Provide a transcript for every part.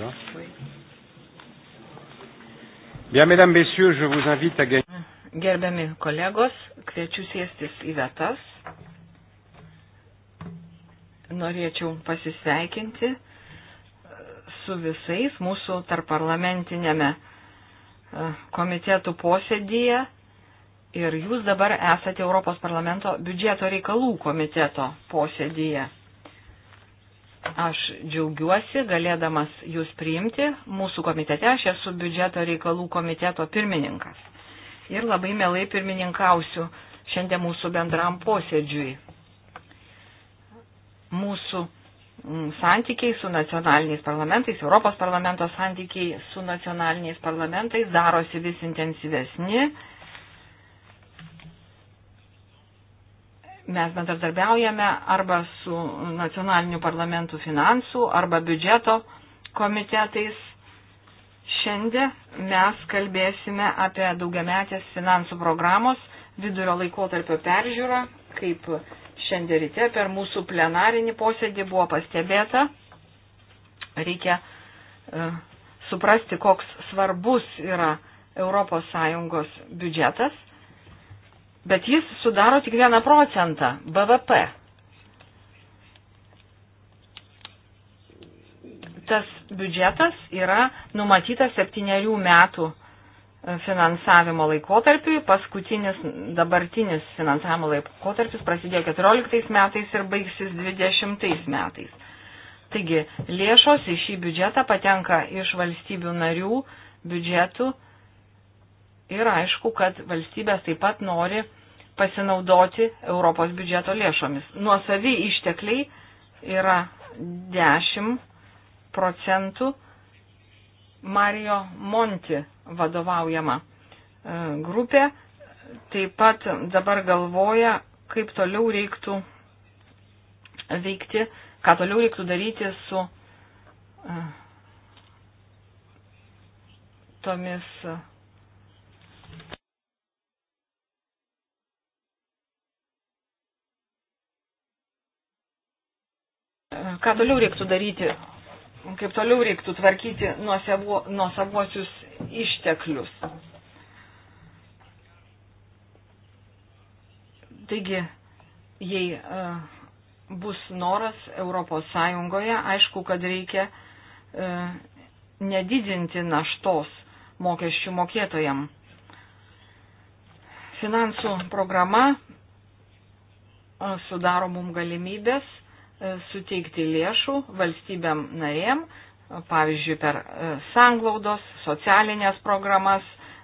va oui. Bien, mesdames, messieurs, je vous invite à gagner. Gerbiami kolegos, kviečiu sėstis į vietas. Norėčiau pasisveikinti su visais mūsų tarparlamentinėme e, komitetų posėdyje ir jūs dabar esate Europos parlamento biudžeto reikalų komiteto posėdyje. Aš džiaugiuosi galėdamas jūs priimti mūsų komitete, aš esu biudžeto reikalų komiteto pirmininkas. Ir labai mielai pirmininkausiu šiandien mūsų bendram posėdžiui. Mūsų mm, santykiai su nacionaliniais parlamentais, Europos parlamento santykiai su nacionaliniais parlamentais darosi vis intensyvesni mes bendradarbiaujame arba su nacionaliniu parlamentu finansų, arba biudžeto komitetais. Šiandien mes kalbėsime apie daugiametės finansų programos vidurio laikotarpio peržiūrą, kaip šiandien ryte per mūsų plenarinį posėdį buvo pastebėta. Reikia e, suprasti, koks svarbus yra ES biudžetas bet jis sudaro tik vieną procentą BVP. Tas biudžetas yra numatytas septyniarių metų e, finansavimo laikotarpiui, paskutinis dabartinis finansavimo laikotarpis prasidėjo 14 metais ir baigsis 20 metais. Taigi lėšos į šį biudžetą patenka iš valstybių narių biudžetų Ir aišku, kad valstybės taip pat nori pasinaudoti Europos biudžeto lėšomis. Nuosavi ištekliai yra 10 procentų Mario Monti vadovaujama e, grupė. Taip pat dabar galvoja, kaip toliau reiktų veikti, ką toliau reiktų daryti su e, tomis Ką toliau reiktų daryti, kaip toliau reiktų tvarkyti nuosavuosius išteklius. Taigi, jei uh, bus noras Europos Sąjungoje, aišku, kad reikia uh, nedidinti naštos mokesčių mokėtojam. Finansų programa e, sudaro mum galimybės suteikti lėšų valstybėm narėm, pavyzdžiui, per e, sanglaudos, socialinės programas,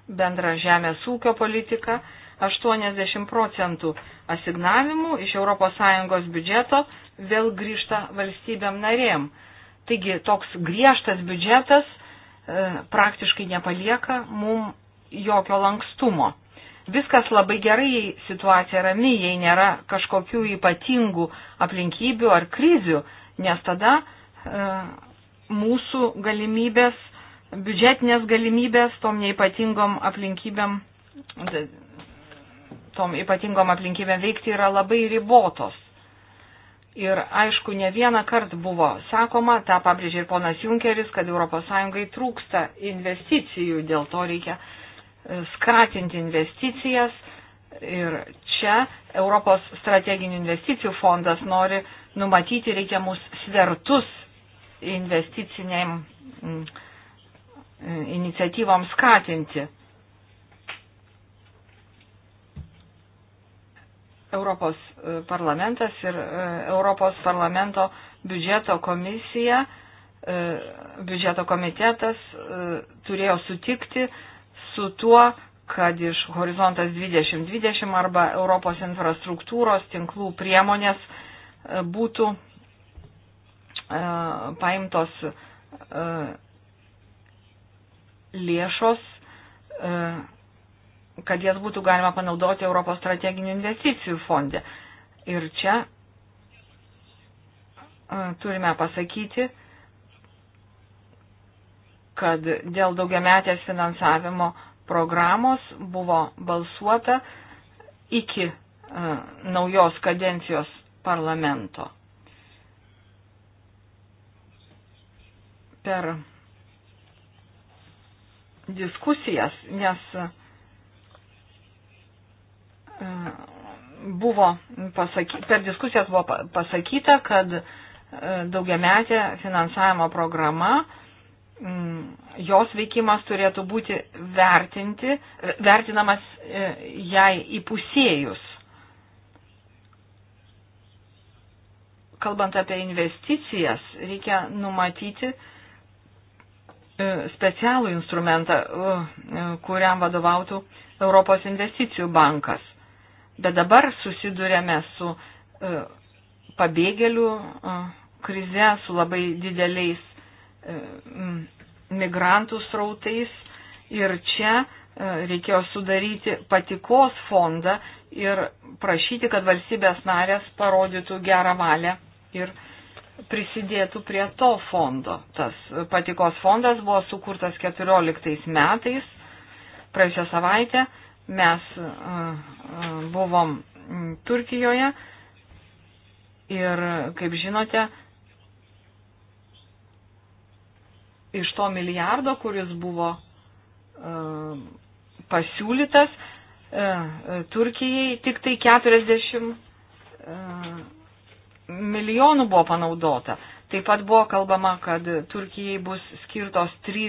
bendrą žemės ūkio politiką. 80 procentų asignavimų iš ES biudžeto vėl grįžta valstybėm narėm. Taigi toks griežtas biudžetas e, praktiškai nepalieka mum jokio lankstumo viskas labai gerai, jei situacija rami, jei nėra kažkokių ypatingų aplinkybių ar krizių, nes tada e, mūsų galimybės, biudžetinės galimybės tom neipatingom aplinkybėm, tom ypatingom aplinkybėm veikti yra labai ribotos. Ir aišku, ne vieną kartą buvo sakoma, tą pabrėžė ir ponas Junkeris, kad ES trūksta investicijų, dėl to reikia uh, skatinti investicijas ir čia Europos strateginių investicijų fondas nori numatyti reikiamus svertus investiciniam mm, iniciatyvom skatinti. Europos e, parlamentas ir e, Europos parlamento biudžeto komisija, e, biudžeto komitetas turėjo sutikti su tuo, kad iš Horizontas 2020 arba Europos infrastruktūros tinklų priemonės e, būtų e, paimtos e, lėšos, e, kad jas būtų galima panaudoti Europos strateginių investicijų fonde. Ir čia e, turime pasakyti, kad dėl daugiametės finansavimo programos buvo balsuota iki e, naujos kadencijos parlamento. Per diskusijas, nes e, buvo pasaky, per diskusijas buvo pasakyta, kad e, daugiametė finansavimo programa Mm, jos veikimas turėtų būti vertinti, vertinamas e, jai įpusėjus. Kalbant apie investicijas, reikia numatyti e, specialų instrumentą, e, kuriam vadovautų Europos investicijų bankas. Bet dabar susidurėme su pabėgėlių krize, su labai dideliais E, migrantų srautais ir čia e, reikėjo sudaryti patikos fondą ir prašyti, kad valstybės narės parodytų gerą valią ir prisidėtų prie to fondo. Tas patikos fondas buvo sukurtas 14 metais. Praėjusią savaitę mes e, buvom Turkijoje ir, kaip žinote, iš to milijardo, kuris buvo e, pasiūlytas e, Turkijai, tik tai 40 e, milijonų buvo panaudota. Taip pat buvo kalbama, kad Turkijai bus skirtos 3,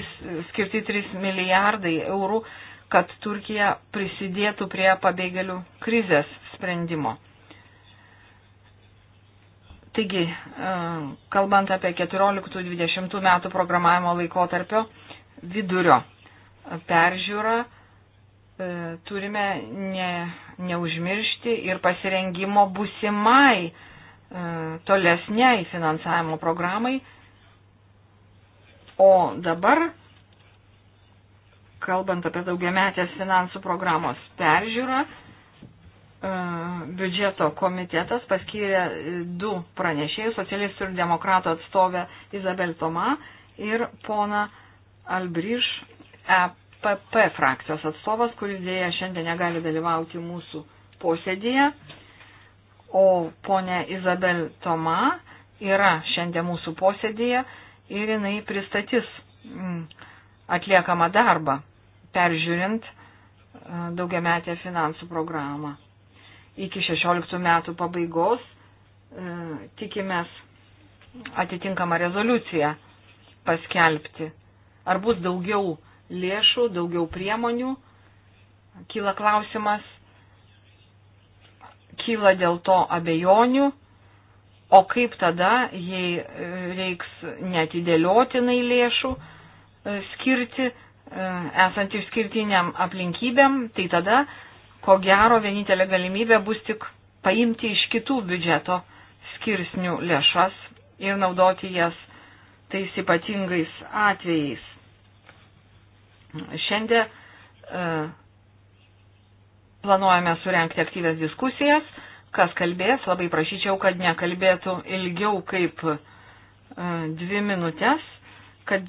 skirti 3 milijardai eurų, kad Turkija prisidėtų prie pabėgėlių krizės sprendimo. Taigi, e, kalbant apie 14-20 metų programavimo laikotarpio vidurio peržiūrą, e, turime ne, neužmiršti ir pasirengimo busimai e, tolesniai finansavimo programai. O dabar, kalbant apie daugiametės finansų programos peržiūrą, E, biudžeto komitetas paskyrė e, du pranešėjus, socialistų ir demokratų atstovę Izabel Toma ir pona Albriš EPP frakcijos atstovas, kuris dėja šiandien negali dalyvauti mūsų posėdėje. O ponia Izabel Toma yra šiandien mūsų posėdėje ir jinai pristatys mm, atliekamą darbą, peržiūrint e, daugiametę finansų programą iki 16 metų pabaigos e, tikimės atitinkamą rezoliuciją paskelbti. Ar bus daugiau lėšų, daugiau priemonių? Kyla klausimas, kyla dėl to abejonių, o kaip tada, jei e, reiks netidėliotinai lėšų e, skirti, esant išskirtiniam aplinkybėm, tai tada ko gero vienintelė galimybė bus tik paimti iš kitų biudžeto skirsnių lėšas ir naudoti jas tais ypatingais atvejais. Šiandien e, planuojame surenkti aktyvės diskusijas. Kas kalbės, labai prašyčiau, kad nekalbėtų ilgiau kaip e, dvi minutės kad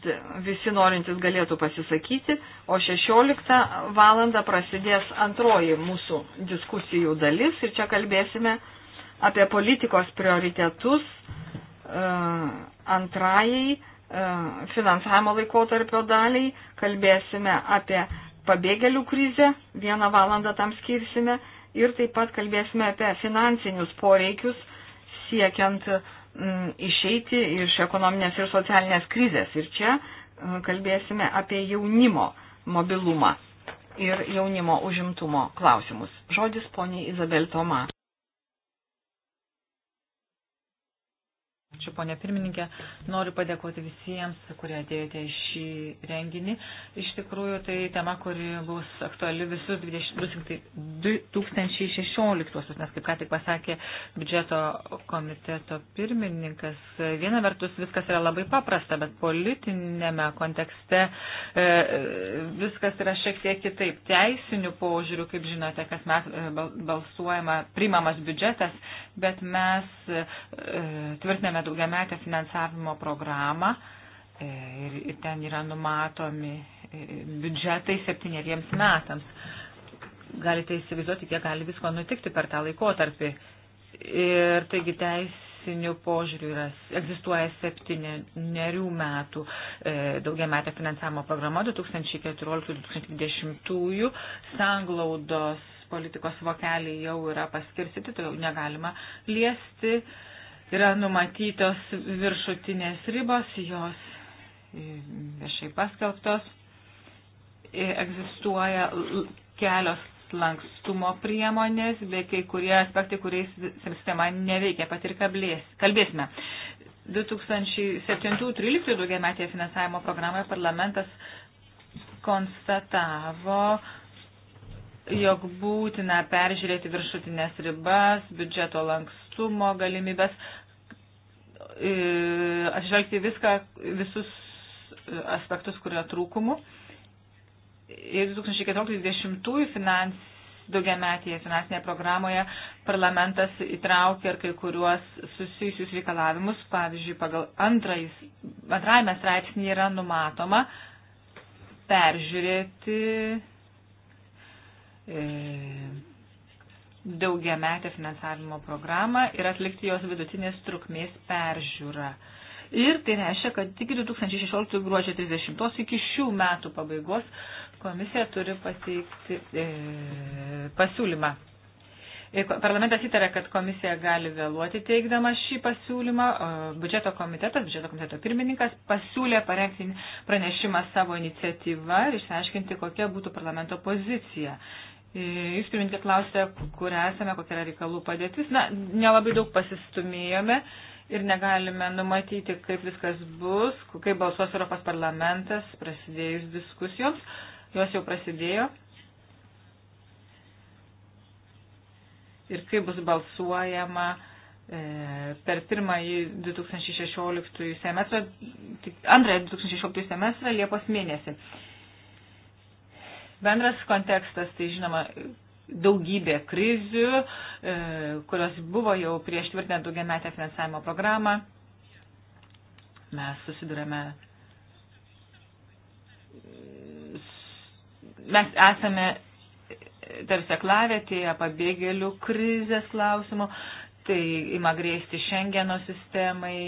visi norintys galėtų pasisakyti, o 16 valandą prasidės antroji mūsų diskusijų dalis ir čia kalbėsime apie politikos prioritetus e, antrajai e, finansavimo laikotarpio daliai, kalbėsime apie pabėgėlių krizę, vieną valandą tam skirsime ir taip pat kalbėsime apie finansinius poreikius siekiant uh, Mm, išeiti iš ekonominės ir socialinės krizės. Ir čia e, kalbėsime apie jaunimo mobilumą ir jaunimo užimtumo klausimus. Žodis poniai Izabel Toma. Ačiū, ponė pirmininkė. Noriu padėkoti visiems, kurie atėjote į šį renginį. Iš tikrųjų, tai tema, kuri bus aktuali visus 2016, nes kaip ką tik pasakė biudžeto komiteto pirmininkas, viena vertus viskas yra labai paprasta, bet politinėme kontekste e, viskas yra šiek tiek kitaip. Teisinių požiūrių, kaip žinote, kas mes e, balsuojama, primamas biudžetas, bet mes e, tvirtiname daug daugiametę finansavimo programą ir, ir ten yra numatomi e, biudžetai septyneriems metams. Galite įsivaizduoti, kiek gali visko nutikti per tą laikotarpį. Ir taigi teisinių požiūrių yra, egzistuoja septynerių metų e, daugiametė finansavimo programa 2014-2020. Sanglaudos politikos vokeliai jau yra paskirstyti, todėl negalima liesti. E, yra numatytos viršutinės ribos, jos e, viešai paskelbtos, e, egzistuoja kelios lankstumo priemonės, bei kai kurie aspektai, kuriais sistema neveikia, pat ir kalbėsime. 2007-2013 daugiametėje finansavimo programoje parlamentas konstatavo, jog būtina peržiūrėti viršutinės ribas, biudžeto lankstumo lankstumo galimybės, e, atsižvelgti viską, visus e, aspektus, kurio trūkumų. Ir 2014-2020 finans, daugiametėje finansinėje programoje parlamentas įtraukė ir kai kuriuos susijusius reikalavimus. Pavyzdžiui, pagal antrajame straipsnėje yra numatoma peržiūrėti e, daugiametę finansavimo programą ir atlikti jos vidutinės trukmės peržiūrą. Ir tai reiškia, kad iki 2016 gruodžio 30 iki šių metų pabaigos komisija turi pateikti e, pasiūlymą. E, parlamentas įtarė, kad komisija gali vėluoti teikdama šį pasiūlymą. Budžeto komitetas, budžeto komiteto pirmininkas pasiūlė parengti pranešimą savo iniciatyvą ir išsiaiškinti, kokia būtų parlamento pozicija. Jūs pirmininkė klausė, kur esame, kokia yra reikalų padėtis. Na, nelabai daug pasistumėjome ir negalime numatyti, kaip viskas bus, kaip balsuos Europos parlamentas prasidėjus diskusijoms. Jos jau prasidėjo. Ir kaip bus balsuojama e, per pirmąjį 2016 semestrą, antrąjį 2016 semestrą Liepos mėnesį. Bendras kontekstas, tai žinoma, daugybė krizių, e, kurios buvo jau prieš tvirtinę daugiametę finansavimo programą. Mes susidurėme mes esame tarsi aklavėtėje pabėgėlių krizės klausimų, tai ima grėsti šengeno sistemai,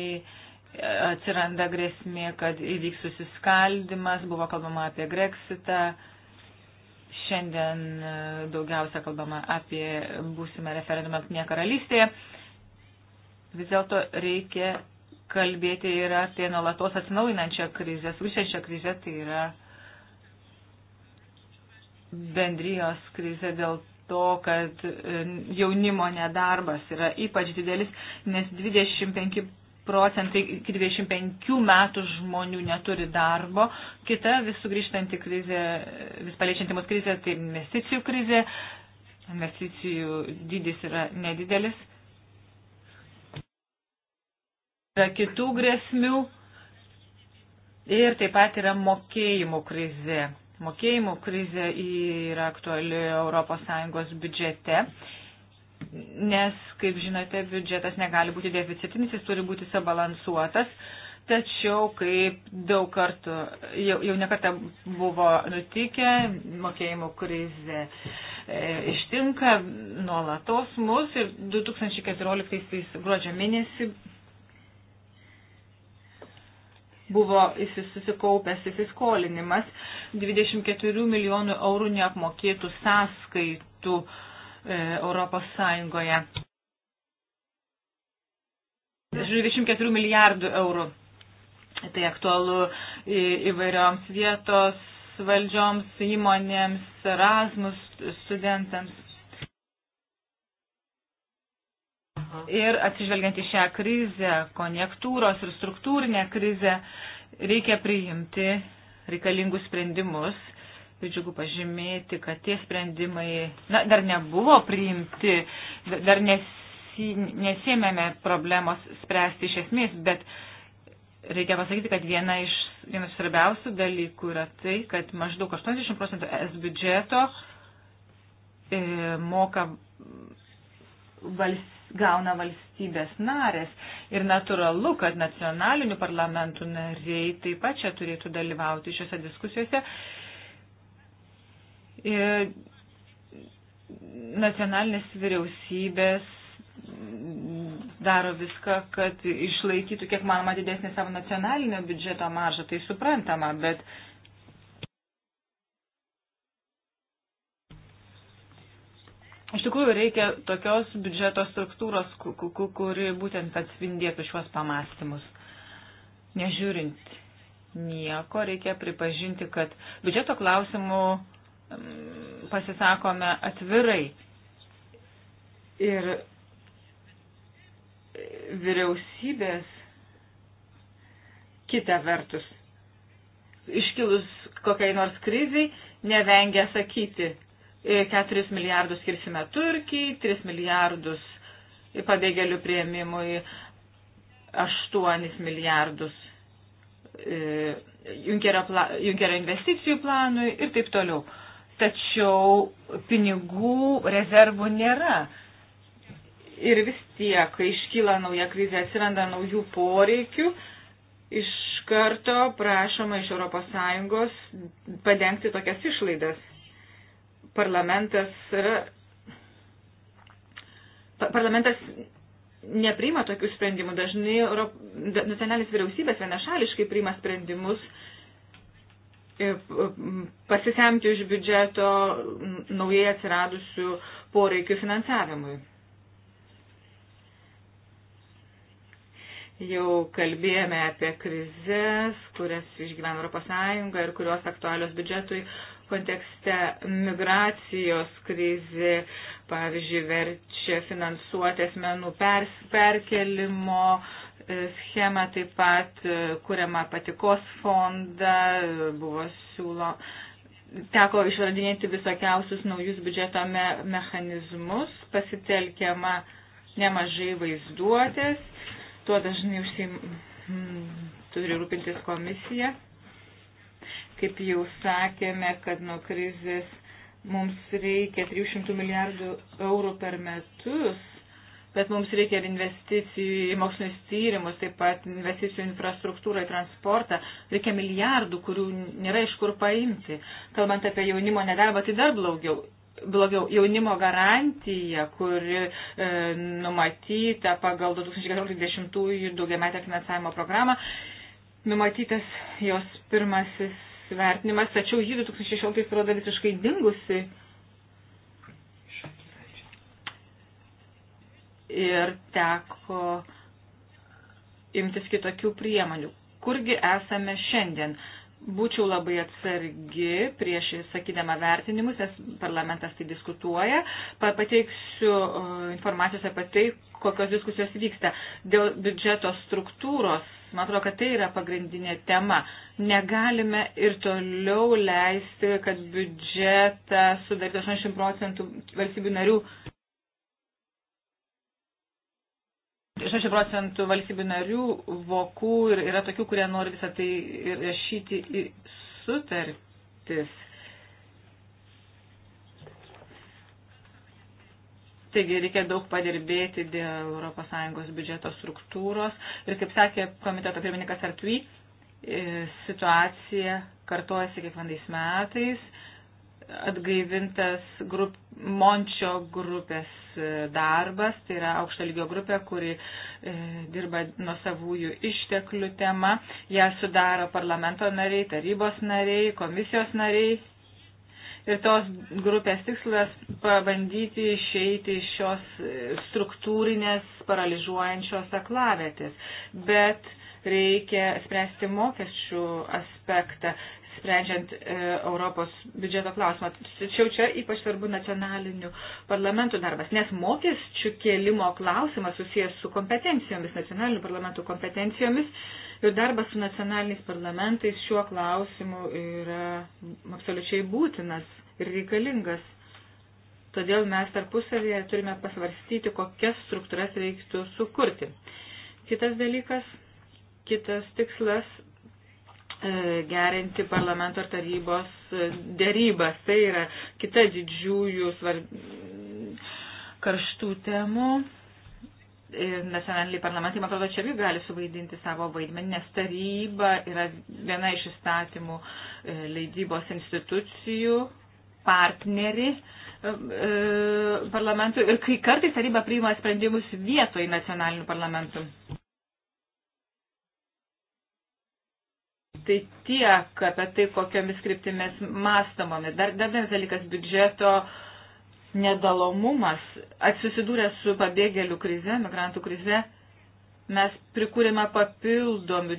atsiranda grėsmė, kad įvyks susiskaldimas, buvo kalbama apie Grexitą, Šiandien e, daugiausia kalbama apie būsimą referendumą Pnie karalystėje. Vis dėlto reikia kalbėti ir apie nuolatos atsinaujinančią krizę, sugrįžtančią krizę, tai yra bendrijos krizė dėl to, kad e, jaunimo nedarbas yra ypač didelis, nes 25 procentai iki 25 metų žmonių neturi darbo. Kita vis sugrįžtanti krizė, vis paliečianti mus krizė, tai investicijų krizė. Investicijų dydis yra nedidelis. Yra kitų grėsmių ir taip pat yra mokėjimų krizė. Mokėjimų krizė yra aktuali ES biudžete nes, kaip žinote, biudžetas negali būti deficitinis, jis turi būti subalansuotas. Tačiau, kaip daug kartų, jau, jau nekartą buvo nutikę, mokėjimų krizė e, ištinka nuolatos mus ir 2014 gruodžio mėnesį buvo susikaupęs įsiskolinimas 24 milijonų eurų neapmokėtų sąskaitų. E, E, Europos Sąjungoje. 24 milijardų eurų. Tai aktualu įvairioms vietos valdžioms, įmonėms, Erasmus studentams. Ir atsižvelgiant į šią krizę, konjektūros ir struktūrinę krizę, reikia priimti reikalingus sprendimus Labai džiugu pažymėti, kad tie sprendimai na, dar nebuvo priimti, dar nesi, nesėmėme problemos spręsti iš esmės, bet reikia pasakyti, kad viena iš, vienas svarbiausių dalykų yra tai, kad maždaug 80 procentų S biudžeto e, moka vals, gauna valstybės narės. Ir natūralu, kad nacionalinių parlamentų nariai taip pat čia turėtų dalyvauti šiuose diskusijose. E, E, nacionalinės vyriausybės daro viską, kad išlaikytų kiek manoma didesnį savo nacionalinio biudžeto maržą, tai suprantama, bet iš tikrųjų reikia tokios biudžeto struktūros, kuri būtent atspindėtų šiuos pamastymus. Nežiūrint nieko, reikia pripažinti, kad biudžeto klausimų Mm, pasisakome atvirai. Ir vyriausybės kita vertus, iškilus kokiai nors kriziai, nevengia sakyti, 4 e, milijardus skirsime Turkijai, 3 milijardus pabėgėlių prieimimui, 8 milijardus e, Junkerio, pla, Junkerio investicijų planui ir taip toliau tačiau pinigų rezervų nėra. Ir vis tiek, kai iškyla nauja krizė, atsiranda naujų poreikių, iš karto prašoma iš ES padengti tokias išlaidas. Parlamentas, yra, parlamentas nepriima tokių sprendimų. Dažnai nacionalinės vyriausybės vienašališkai priima sprendimus, uh, E, pasisemti iš biudžeto naujai atsiradusių poreikių finansavimui. Jau kalbėjome apie krizės, kurias išgyvena ES ir kurios aktualios biudžetui kontekste migracijos krizė, pavyzdžiui, verčia finansuoti asmenų pers, perkelimo E, schemą, taip pat e, kuriama patikos fonda, e, buvo siūlo, teko išradinėti visokiausius naujus biudžeto me mechanizmus, pasitelkiama nemažai vaizduotės, tuo dažnai užsim, mm, turi rūpintis komisija. Kaip jau sakėme, kad nuo krizės mums reikia 300 milijardų eurų per metus bet mums reikia ir investicijų į mokslinius tyrimus, taip pat investicijų infrastruktūrą, į transportą. Reikia milijardų, kurių nėra iš kur paimti. Kalbant apie jaunimo nedarbą, tai dar blogiau. Blogiau jaunimo garantija, kuri e, numatyta pagal 2014-2020 daugiametę finansavimo programą, numatytas jos pirmasis vertinimas, tačiau jį 2016 rodo visiškai dingusi ir teko imtis kitokių priemonių. Kurgi esame šiandien? Būčiau labai atsargi prieš sakydama vertinimus, nes parlamentas tai diskutuoja. Pateiksiu informacijos apie tai, kokios diskusijos vyksta. Dėl biudžeto struktūros, man atrodo, kad tai yra pagrindinė tema. Negalime ir toliau leisti, kad biudžetą sudarytų 80 procentų valstybių narių 6 procentų valstybių narių vokų ir yra tokių, kurie nori visą tai rašyti į sutartis. Taigi reikia daug padirbėti dėl ES biudžeto struktūros ir, kaip sakė komiteto pirmininkas Artvy, e, situacija kartuojasi kiekvienais metais atgaivintas grup, Mončio grupės e, darbas, tai yra aukšto lygio grupė, kuri e, dirba nuo savųjų išteklių tema. Ja sudaro parlamento nariai, tarybos nariai, komisijos nariai. Ir tos grupės tikslas pabandyti išeiti iš šios e, struktūrinės paralyžiuojančios aklavėtės. Bet reikia spręsti mokesčių aspektą sprendžiant e, Europos biudžeto klausimą. Tačiau čia ypač svarbu nacionalinių parlamentų darbas, nes mokesčių kėlimo klausimas susijęs su kompetencijomis, nacionalinių parlamentų kompetencijomis ir darbas su nacionaliniais parlamentais šiuo klausimu yra absoliučiai būtinas ir reikalingas. Todėl mes tarpusavėje turime pasvarstyti, kokias struktūras reiktų sukurti. Kitas dalykas, kitas tikslas E, gerinti parlamento ir tarybos e, dėrybas. Tai yra kita didžiųjų svarb... karštų temų. Ir nacionaliniai parlamentai, man atrodo, čia irgi gali suvaidinti savo vaidmenį, nes taryba yra viena iš įstatymų e, leidybos institucijų, partneri parlamentui ir kai kartais taryba priima sprendimus vietoj nacionalinių parlamentų. Tai tiek apie tai, kokiomis kryptimis mastomomis. Dar, dar vienas dalykas - biudžeto nedalomumas. Atsusidūrę su pabėgėlių krize, migrantų krize, mes prikūrėme papildomų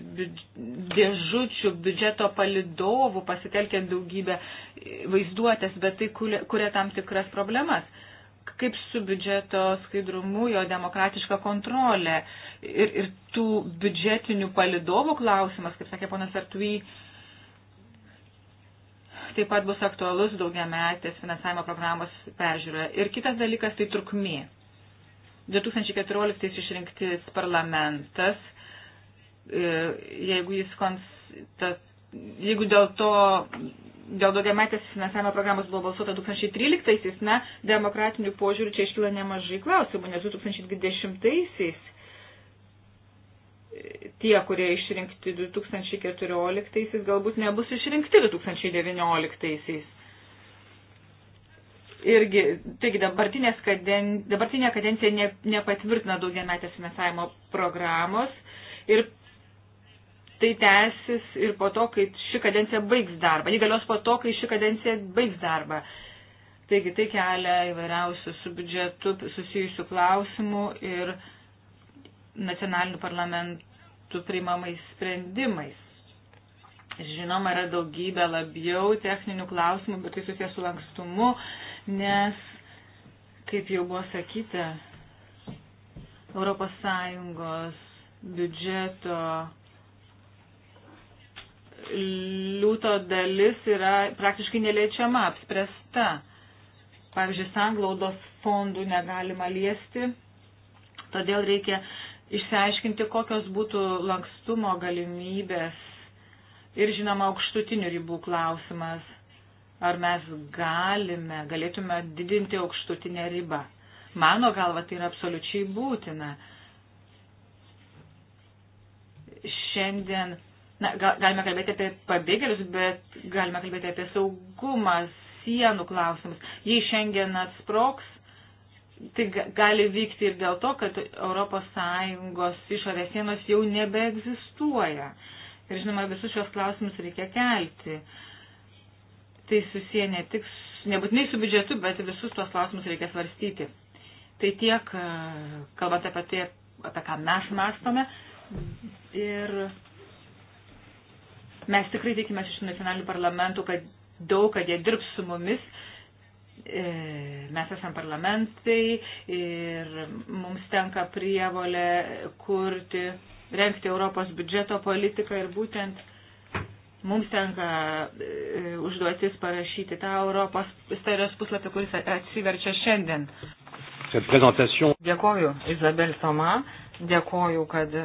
dėžučių biudžeto palidovų, pasitelkėm daugybę vaizduotės, bet tai kuria tam tikras problemas kaip su biudžeto skaidrumu, jo demokratiška kontrolė ir, ir tų biudžetinių palidovų klausimas, kaip sakė ponas Artuvy, taip pat bus aktualus daugiametės finansavimo programos peržiūroje. Ir kitas dalykas tai trukmė. 2014 išrinktis parlamentas, e, jeigu jis konstatuoja jeigu dėl to dėl daugiametės finansavimo programos buvo balsuota 2013-aisiais, na, demokratinių požiūrių čia iškyla nemažai klausimų, nes 2020-aisiais tie, kurie išrinkti 2014-aisiais, galbūt nebus išrinkti 2019-aisiais. Irgi, taigi kaden, dabartinė kadencija ne, nepatvirtina daugiametės finansavimo programos ir tai tęsis ir po to, kai ši kadencija baigs darbą. Jį galios po to, kai ši kadencija baigs darbą. Taigi tai kelia įvairiausių su biudžetu susijusių klausimų ir nacionalinių parlamentų priimamais sprendimais. Žinoma, yra daugybė labiau techninių klausimų, bet tai susijęs su lankstumu, nes, kaip jau buvo sakyta, Europos Sąjungos biudžeto liūto dalis yra praktiškai neliečiama, apspręsta. Pavyzdžiui, sanglaudos fondų negalima liesti, todėl reikia išsiaiškinti, kokios būtų lankstumo galimybės ir, žinoma, aukštutinių ribų klausimas. Ar mes galime, galėtume didinti aukštutinę ribą? Mano galva, tai yra absoliučiai būtina. Šiandien Na, galime kalbėti apie pabėgėlius, bet galime kalbėti apie saugumą, sienų klausimus. Jei šiandienas sproks, tai gali vykti ir dėl to, kad ES išorės sienos jau nebeegzistuoja. Ir žinoma, visus šios klausimus reikia kelti. Tai susiję ne tik, nebūtinai su biudžetu, bet visus tuos klausimus reikia svarstyti. Tai tiek, e, kalbant apie tai, apie ką mes mąstome. Ir Mes tikrai tikime iš nacionalinių parlamentų, kad daug, kad jie dirbs su mumis. E, mes esame parlamentai ir mums tenka prievolė kurti, renkti Europos biudžeto politiką ir būtent mums tenka e, užduotis parašyti tą Europos istorijos puslapį, kuris atsiverčia šiandien. Dėkoju, Izabel Toma, dėkoju, kad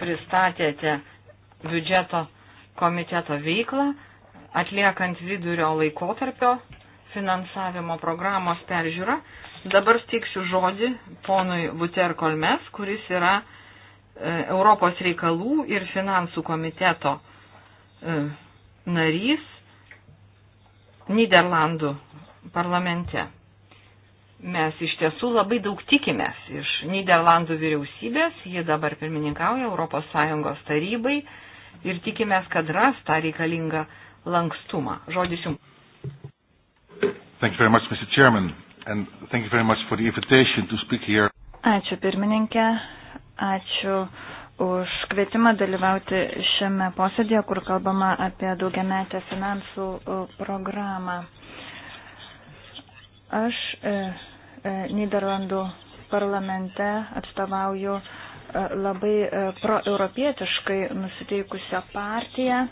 pristatėte biudžeto komiteto veiklą, atliekant vidurio laikotarpio finansavimo programos peržiūrą. Dabar stiksiu žodį ponui Buter Kolmes, kuris yra e, Europos reikalų ir finansų komiteto e, narys Niderlandų parlamente. Mes iš tiesų labai daug tikimės iš Niderlandų vyriausybės, ji dabar pirmininkauja Europos Sąjungos tarybai ir tikimės, kad ras tą reikalingą lankstumą. Žodis jums. Thank you very much, Mr. Chairman, and thank you very much for the invitation to speak here. Ačiū pirmininkė, ačiū už kvietimą dalyvauti šiame posėdėje, kur kalbama apie daugiametę finansų e, programą. Aš e, e, Niderlandų parlamente atstovauju e, labai e, proeuropietiškai nusiteikusią partiją,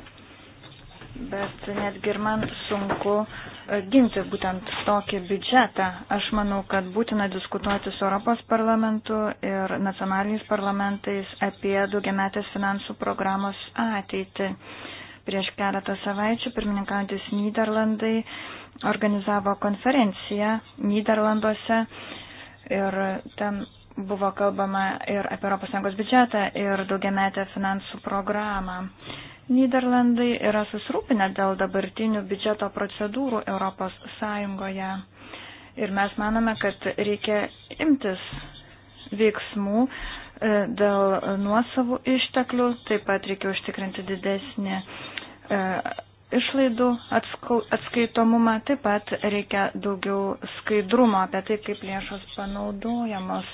bet netgi ir man sunku e, ginti būtent tokį biudžetą. Aš manau, kad būtina diskutuoti su Europos parlamentu ir nacionaliniais parlamentais apie daugiametės finansų programos ateitį. Prieš keletą savaičių pirmininkantis Niderlandai organizavo konferenciją Niderlanduose ir ten buvo kalbama ir apie ES biudžetą ir daugiametę finansų programą. Niderlandai yra susirūpinę dėl dabartinių biudžeto procedūrų ES. Ir mes manome, kad reikia imtis veiksmų e, dėl nuosavų išteklių, taip pat reikia užtikrinti didesnį e, išlaidų atskaitomumą, taip pat reikia daugiau skaidrumo apie tai, kaip lėšos panaudojamos.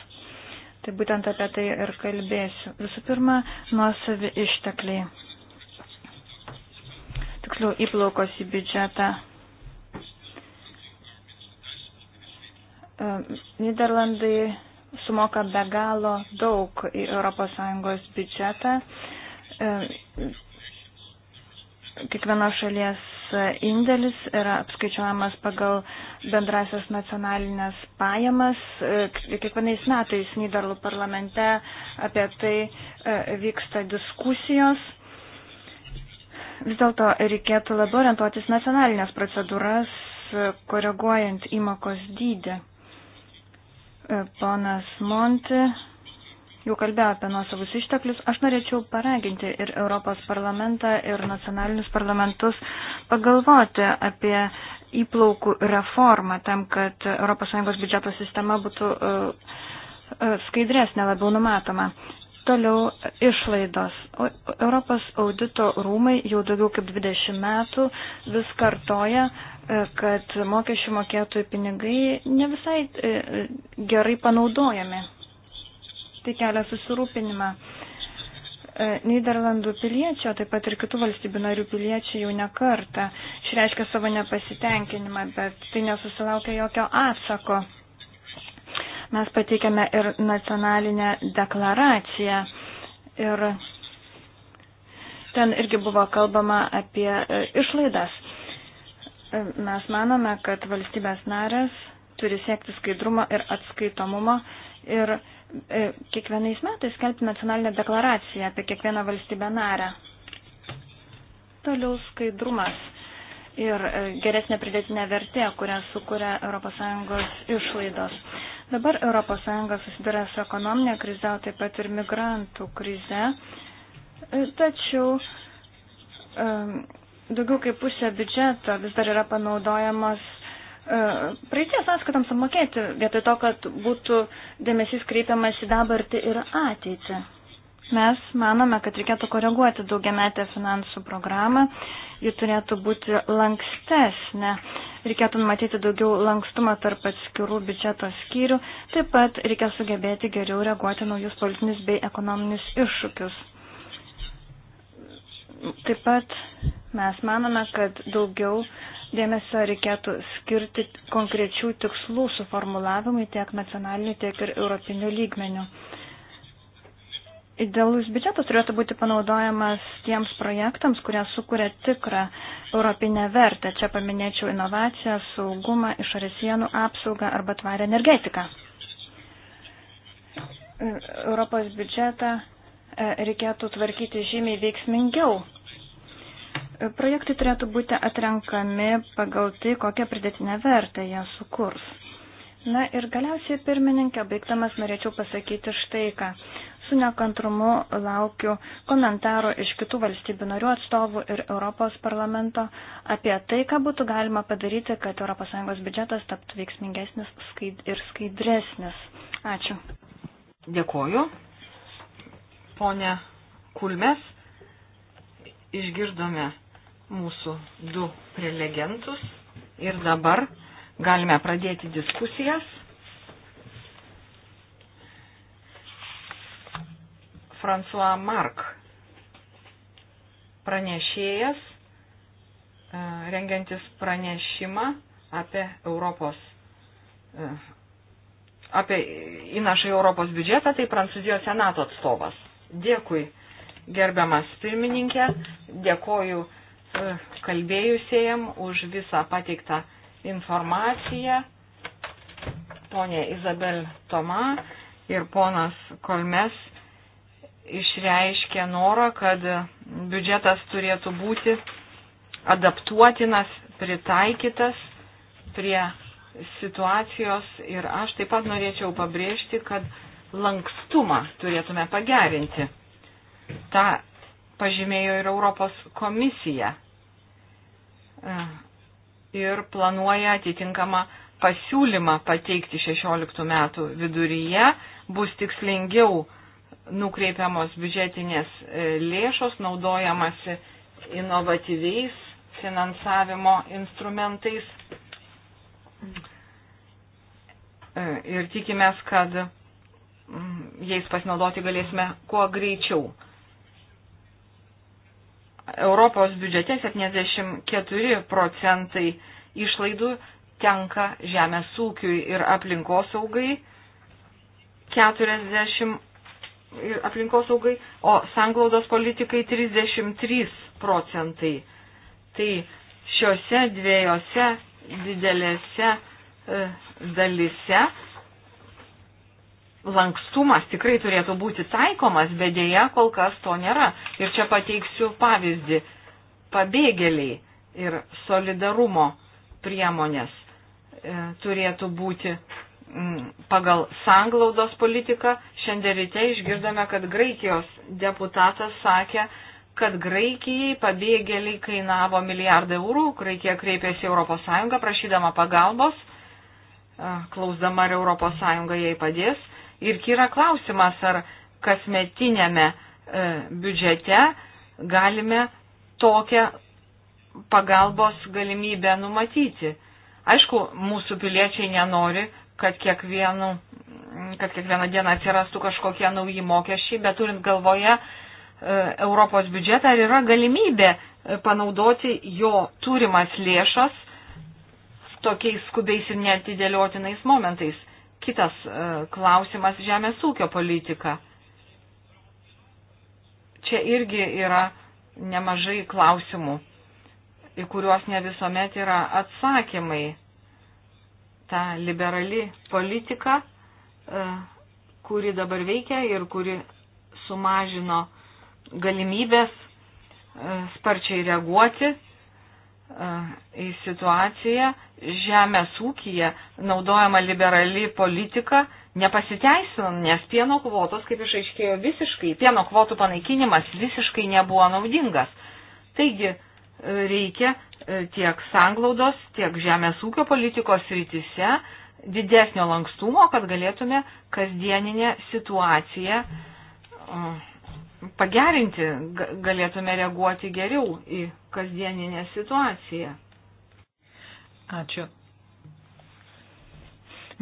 Tai būtent apie tai ir kalbėsiu. Visų pirma, nuosavi ištekliai. Tiksliau, įplaukos į biudžetą. Niderlandai sumoka be galo daug į ES biudžetą. Kiekvienos šalies indėlis yra apskaičiuojamas pagal bendrasias nacionalinės pajamas. E, kiekvienais metais Niderlų parlamente apie tai e, vyksta diskusijos. Vis dėlto reikėtų labiau orientuotis nacionalinės procedūras, e, koreguojant įmokos dydį. Ponas Monti jau kalbėjo apie nuosavus išteklius. Aš norėčiau paraginti ir Europos parlamentą, ir nacionalinius parlamentus pagalvoti apie įplaukų reformą tam, kad ES biudžeto sistema būtų e, e, skaidresnė, labiau numatoma. Toliau išlaidos. Europos audito rūmai jau daugiau kaip 20 metų vis kartoja, e, kad mokesčių mokėtojų pinigai ne visai gerai panaudojami tai kelia susirūpinimą. E, Niderlandų piliečio, taip pat ir kitų valstybių narių piliečiai jau nekarta išreiškia savo nepasitenkinimą, bet tai nesusilaukia jokio atsako. Mes pateikėme ir nacionalinę deklaraciją ir ten irgi buvo kalbama apie e, išlaidas. E, mes manome, kad valstybės narės turi siekti skaidrumo ir atskaitomumo ir E, kiekvienais metais skelbti nacionalinę deklaraciją apie kiekvieną valstybę narę. Toliau skaidrumas ir e, geresnė pridėtinė vertė, kurią sukuria ES išlaidos. Dabar ES susiduria su ekonominė krize, o taip pat ir migrantų krize. E, tačiau daugiau kaip pusė biudžeto vis dar yra panaudojamos E, praeities sąskaitams apmokėti, vietoj to, kad būtų dėmesys kreipiamas į dabartį ir ateitį. Mes manome, kad reikėtų koreguoti daugiametę finansų programą, ji turėtų būti lankstesnė, reikėtų numatyti daugiau lankstumą tarp atskirų biudžeto skyrių, taip pat reikia sugebėti geriau reaguoti naujus politinius bei ekonominius iššūkius. Taip pat mes manome, kad daugiau dėmesio reikėtų skirti konkrečių tikslų suformulavimui tiek nacionaliniu, tiek ir europiniu lygmeniu. Idealus biudžetas turėtų būti panaudojamas tiems projektams, kurie sukuria tikrą europinę vertę. Čia paminėčiau inovaciją, saugumą, išorės sienų apsaugą arba tvarę energetiką. Europos biudžetą E, reikėtų tvarkyti žymiai veiksmingiau. E, projektai turėtų būti atrenkami pagal tai, kokią pridėtinę vertę jie sukurs. Na ir galiausiai, pirmininkė, baigtamas norėčiau pasakyti štai ką. Su nekantrumu laukiu komentaro iš kitų valstybių narių atstovų ir Europos parlamento apie tai, ką būtų galima padaryti, kad ES biudžetas taptų veiksmingesnis ir skaidresnis. Ačiū. Dėkuoju ponę Kulmes. Išgirdome mūsų du prelegentus ir dabar galime pradėti diskusijas. François Mark, pranešėjas, e, rengiantis pranešimą apie Europos e, apie įnašą į Europos biudžetą, tai Prancūzijos senato atstovas. Dėkui, gerbiamas pirmininkė, dėkoju e, kalbėjusėjam už visą pateiktą informaciją. Ponė Izabel Toma ir ponas Kolmes išreiškė norą, kad biudžetas turėtų būti adaptuotinas, pritaikytas prie situacijos ir aš taip pat norėčiau pabrėžti, kad lankstumą turėtume pagerinti. Ta pažymėjo ir Europos komisija e, ir planuoja atitinkamą pasiūlymą pateikti 16 metų viduryje, bus tikslingiau nukreipiamos biudžetinės e, lėšos, naudojamasi inovatyviais finansavimo instrumentais. E, ir tikimės, kad Mm, jais pasinaudoti galėsime kuo greičiau. Europos biudžete 74 procentai išlaidų tenka žemės ūkiui ir aplinkosaugai, 40 ir aplinkosaugai, o sanglaudos politikai 33 procentai. Tai šiuose dviejose didelėse e, dalise lankstumas tikrai turėtų būti taikomas, bet dėja kol kas to nėra. Ir čia pateiksiu pavyzdį. Pabėgėliai ir solidarumo priemonės e, turėtų būti pagal sanglaudos politiką. Šiandien ryte išgirdome, kad Graikijos deputatas sakė, kad Graikijai pabėgėliai kainavo milijardą eurų. Graikija kreipėsi ES prašydama pagalbos, e, klausdama, ar ES jai padės Ir kyra klausimas, ar kasmetinėme e, biudžete galime tokią pagalbos galimybę numatyti. Aišku, mūsų piliečiai nenori, kad, kiekvienu, kad kiekvieną dieną atsirastų kažkokie nauji mokesčiai, bet turint galvoje e, Europos biudžetą, ar yra galimybė e, panaudoti jo turimas lėšas tokiais skubiais ir netidėliotinais momentais. Kitas e, klausimas - žemės ūkio politika. Čia irgi yra nemažai klausimų, į kuriuos ne visuomet yra atsakymai. Ta liberali politika, e, kuri dabar veikia ir kuri sumažino galimybės e, sparčiai reaguoti į situaciją žemės ūkija naudojama liberali politika nepasiteisino, nes pieno kvotos, kaip išaiškėjo, visiškai, pieno kvotų panaikinimas visiškai nebuvo naudingas. Taigi e, reikia e, tiek sanglaudos, tiek žemės ūkio politikos rytise didesnio lankstumo, kad galėtume kasdieninę situaciją pagerinti, galėtume reaguoti geriau į kasdieninę situaciją. Ačiū.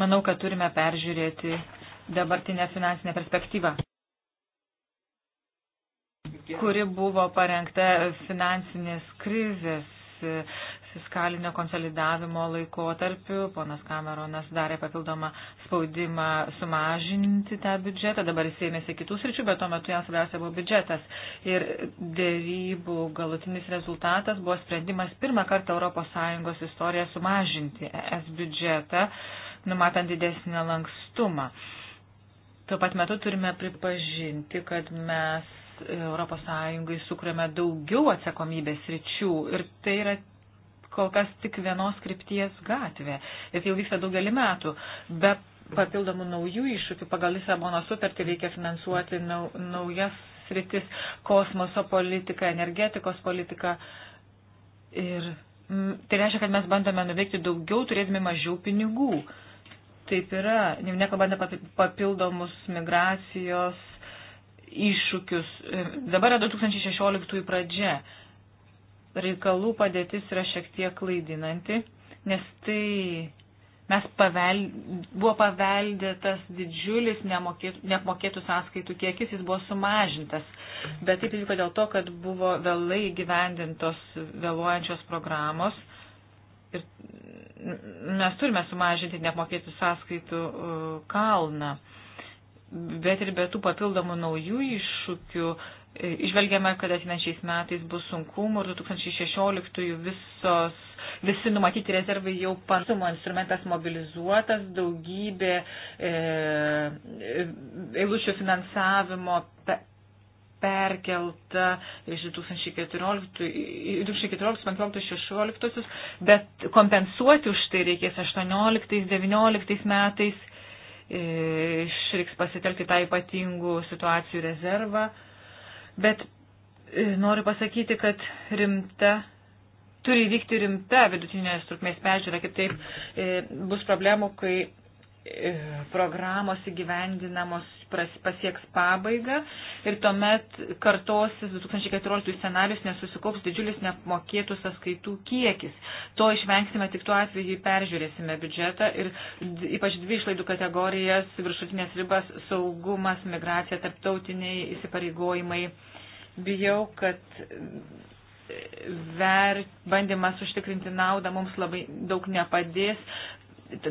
Manau, kad turime peržiūrėti dabartinę finansinę perspektyvą, kuri buvo parengta finansinės krizės fiskalinio konsolidavimo laikotarpiu. Ponas Kameronas darė papildomą spaudimą sumažinti tą biudžetą, dabar jis ėmėsi kitų sričių, bet tuo metu jam svarbiausia buvo biudžetas. Ir dėrybų galutinis rezultatas buvo sprendimas pirmą kartą ES istoriją sumažinti ES biudžetą, numatant didesnį lankstumą. Tuo pat metu turime pripažinti, kad mes ES sukūrėme daugiau atsakomybės ryčių ir tai yra kol kas tik vienos krypties gatvė. Ir tai jau vyksta daugelį metų. Be papildomų naujų iššūkių pagal Lisabono sutartį reikia finansuoti nau, naujas sritis - kosmoso politiką, energetikos politiką. Ir m, tai reiškia, kad mes bandome nuveikti daugiau, turėdami mažiau pinigų. Taip yra, jau nekalbant apie papildomus migracijos iššūkius. Dabar yra 2016 pradžia reikalų padėtis yra šiek tiek klaidinanti, nes tai mes pavel, buvo paveldėtas didžiulis nemokėtų, neapmokėtų sąskaitų kiekis, jis buvo sumažintas. Bet taip įvyko dėl to, kad buvo vėlai gyvendintos vėluojančios programos. Ir mes turime sumažinti neapmokėtų sąskaitų e, kalną. Bet ir be tų papildomų naujų iššūkių E, Išvelgiame, kad atmenčiais metais bus sunkumų ir 2016 visos, visi numatyti rezervai jau pansumo instrumentas mobilizuotas, daugybė e, e, eilučių finansavimo pe, perkelta iš 2014-2015-2016, bet kompensuoti už tai reikės 2018-2019 metais, išreiks pasitelkti tą ypatingų situacijų rezervą. Bet e, noriu pasakyti, kad rimta, turi vykti rimta vidutinės trukmės peržiūra, kitaip e, bus problemų, kai e, programos įgyvendinamos pasieks pabaigą ir tuomet kartosis 2014 scenarius nesusikaups didžiulis neapmokėtų sąskaitų kiekis. To išvengsime tik tuo atveju, jei peržiūrėsime biudžetą ir ypač dvi išlaidų kategorijas, viršutinės ribas, saugumas, migracija, tarptautiniai įsipareigojimai. Bijau, kad e, ver, bandymas užtikrinti naudą mums labai daug nepadės,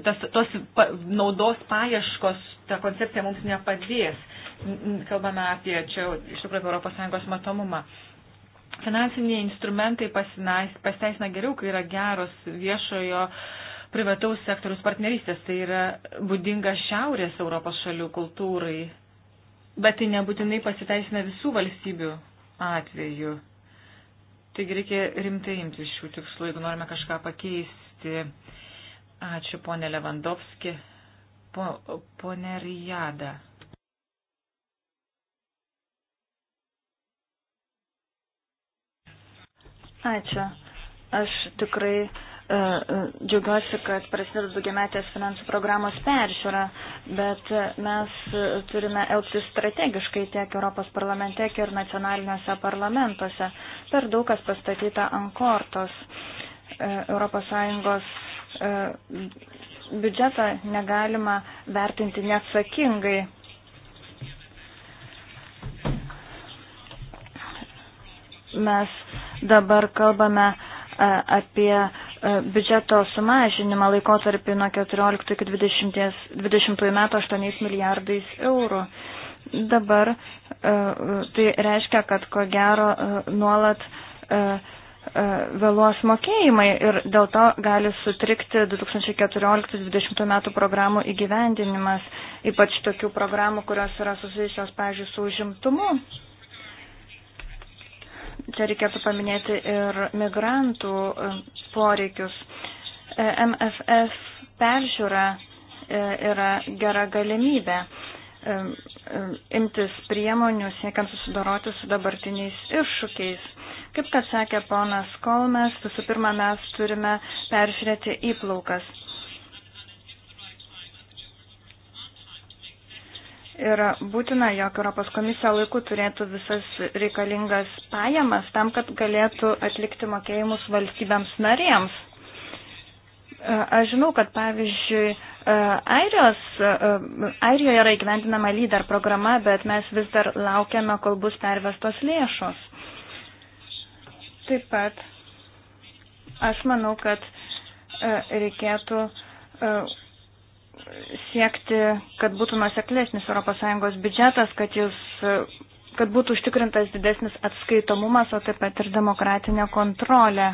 tas, tos pa, naudos paieškos, ta koncepcija mums nepadės. Kalbame apie čia iš tikrųjų ES matomumą. Finansiniai instrumentai pasiteisina geriau, kai yra geros viešojo privataus sektoriaus partnerystės. Tai yra būdinga šiaurės Europos šalių kultūrai, bet tai nebūtinai pasiteisina visų valstybių atveju. Taigi reikia rimtai imti šių tikslų, jeigu norime kažką pakeisti. Ačiū, ponė Levandovski. Po, ponė Rijada. Ačiū. Aš tikrai e, e, džiaugiuosi, kad prasideda daugiametės finansų programos peržiūra, bet e, mes turime elgtis strategiškai tiek Europos parlamente, tiek ir nacionaliniuose parlamentuose. Per daug kas pastatyta ant kortos. ES E, biudžetą negalima vertinti neatsakingai. Mes dabar kalbame e, apie e, biudžeto sumažinimą laikotarpį nuo 14 iki 20, 20 metų 8 milijardais eurų. Dabar tai reiškia, kad ko gero nuolat E, vėluos mokėjimai ir dėl to gali sutrikti 2014-2020 metų programų įgyvendinimas, ypač tokių programų, kurios yra susijusios, pavyzdžiui, su užimtumu. Čia reikėtų paminėti ir migrantų e, poreikius. E, MFF peržiūra yra gera galimybė imtis priemonių siekiant susidoroti su dabartiniais iššūkiais Kaip kad sakė ponas Kolmes, visų pirma, mes turime peržiūrėti įplaukas. Ir būtina, jog Europos komisija laiku turėtų visas reikalingas pajamas tam, kad galėtų atlikti mokėjimus valstybėms narėms. E, aš žinau, kad pavyzdžiui, e, Airijos, e, Airijoje yra įgyvendinama lyder programa, bet mes vis dar laukiame, kol bus pervestos lėšos. Taip pat aš manau, kad e, reikėtų e, siekti, kad būtų nuseklesnis ES biudžetas, kad, jis, e, kad būtų užtikrintas didesnis atskaitomumas, o taip pat ir demokratinė kontrolė.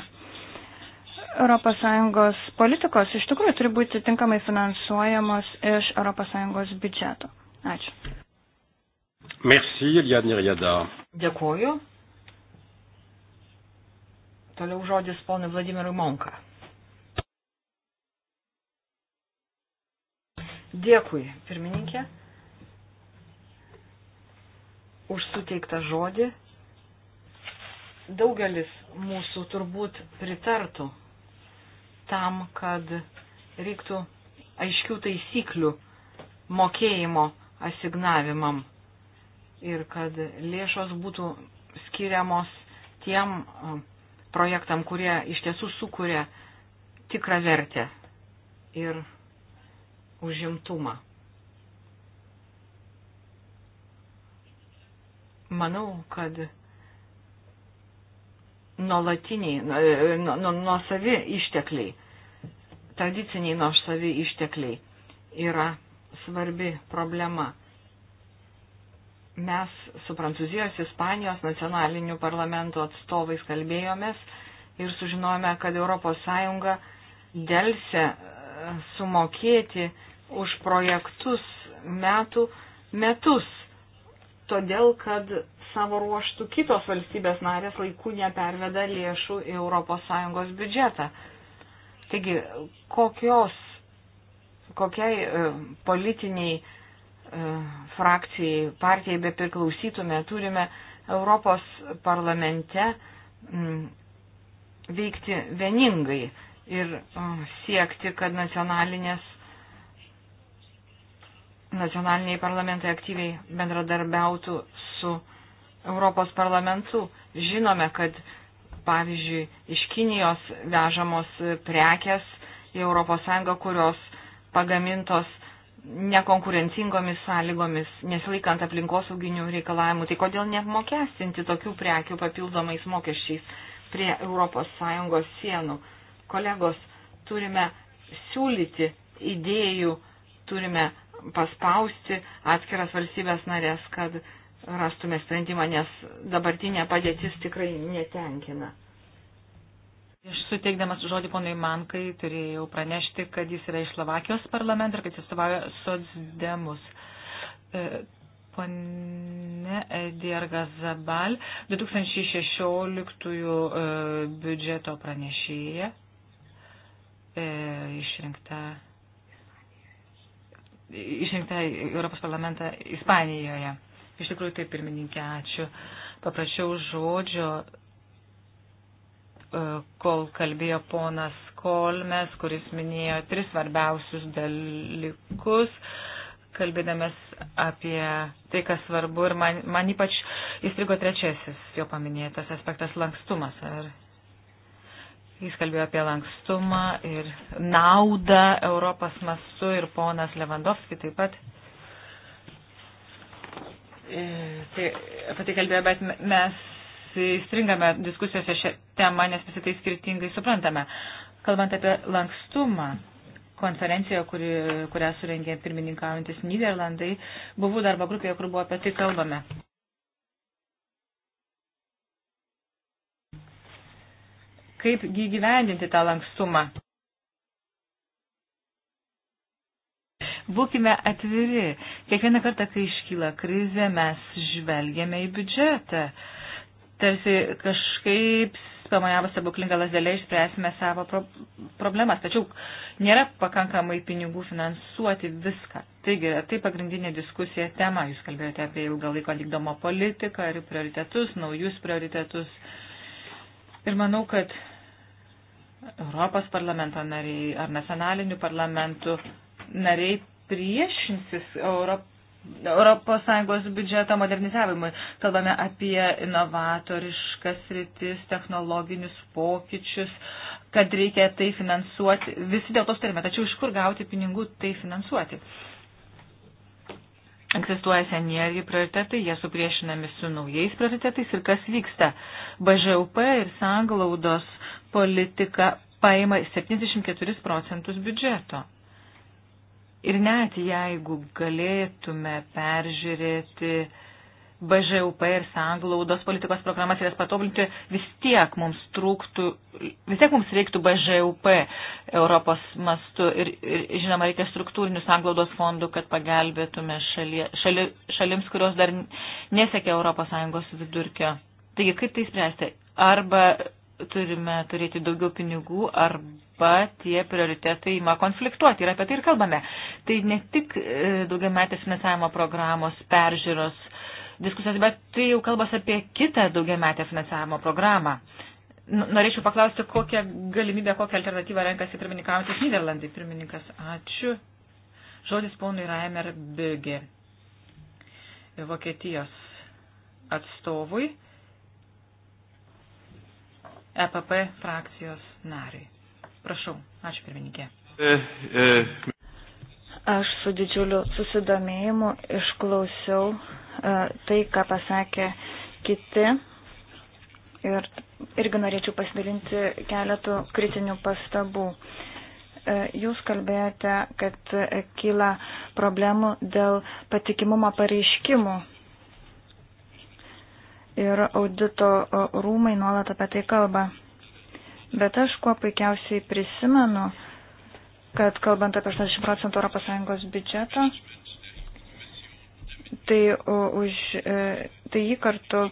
ES politikos iš tikrųjų turi būti tinkamai finansuojamos iš ES biudžeto. Ačiū. Merci, Eliane Riada. Dėkuoju. Toliau žodis ponui Vladimirui Monka. Dėkui, pirmininkė, už suteiktą žodį. Daugelis mūsų turbūt pritartų tam, kad reiktų aiškių taisyklių mokėjimo asignavimam ir kad lėšos būtų skiriamos tiem projektam, kurie iš tiesų sukuria tikrą vertę ir užimtumą. Manau, kad nuolatiniai, e, nu, nu, nuosavi ištekliai, tradiciniai nuosavi ištekliai yra svarbi problema. Mes su Prancūzijos, Ispanijos nacionalinių parlamentų atstovais kalbėjomės ir sužinojome, kad ES dėlse sumokėti už projektus metų metus, todėl kad savo ruoštų kitos valstybės narės laiku neperveda lėšų į ES biudžetą. Taigi, kokios, kokiai e, politiniai E, frakcijai, partijai be priklausytume, turime Europos parlamente veikti vieningai ir siekti, kad nacionalinės, nacionaliniai parlamentai aktyviai bendradarbiautų su Europos parlamentu. Žinome, kad pavyzdžiui iš Kinijos vežamos prekes į ES, kurios pagamintos nekonkurencingomis sąlygomis, nesilaikant aplinkosauginių reikalavimų, tai kodėl neapmokestinti tokių prekių papildomais mokesčiais prie ES sienų? Kolegos, turime siūlyti idėjų, turime paspausti atskiras valstybės narės, kad rastume sprendimą, nes dabartinė padėtis tikrai netenkina. Iš suteikdamas žodį ponui Mankai turėjau pranešti, kad jis yra iš Slovakijos parlamento ir kad jis atstovauja socdemus. E, pone Edierga Zabal, 2016 biudžeto pranešėja e, išrinkta išrinkta Europos parlamentą Ispanijoje. Iš tikrųjų, taip pirmininkė, ačiū. Paprašiau žodžio E, kol kalbėjo ponas Kolmes, kuris minėjo tris svarbiausius dalykus, kalbėdamas apie tai, kas svarbu ir man, man ypač įstrigo trečiasis jo paminėtas aspektas - lankstumas. Ar Jis kalbėjo apie lankstumą ir naudą Europos mastu ir ponas Levandovski taip pat. E, tai, apie tai kalbėjo, bet mes įstringame diskusijose šią temą, nes visi tai skirtingai suprantame. Kalbant apie lankstumą, konferencijoje, kuri, kurią surengė pirmininkaujantis Niderlandai, buvau darbo grupėje, kur buvo apie tai kalbame. Kaip gyvendinti tą lankstumą? Būkime atviri. Kiekvieną kartą, kai iškyla krizė, mes žvelgiame į biudžetą. Uh, tarsi kažkaip pamajavus abuklingą lasdelę išspręsime savo pro problemas. Tačiau nėra pakankamai pinigų finansuoti viską. Taigi, tai pagrindinė diskusija tema. Jūs kalbėjote apie ilgą laiką vykdomą politiką ir prioritetus, naujus prioritetus. Ir manau, kad Europos parlamento nariai ar nacionalinių parlamentų nariai priešinsis Europos ES biudžeto modernizavimui. Kalbame apie inovatoriškas rytis, technologinius pokyčius, kad reikia tai finansuoti. Visi dėl to turime, tačiau iš kur gauti pinigų tai finansuoti? Egzistuoja senieji prioritetai, jie supriešinami su naujais prioritetais ir kas vyksta. BŽUP ir sanglaudos politika paima 74 procentus biudžeto. Ir net jeigu galėtume peržiūrėti BŽUP ir sanglaudos politikos programas ir jas patobulinti, vis tiek mums trūktų, vis tiek mums reiktų BŽUP Europos mastu ir, ir žinoma, reikia struktūrinių sanglaudos fondų, kad pagelbėtume šalie, šali, šalims, kurios dar nesiekia ES vidurkio. Taigi, kaip tai spręsti? Arba turime turėti daugiau pinigų arba tie prioritetai ima konfliktuoti ir apie tai ir kalbame. Tai ne tik e, daugiametės finansavimo programos peržiūros diskusijos, bet tai jau kalbas apie kitą daugiametę finansavimo programą. Norėčiau paklausti, kokią galimybę, kokią alternatyvą renkasi pirmininkaujantis Niderlandai. Pirmininkas, ačiū. Žodis ponui Raimer Bögė, Vokietijos atstovui. EPP frakcijos nariai. Prašau, ačiū pirmininkė. E, e, Aš su didžiuliu susidomėjimu išklausiau e, tai, ką pasakė kiti. Ir irgi norėčiau pasidalinti keletų kritinių pastabų. Jūs kalbėjote, kad kyla problemų dėl patikimumo pareiškimų ir audito rūmai nuolat apie tai kalba. Bet aš kuo puikiausiai prisimenu, kad kalbant apie 80 procentų ES biudžeto, tai, už, e, tai jį kartu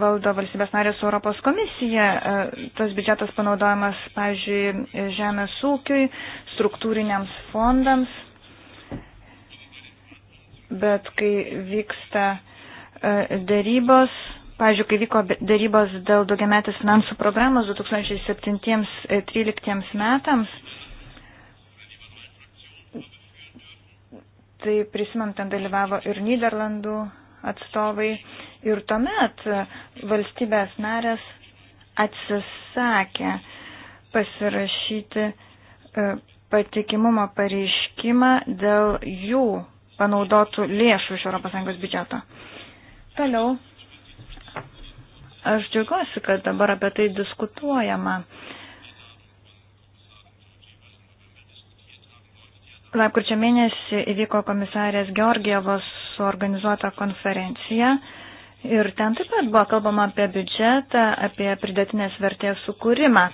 valdo valstybės narės Europos komisija. E, tas biudžetas panaudojamas, pavyzdžiui, žemės ūkiui, struktūriniams fondams. Bet kai vyksta e, dėrybos, Pavyzdžiui, kai vyko darybos dėl daugiametės finansų programos 2007-2013 metams, tai prisimam, ten dalyvavo ir Niderlandų atstovai. Ir tuomet valstybės narės atsisakė pasirašyti e, patikimumo pareiškimą dėl jų panaudotų lėšų iš ES biudžeto. Toliau Aš džiaugiuosi, kad dabar apie tai diskutuojama. Lapkričio mėnesį įvyko komisarės Georgievos suorganizuota konferencija ir ten taip pat buvo kalbama apie biudžetą, apie pridėtinės vertės sukūrimą.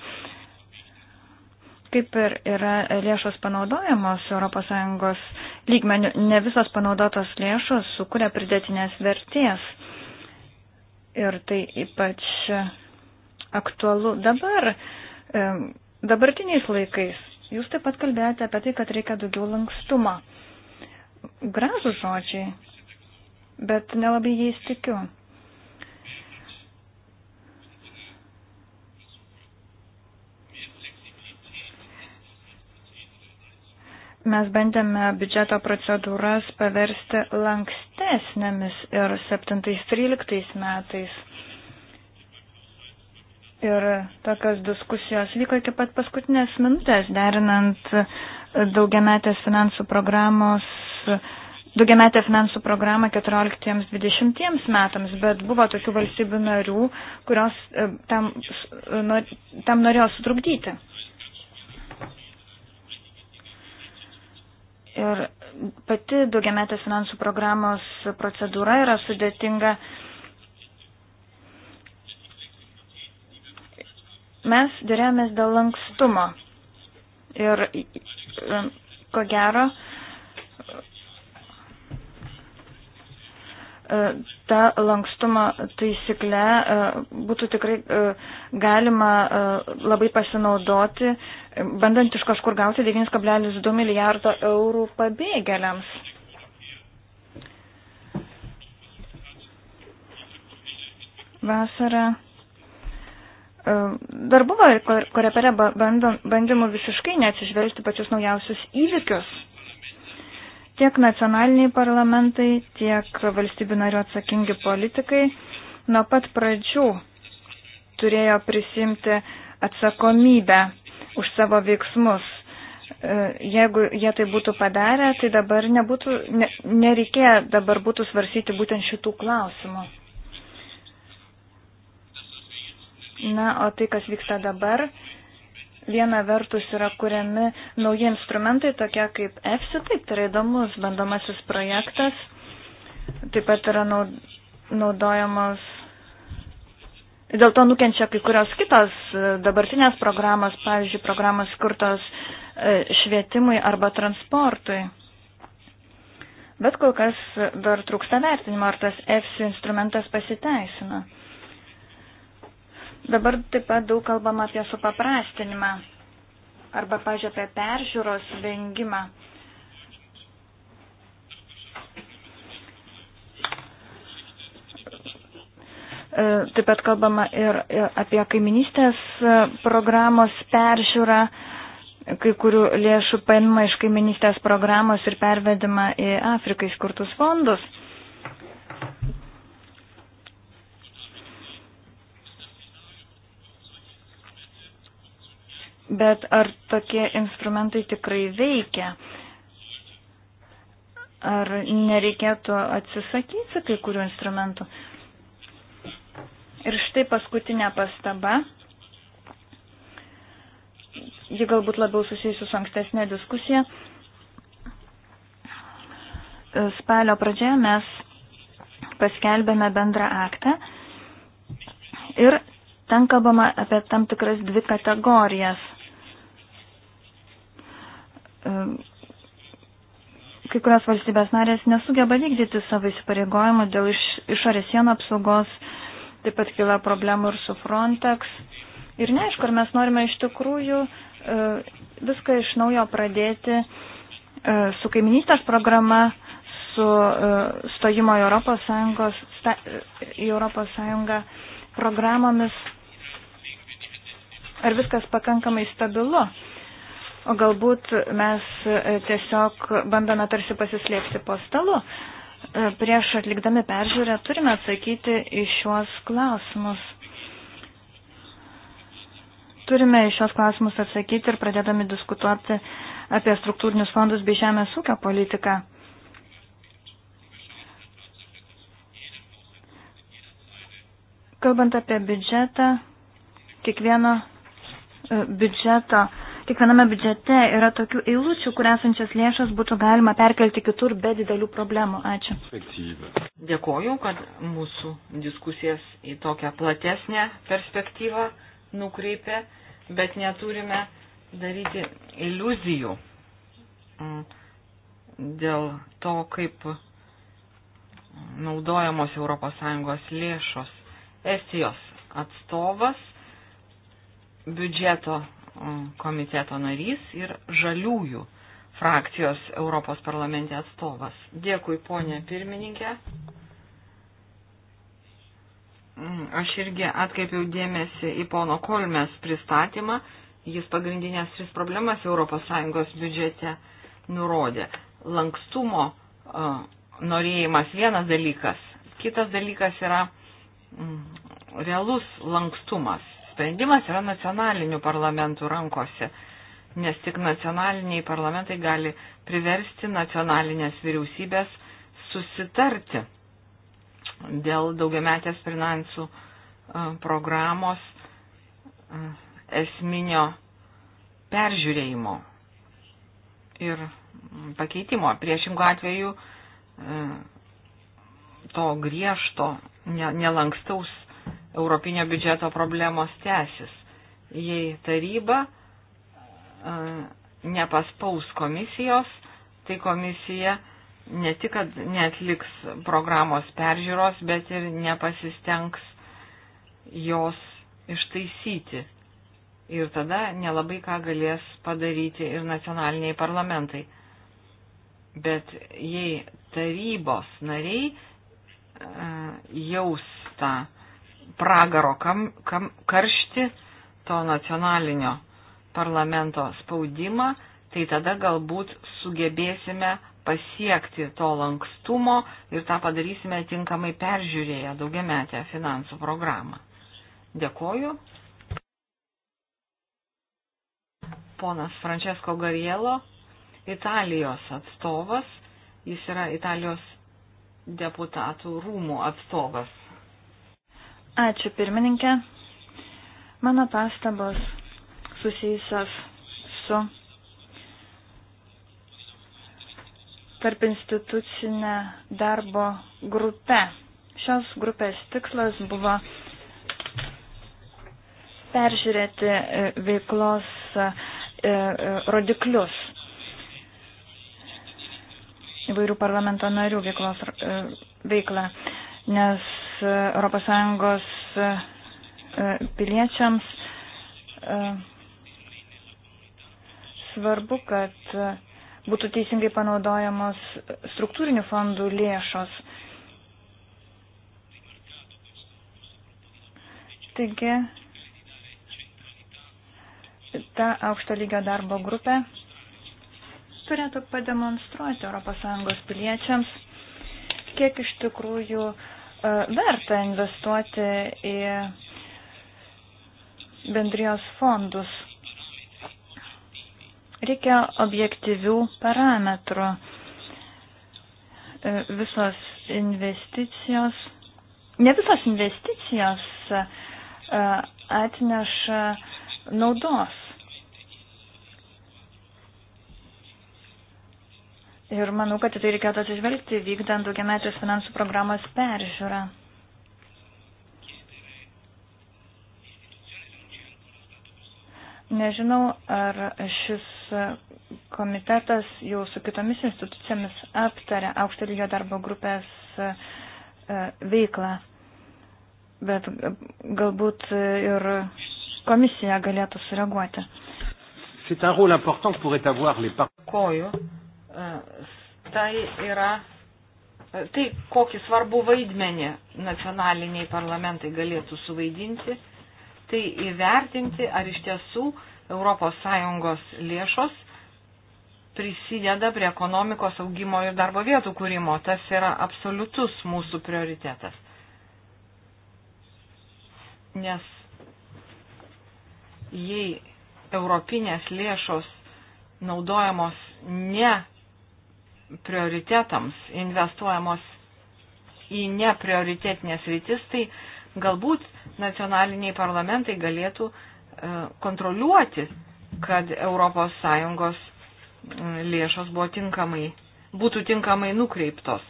Kaip ir yra lėšos panaudojamos ES lygmenių, ne visos panaudotos lėšos sukuria pridėtinės vertės. Ir tai ypač aktualu dabar, e, dabartiniais laikais. Jūs taip pat kalbėjote apie tai, kad reikia daugiau lankstumo. Gražų žodžiai, bet nelabai jais tikiu. mes bandėme biudžeto procedūras paversti lankstesnėmis ir 17-13 metais. Ir tokios diskusijos vyko iki pat paskutinės minutės, derinant daugiametės finansų programos, daugiametę finansų programą 14-20 metams, bet buvo tokių valstybių narių, kurios e, tam, tam norėjo sutrukdyti. Ir pati daugiametės finansų programos procedūra yra sudėtinga. Mes dėrėjomės dėl lankstumo. Ir ko gero, E, ta lankstumo taisykle e, būtų tikrai e, galima labai pasinaudoti, bandant iš kažkur gauti 9,2 milijardo eurų pabėgėliams. Vasarą dar buvo korepere bandymų visiškai neatsižvelgti pačius naujausius įvykius Tiek nacionaliniai parlamentai, tiek valstybių narių atsakingi politikai nuo pat pradžių turėjo prisimti atsakomybę už savo veiksmus. E, jeigu jie tai būtų padarę, tai dabar nebūtų, ne, nereikėjo dabar būtų svarsyti būtent šitų klausimų. Na, o tai, kas vyksta dabar, Viena vertus yra kuriami nauji instrumentai, tokie kaip EFSI, taip, tai yra įdomus bandomasis projektas. Taip pat yra naudojamos. Dėl to nukenčia kai kurios kitos e, dabartinės programos, pavyzdžiui, programos skirtos e, švietimui arba transportui. Bet kol kas dar trūksta vertinimo, ar tas EFSI instrumentas pasiteisina. Dabar taip pat daug kalbama apie supaprastinimą arba, pažiūrėjau, apie peržiūros vengimą. E, taip pat kalbama ir apie kaiminystės programos peržiūrą, kai kurių lėšų paimama iš kaiminystės programos ir pervedima į Afrikai skurtus fondus. Bet ar tokie instrumentai tikrai veikia? Ar nereikėtų atsisakyti kai kurių instrumentų? Ir štai paskutinė pastaba. Ji galbūt labiau susijusi su ankstesnė diskusija. Spalio pradžioje mes paskelbėme bendrą aktą ir ten kalbama apie tam tikras dvi kategorijas kai kurios valstybės narės nesugeba vykdyti savo įsipareigojimų dėl iš, išorės sienų apsaugos, taip pat kyla problemų ir su Frontex. Ir neaišku, ar mes norime iš tikrųjų e, viską iš naujo pradėti e, su kaiminystės programa, su e, stojimo į Europos, Sąjungos, sta, į Europos Sąjungą programomis. Ar viskas pakankamai stabilu? O galbūt mes e, tiesiog bandome tarsi pasislėpti po stalu. E, prieš atlikdami peržiūrę turime atsakyti į šiuos klausimus. Turime į šios klausimus atsakyti ir pradėdami diskutuoti apie struktūrinius fondus bei žemės ūkio politiką. Kalbant apie biudžetą, kiekvieno e, biudžeto uh, kiekviename biudžete yra tokių eilučių, kur esančias lėšas būtų galima perkelti kitur be didelių problemų. Ačiū. Dėkoju, kad mūsų diskusijas į tokią platesnę perspektyvą nukreipė, bet neturime daryti iliuzijų mm, dėl to, kaip naudojamos ES lėšos. Estijos atstovas biudžeto komiteto narys ir žaliųjų frakcijos Europos parlamente atstovas. Dėkui, ponė pirmininkė. Mm, aš irgi atkreipiau dėmesį į pono Kolmės pristatymą. Jis pagrindinės tris problemas ES biudžete nurodė. Lankstumo norėjimas vienas dalykas. Kitas dalykas yra mm, realus lankstumas sprendimas yra nacionalinių parlamentų rankose, nes tik nacionaliniai parlamentai gali priversti nacionalinės vyriausybės susitarti dėl daugiametės finansų e, programos e, esminio peržiūrėjimo ir pakeitimo. Priešingų atveju e, to griežto, nelankstaus europinio biudžeto problemos tęsis. Jei taryba e, nepaspaus komisijos, tai komisija ne tik, kad netliks programos peržiūros, bet ir nepasistengs jos ištaisyti. Ir tada nelabai ką galės padaryti ir nacionaliniai parlamentai. Bet jei tarybos nariai e, jaus tą pragaro kam, kam, karšti, to nacionalinio parlamento spaudimą, tai tada galbūt sugebėsime pasiekti to lankstumo ir tą padarysime tinkamai peržiūrėję daugiametę finansų programą. Dėkoju. Ponas Francesco Garielo, Italijos atstovas, jis yra Italijos deputatų rūmų atstovas. Ačiū pirmininkė. Mano pastabos susijusios su tarp institucinė darbo grupė. Šios grupės tikslas buvo peržiūrėti e, veiklos e, e, rodiklius įvairių parlamento narių veiklos veiklą, nes ES e, piliečiams e, svarbu, kad e, būtų teisingai panaudojamos struktūrinių fondų lėšos. Taigi, ta aukšto lygio darbo grupė turėtų pademonstruoti ES piliečiams, kiek iš tikrųjų uh, E, verta investuoti į bendrijos fondus. Reikia objektyvių parametrų. E, visos investicijos, ne visos investicijos e, atneša naudos. Ir manau, kad tai reikėtų atsižvelgti vykdant daugiametės finansų programos peržiūrą. Nežinau, ar šis komitetas jau su kitomis institucijomis aptarė aukšto lygio darbo grupės e, veiklą, bet galbūt ir komisija galėtų sureaguoti. C'est un rôle important que pourraient avoir les partenaires Tai yra tai, kokį svarbų vaidmenį nacionaliniai parlamentai galėtų suvaidinti, tai įvertinti, ar iš tiesų ES lėšos prisideda prie ekonomikos augimo ir darbo vietų kūrimo. Tas yra absoliutus mūsų prioritetas. Nes jei europinės lėšos naudojamos ne prioritetams investuojamos į neprioritetinės rytis, tai galbūt nacionaliniai parlamentai galėtų e, kontroliuoti, kad ES lėšos buvo tinkamai, būtų tinkamai nukreiptos.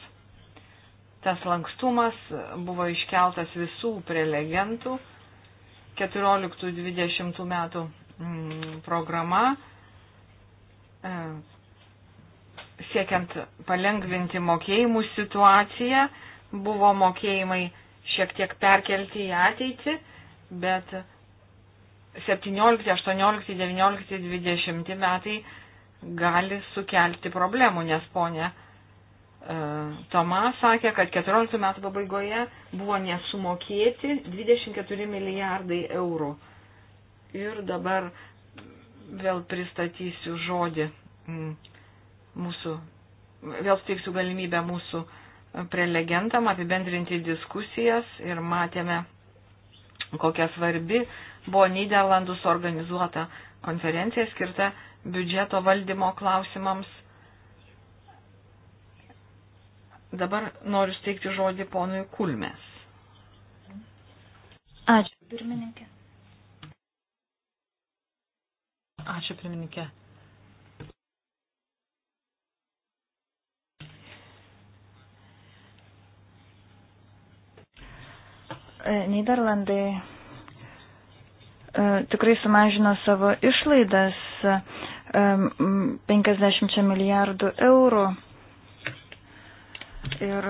Tas lankstumas buvo iškeltas visų prelegentų 14-20 metų programa e, siekiant palengvinti mokėjimų situaciją, buvo mokėjimai šiek tiek perkelti į ateitį, bet 17, 18, 19, 20 metai gali sukelti problemų, nes ponė e, Toma sakė, kad 14 metų pabaigoje buvo nesumokėti 24 milijardai eurų. Ir dabar vėl pristatysiu žodį mm, mūsų, vėl steiksiu galimybę mūsų e, prelegentam apibendrinti diskusijas ir matėme, kokia svarbi buvo Niderlandų suorganizuota konferencija skirta biudžeto valdymo klausimams. Dabar noriu steigti žodį ponui Kulmės. Ačiū, pirmininkė. Ačiū, pirmininkė. E, Niderlandai e, tikrai sumažino savo išlaidas 50 e, milijardų eurų. Ir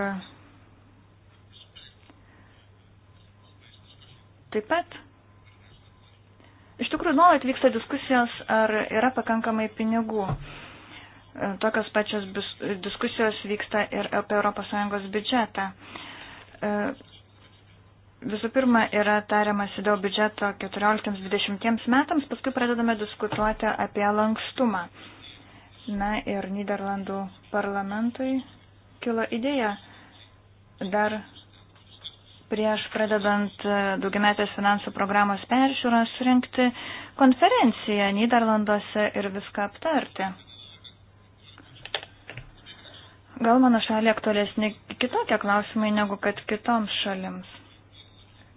taip pat iš tikrųjų nuolat vyksta diskusijos, ar yra pakankamai pinigų. Tokios pačios diskusijos vyksta ir apie ES biudžetą. Visų pirma, yra tariamasi dėl biudžeto 14-20 metams, paskui pradedame diskutuoti apie lankstumą. Na ir Niderlandų parlamentui kilo idėja dar prieš pradedant e, daugiametės finansų programos peržiūrą surinkti konferenciją Niderlanduose ir viską aptarti. Gal mano šaliai aktualesni kitokie klausimai negu kad kitoms šalims.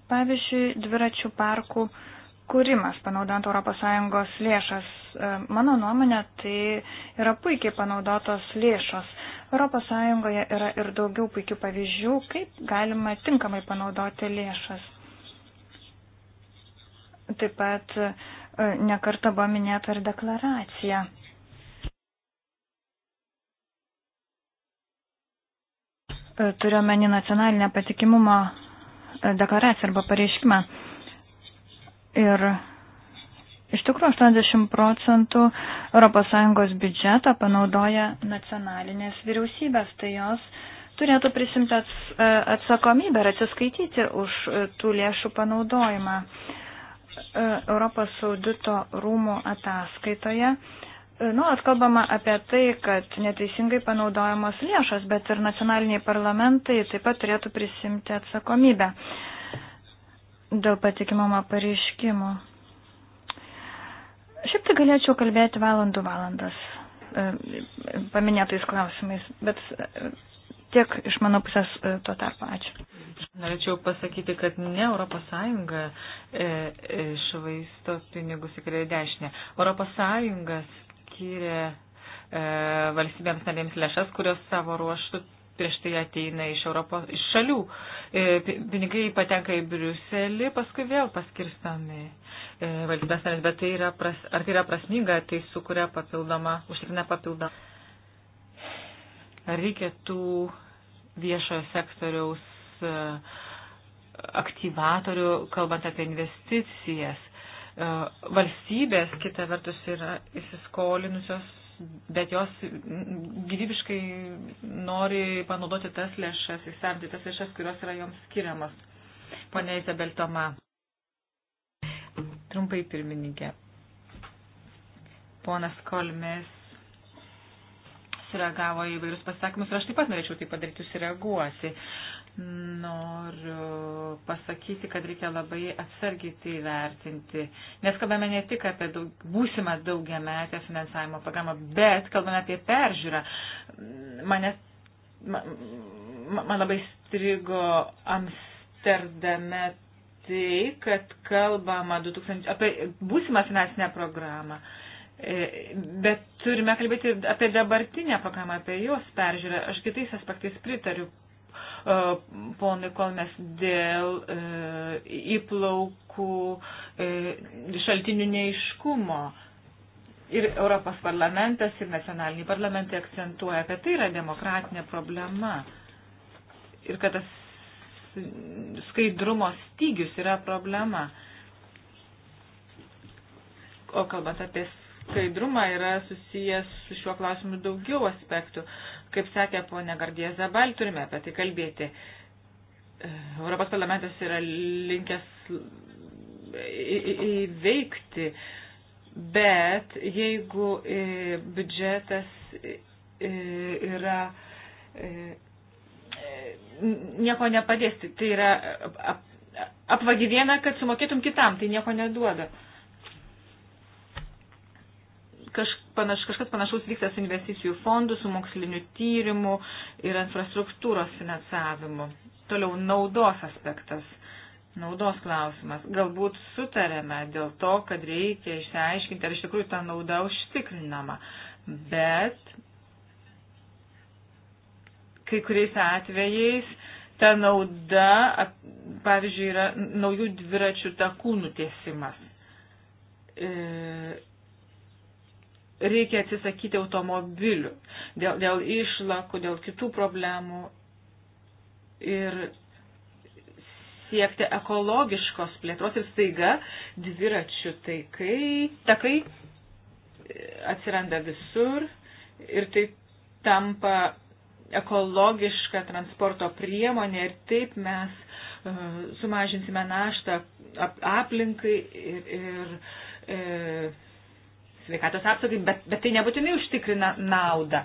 Pavyzdžiui, dviračių parkų kūrimas, panaudant ES lėšas. E, mano nuomonė, tai yra puikiai panaudotos lėšos. ES yra ir daugiau puikių pavyzdžių, kaip galima tinkamai panaudoti lėšas. Taip pat e, nekarta buvo minėta ir deklaracija. E, Turiuomenį nacionalinę patikimumo deklaraciją arba pareiškimą. Ir iš tikrųjų 80 procentų ES biudžeto panaudoja nacionalinės vyriausybės, tai jos turėtų prisimti e, atsakomybę ir atsiskaityti už e, tų lėšų panaudojimą. E, Europos audito rūmų ataskaitoje Nuolat kalbama apie tai, kad neteisingai panaudojamos lėšos, bet ir nacionaliniai parlamentai taip pat turėtų prisimti atsakomybę dėl patikimumo pareiškimų. Šiaip tai galėčiau kalbėti valandų valandas e, paminėtais klausimais, bet e, tiek iš mano pusės e, tuo tarpu. Ačiū. Norėčiau pasakyti, kad ne Europos Sąjunga išvaisto pinigus į kairę dešinę. Europos Sąjungas skyrė e, valstybėms narėms lėšas, kurios savo ruoštų prieš tai ateina iš Europos iš šalių. E, pinigai patenka į Briuselį, paskui vėl paskirstami e, valstybės narės, bet tai yra pras, ar tai yra prasminga, tai sukuria papildomą, užtikrina papildomą. Ar reikia tų viešojo sektoriaus e, aktyvatorių, kalbant apie investicijas. E, valstybės, kita vertus, yra įsiskolinusios, bet jos gyvybiškai nori panaudoti tas lėšas, įsamdyti tas lėšas, kurios yra joms skiriamas. Pone Izabel Toma. Trumpai pirmininkė. Ponas Kolmės sureagavo į vairius pasakymus ir aš taip pat norėčiau tai padaryti, sureaguosi noriu pasakyti, kad reikia labai atsargiai tai vertinti. Nes kalbame ne tik apie daug, būsimą daugiametę finansavimo programą, bet kalbame apie peržiūrą. Mane, man, man labai strigo Amsterdame tai, kad kalbama 2000, apie būsimą finansinę programą. E, bet turime kalbėti apie dabartinę programą, apie jos peržiūrą. Aš kitais aspektais pritariu E, ponui Kolmes dėl e, įplaukų e, šaltinių neiškumo. Ir Europos parlamentas, ir nacionaliniai parlamentai akcentuoja, kad tai yra demokratinė problema. Ir kad tas skaidrumo stygius yra problema. O kalbant apie skaidrumą, yra susijęs su šiuo klausimu daugiau aspektų. Kaip sakė ponė Gardija Zabal, turime apie tai kalbėti. Europos parlamentas yra linkęs įveikti, bet jeigu e, biudžetas e, e, yra nieko nepadės, tai yra apvagi vieną, kad sumokėtum kitam, tai nieko neduoda kaž, panaš, kažkas panašaus vyksta su investicijų fondu, su moksliniu tyrimu ir infrastruktūros finansavimu. Toliau naudos aspektas, naudos klausimas. Galbūt sutarėme dėl to, kad reikia išsiaiškinti, ar iš tikrųjų ta nauda užtikrinama. Bet kai kuriais atvejais ta nauda, pavyzdžiui, yra naujų dviračių takų nutiesimas. E, reikia atsisakyti automobilių dėl, dėl išlakų, dėl kitų problemų ir siekti ekologiškos plėtros ir staiga dviračių taikai, takai e, atsiranda visur ir tai tampa ekologiška transporto priemonė ir taip mes uh, sumažinsime naštą ap aplinkai ir, ir uh, sveikatos apsaugai, bet, bet tai nebūtinai užtikrina naudą.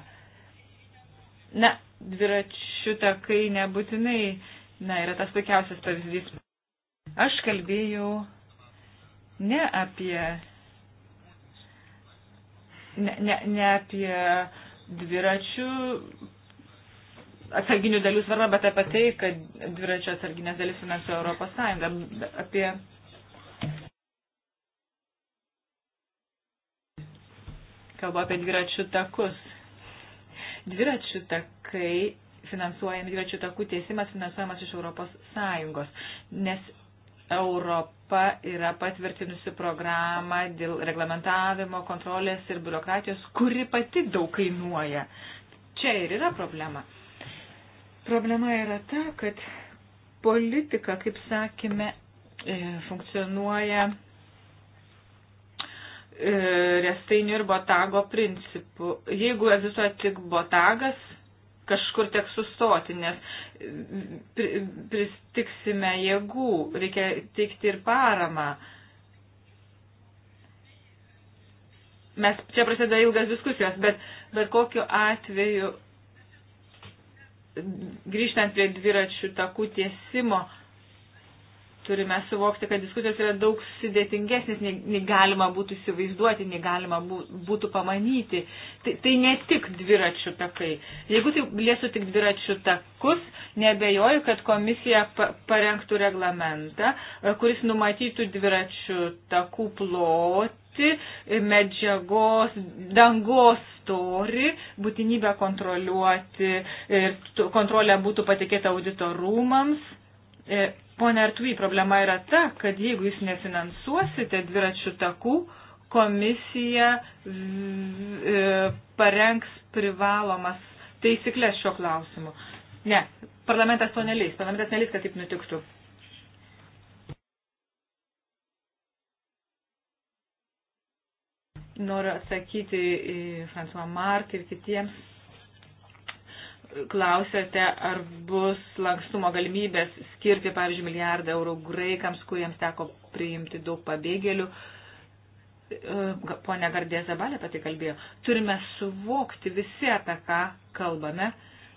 Na, dviračių takai nebūtinai, na, yra tas puikiausias pavyzdys. Aš kalbėjau ne apie, ne, ne, ne apie dviračių atsarginių dalių svarbą, bet apie tai, kad dviračio atsarginės dalis finansuoja Europos Sąjunga, apie Kalbu apie dviračių takus. Dviračių takai finansuojami, dviračių takų tiesimas finansuojamas iš Europos Sąjungos, nes Europa yra patvirtinusi programą dėl reglamentavimo, kontrolės ir biurokratijos, kuri pati daug kainuoja. Čia ir yra problema. Problema yra ta, kad politika, kaip sakėme, e, funkcionuoja E, restainių ir botago principu. Jeigu egzistuoja tik botagas, kažkur teks sustoti, nes e, pristiksime jėgų, reikia teikti ir paramą. Mes čia prasideda ilgas diskusijos, bet, bet kokiu atveju, grįžtant prie dviračių takų tiesimo, turime suvokti, kad diskusijos yra daug sudėtingesnės, nei, nei galima būtų įsivaizduoti, nei galima būtų pamanyti. Tai, tai ne tik dviračių takai. Jeigu tai liesų tik dviračių takus, nebejoju, kad komisija parengtų reglamentą, kuris numatytų dviračių takų plotį, medžiagos, dangos storį, būtinybę kontroliuoti ir kontrolė būtų patikėta auditorumams e, Pone Artui, problema yra ta, kad jeigu jūs nefinansuosite dviračių takų, komisija e, parengs privalomas taisyklės šio klausimu. Ne, parlamentas to neleis. Parlamentas neleis, kad taip nutiktų. Noriu atsakyti į François Mark ir kitiems klausėte, ar bus lankstumo galimybės skirti, pavyzdžiui, milijardą eurų graikams, kuriems teko priimti daug pabėgėlių. E, Pone Gardė Zabalė pati kalbėjo. Turime suvokti visi, apie ką kalbame,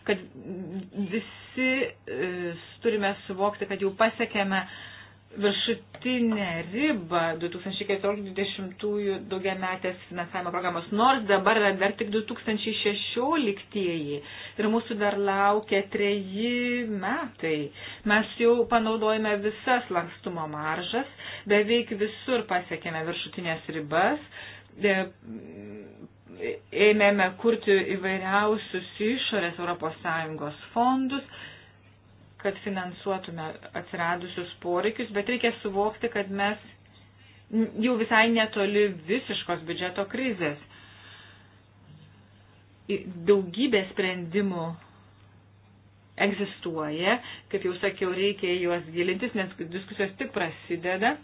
kad visi e, turime suvokti, kad jau pasiekėme uh, viršutinę ribą 2014-2020 daugiametės finansavimo programos, nors dabar yra dar tik 2016-ieji ir mūsų dar laukia treji metai. Mes jau panaudojame visas lankstumo maržas, beveik visur pasiekėme viršutinės ribas, e, ėmėme kurti įvairiausius išorės ES fondus kad finansuotume atsiradusius poreikius, bet reikia suvokti, kad mes jau visai netoli visiškos biudžeto krizės. Daugybė sprendimų egzistuoja, kaip jau sakiau, reikia juos gilintis, nes diskusijos tik prasideda.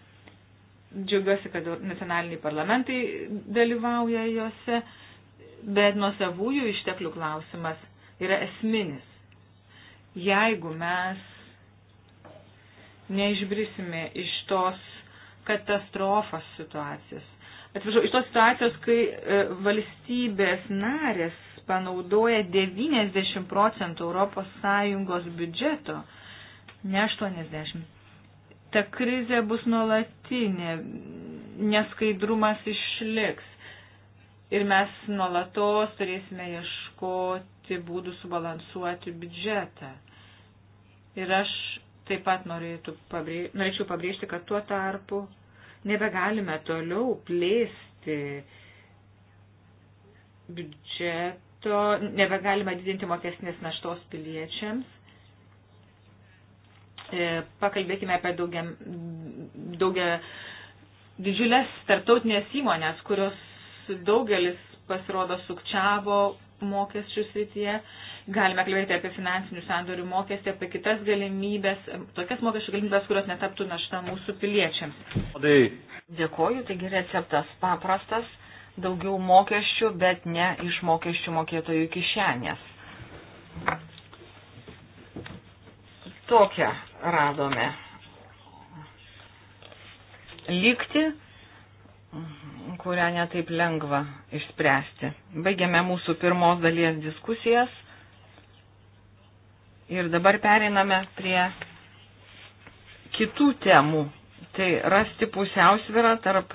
Džiaugiuosi, kad nacionaliniai parlamentai dalyvauja juose, bet nuo savųjų išteklių klausimas yra esminis. Jeigu mes neišbrisime iš tos katastrofos situacijos, atsiprašau, iš tos situacijos, kai e, valstybės narės panaudoja 90 procentų ES biudžeto, ne 80. Ta krizė bus nuolatinė, neskaidrumas išliks ir mes nuolatos turėsime ieškoti rasti būdų subalansuoti biudžetą. Ir aš taip pat pabrė... norėčiau pabrėžti, kad tuo tarpu nebegalime toliau plėsti biudžeto, nebegalime didinti mokesnės naštos piliečiams. E, pakalbėkime apie daugia, daugia didžiulės tarptautinės įmonės, kurios daugelis pasirodo sukčiavo mokesčių srityje. Galime kalbėti apie finansinių sandorių mokestį, apie kitas galimybės, tokias mokesčių galimybės, kurios netaptų našta mūsų piliečiams. Dėkoju, taigi receptas paprastas - daugiau mokesčių, bet ne iš mokesčių mokėtojų kišenės. Tokią radome. Likti. Mm kurią netaip lengva išspręsti. Baigiame mūsų pirmos dalies diskusijas ir dabar periname prie kitų temų. Tai rasti pusiausvyrą tarp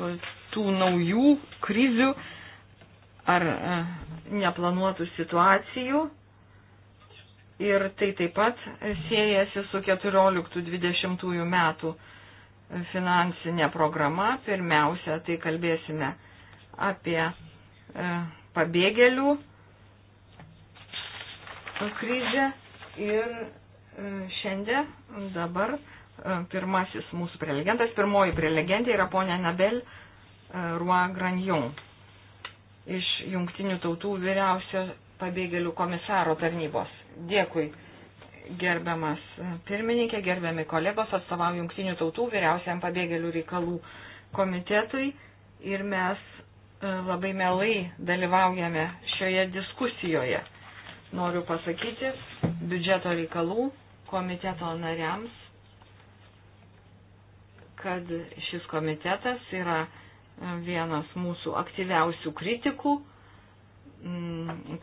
tų naujų krizių ar e, neplanuotų situacijų. Ir tai taip pat siejasi su 14-20 metų finansinė programa. Pirmiausia, tai kalbėsime apie e, pabėgėlių krizę ir e, šiandien dabar e, pirmasis mūsų prelegentas, pirmoji prelegentė yra ponia Nabel Rua Granjon iš Jungtinių tautų vyriausio pabėgėlių komisaro tarnybos. Dėkui. Gerbiamas e, pirmininkė, gerbiami kolegos, atstovauju Junktinių tautų vyriausiam pabėgėlių reikalų komitetui ir mes e, labai melai dalyvaujame šioje diskusijoje. Noriu pasakyti biudžeto reikalų komiteto nariams, kad šis komitetas yra e, vienas mūsų aktyviausių kritikų,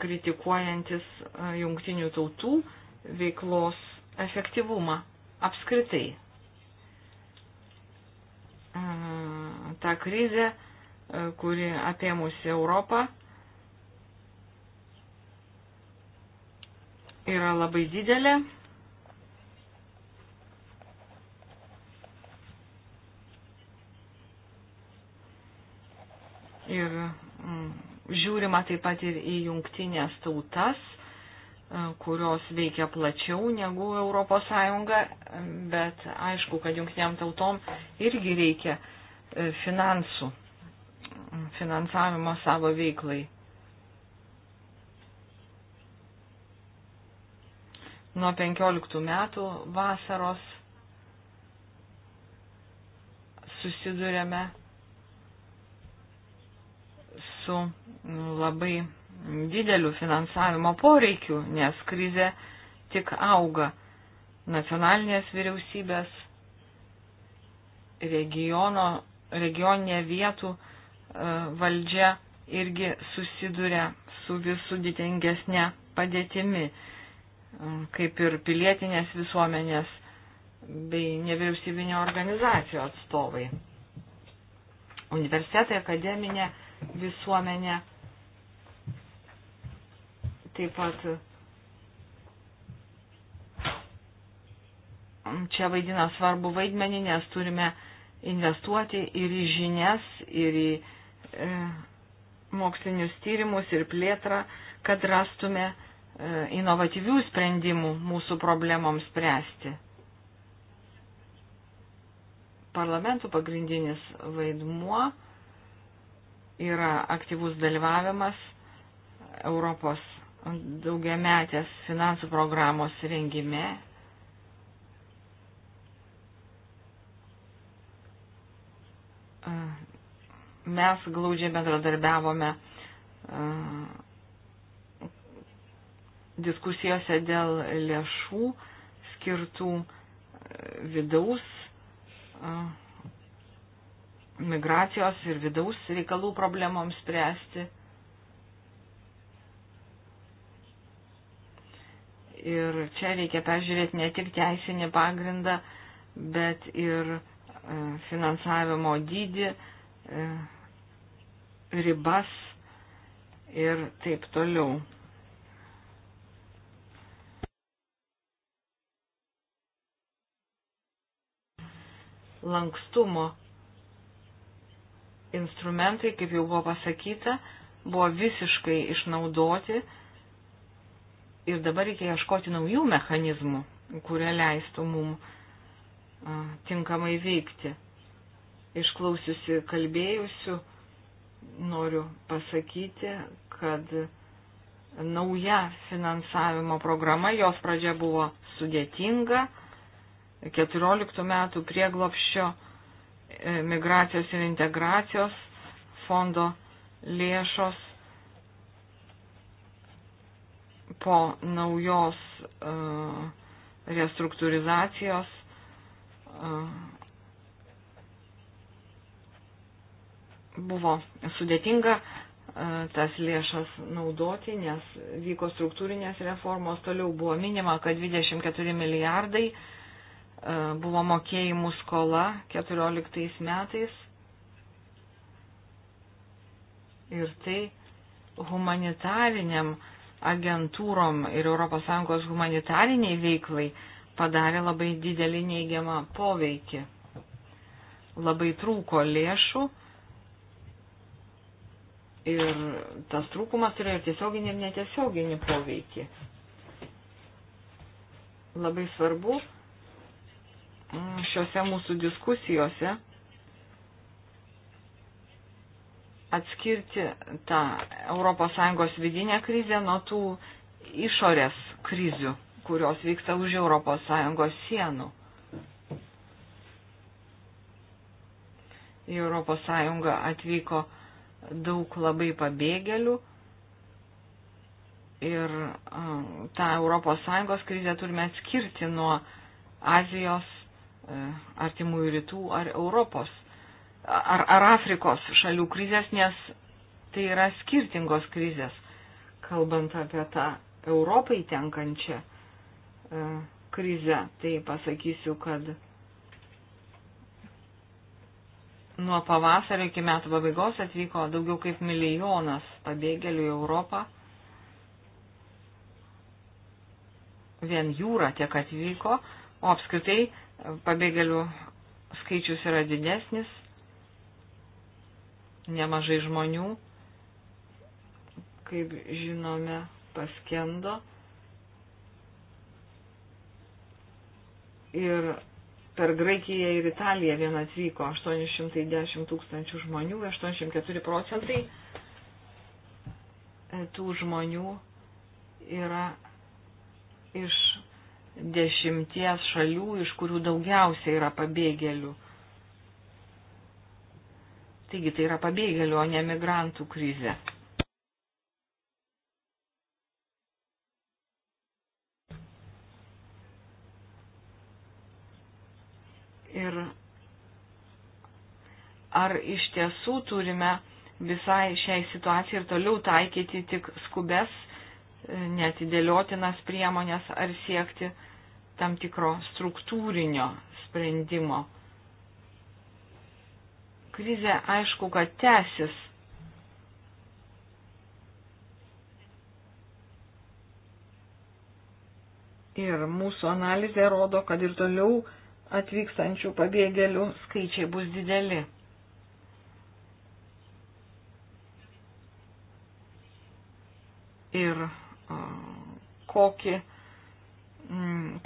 kritikuojantis jungtinių tautų veiklos efektyvumą apskritai. E, ta krizė, e, kuri apėmusi Europą, yra labai didelė. Ir mm, žiūrima taip pat ir į jungtinės tautas kurios veikia plačiau negu ES, bet aišku, kad jungtiniam tautom irgi reikia e, finansų, finansavimo savo veiklai. Nuo 15 metų vasaros susidurėme su labai didelių finansavimo poreikių, nes krize tik auga. Nacionalinės vyriausybės regiono, regioninė vietų e, valdžia irgi susiduria su vis sudėtingesnė padėtimi, e, kaip ir pilietinės visuomenės bei nevyriausybinio organizacijų atstovai. Universitetai, akademinė visuomenė Taip pat mm, čia vaidina svarbu vaidmenį, nes turime investuoti ir į žinias, ir į e, mokslinius tyrimus, ir plėtrą, kad rastume e, inovatyvių sprendimų mūsų problemoms spręsti. Parlamentų pagrindinis vaidmuo yra aktyvus dalyvavimas Europos daugiametės finansų programos rengime. Mes glaudžiai bendradarbiavome diskusijose dėl lėšų skirtų vidaus migracijos ir vidaus reikalų problemoms spręsti. Ir čia reikia peržiūrėti ne tik teisinį pagrindą, bet ir e, finansavimo dydį, e, ribas ir taip toliau. Lankstumo instrumentai, kaip jau buvo pasakyta, buvo visiškai išnaudoti Ir dabar reikia ieškoti naujų mechanizmų, kurie leistų mum tinkamai veikti. Išklausiusi kalbėjusių, noriu pasakyti, kad nauja finansavimo programa, jos pradžia buvo sudėtinga, 14 metų prieglopščio e, migracijos ir integracijos fondo lėšos po naujos e, restruktūrizacijos e, buvo sudėtinga e, tas lėšas naudoti, nes vyko struktūrinės reformos, toliau buvo minima, kad 24 milijardai buvo mokėjimų skola 14 metais. Ir tai humanitariniam uh, agentūrom ir ES humanitariniai veiklai padarė labai didelį neigiamą poveikį. Labai trūko lėšų ir tas trūkumas turėjo tiesioginį ir netiesioginį poveikį. Labai svarbu mm, šiuose mūsų diskusijose atskirti tą ES vidinę krizę nuo tų išorės krizių, kurios vyksta už ES sienų. Į ES atvyko daug labai pabėgėlių ir tą ES krizę turime atskirti nuo Azijos, e, Artimųjų rytų ar Europos ar, ar Afrikos šalių krizės, nes tai yra skirtingos krizės, kalbant apie tą Europai tenkančią e, krizę. Tai pasakysiu, kad nuo pavasario iki metų pabaigos atvyko daugiau kaip milijonas pabėgėlių į Europą. Vien jūra tiek atvyko, o apskritai pabėgėlių skaičius yra didesnis, nemažai žmonių, kaip žinome, paskendo. Ir per Graikiją ir Italiją vien atvyko 810 tūkstančių žmonių, 84 procentai tų žmonių yra iš dešimties šalių, iš kurių daugiausia yra pabėgėlių. Taigi tai yra pabėgėlių, o ne migrantų krizė. Ir ar iš tiesų turime visai šiai situacijai ir toliau taikyti tik skubes, e, netidėliotinas priemonės, ar siekti tam tikro struktūrinio sprendimo krizė aišku, kad tęsis. Ir mūsų analizė rodo, kad ir toliau atvykstančių pabėgėlių skaičiai bus dideli. Ir kokį,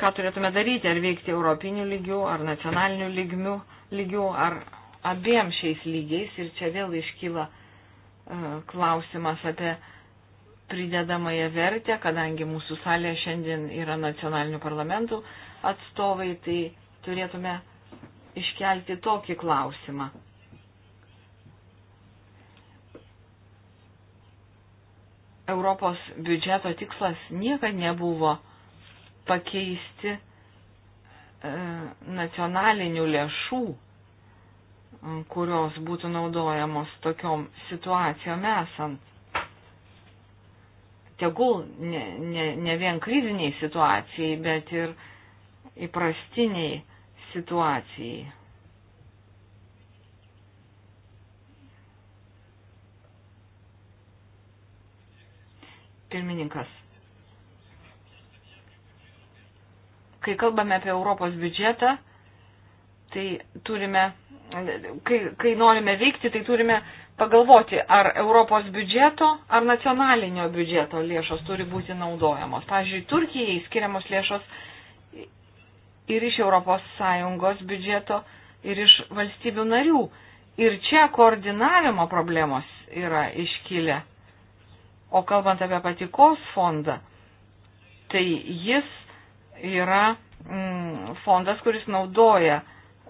ką turėtume daryti, ar veikti europinių lygių, ar nacionalinių lygmių, lygių, ar abiem šiais lygiais ir čia vėl iškyla e, klausimas apie pridedamąją vertę, kadangi mūsų salėje šiandien yra nacionalinių parlamentų atstovai, tai turėtume iškelti tokį klausimą. Europos biudžeto tikslas niekad nebuvo pakeisti e, nacionalinių lėšų kurios būtų naudojamos tokiom situacijom esant. Tegul ne, ne, ne vien kriziniai situacijai, bet ir įprastiniai situacijai. Pirmininkas. Kai kalbame apie Europos biudžetą, Tai turime, kai, kai norime veikti, tai turime pagalvoti, ar Europos biudžeto, ar nacionalinio biudžeto lėšos turi būti naudojamos. Pavyzdžiui, Turkijai skiriamos lėšos ir iš ES biudžeto, ir iš valstybių narių. Ir čia koordinavimo problemos yra iškilę. O kalbant apie patikos fondą, tai jis yra mm, fondas, kuris naudoja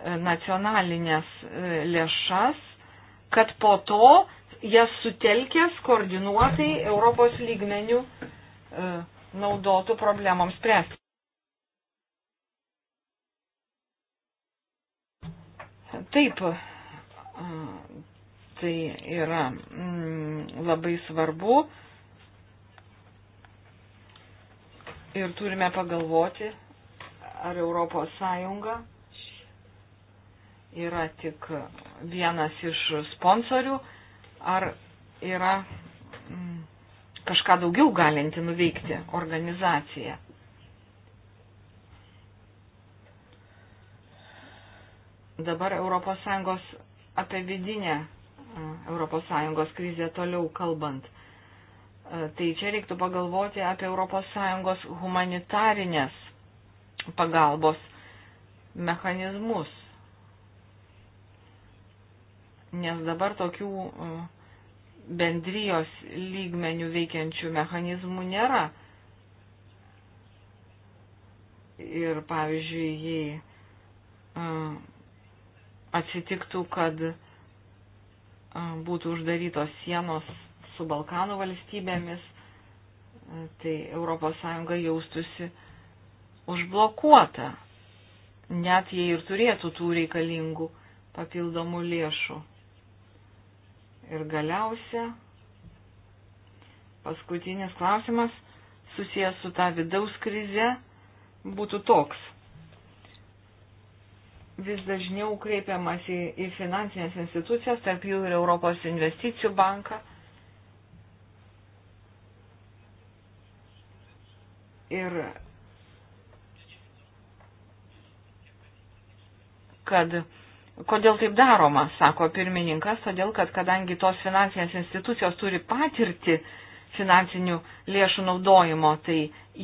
nacionalinės e, lėšas, kad po to jas sutelkęs koordinuotai Europos lygmenių e, naudotų problemoms spręsti. Taip, e, tai yra mm, labai svarbu ir turime pagalvoti, ar Europos Sąjunga yra tik vienas iš sponsorių, ar yra mm, kažką daugiau galinti nuveikti organizacija. Dabar ES apie vidinę mm, ES krizę toliau kalbant. E, tai čia reiktų pagalvoti apie ES humanitarinės pagalbos mechanizmus nes dabar tokių e, bendrijos lygmenių veikiančių mechanizmų nėra. Ir pavyzdžiui, jei e, atsitiktų, kad e, būtų uždarytos sienos su Balkanų valstybėmis, tai ES jaustusi užblokuota, net jei ir turėtų tų reikalingų papildomų lėšų. Ir galiausia, paskutinis klausimas susijęs su ta vidaus krize būtų toks. Vis dažniau kreipiamas į, į finansinės institucijas, tarp jų ir Europos investicijų banką. Ir kad Kodėl taip daroma, sako pirmininkas, todėl kad kadangi tos finansinės institucijos turi patirti finansinių lėšų naudojimo, tai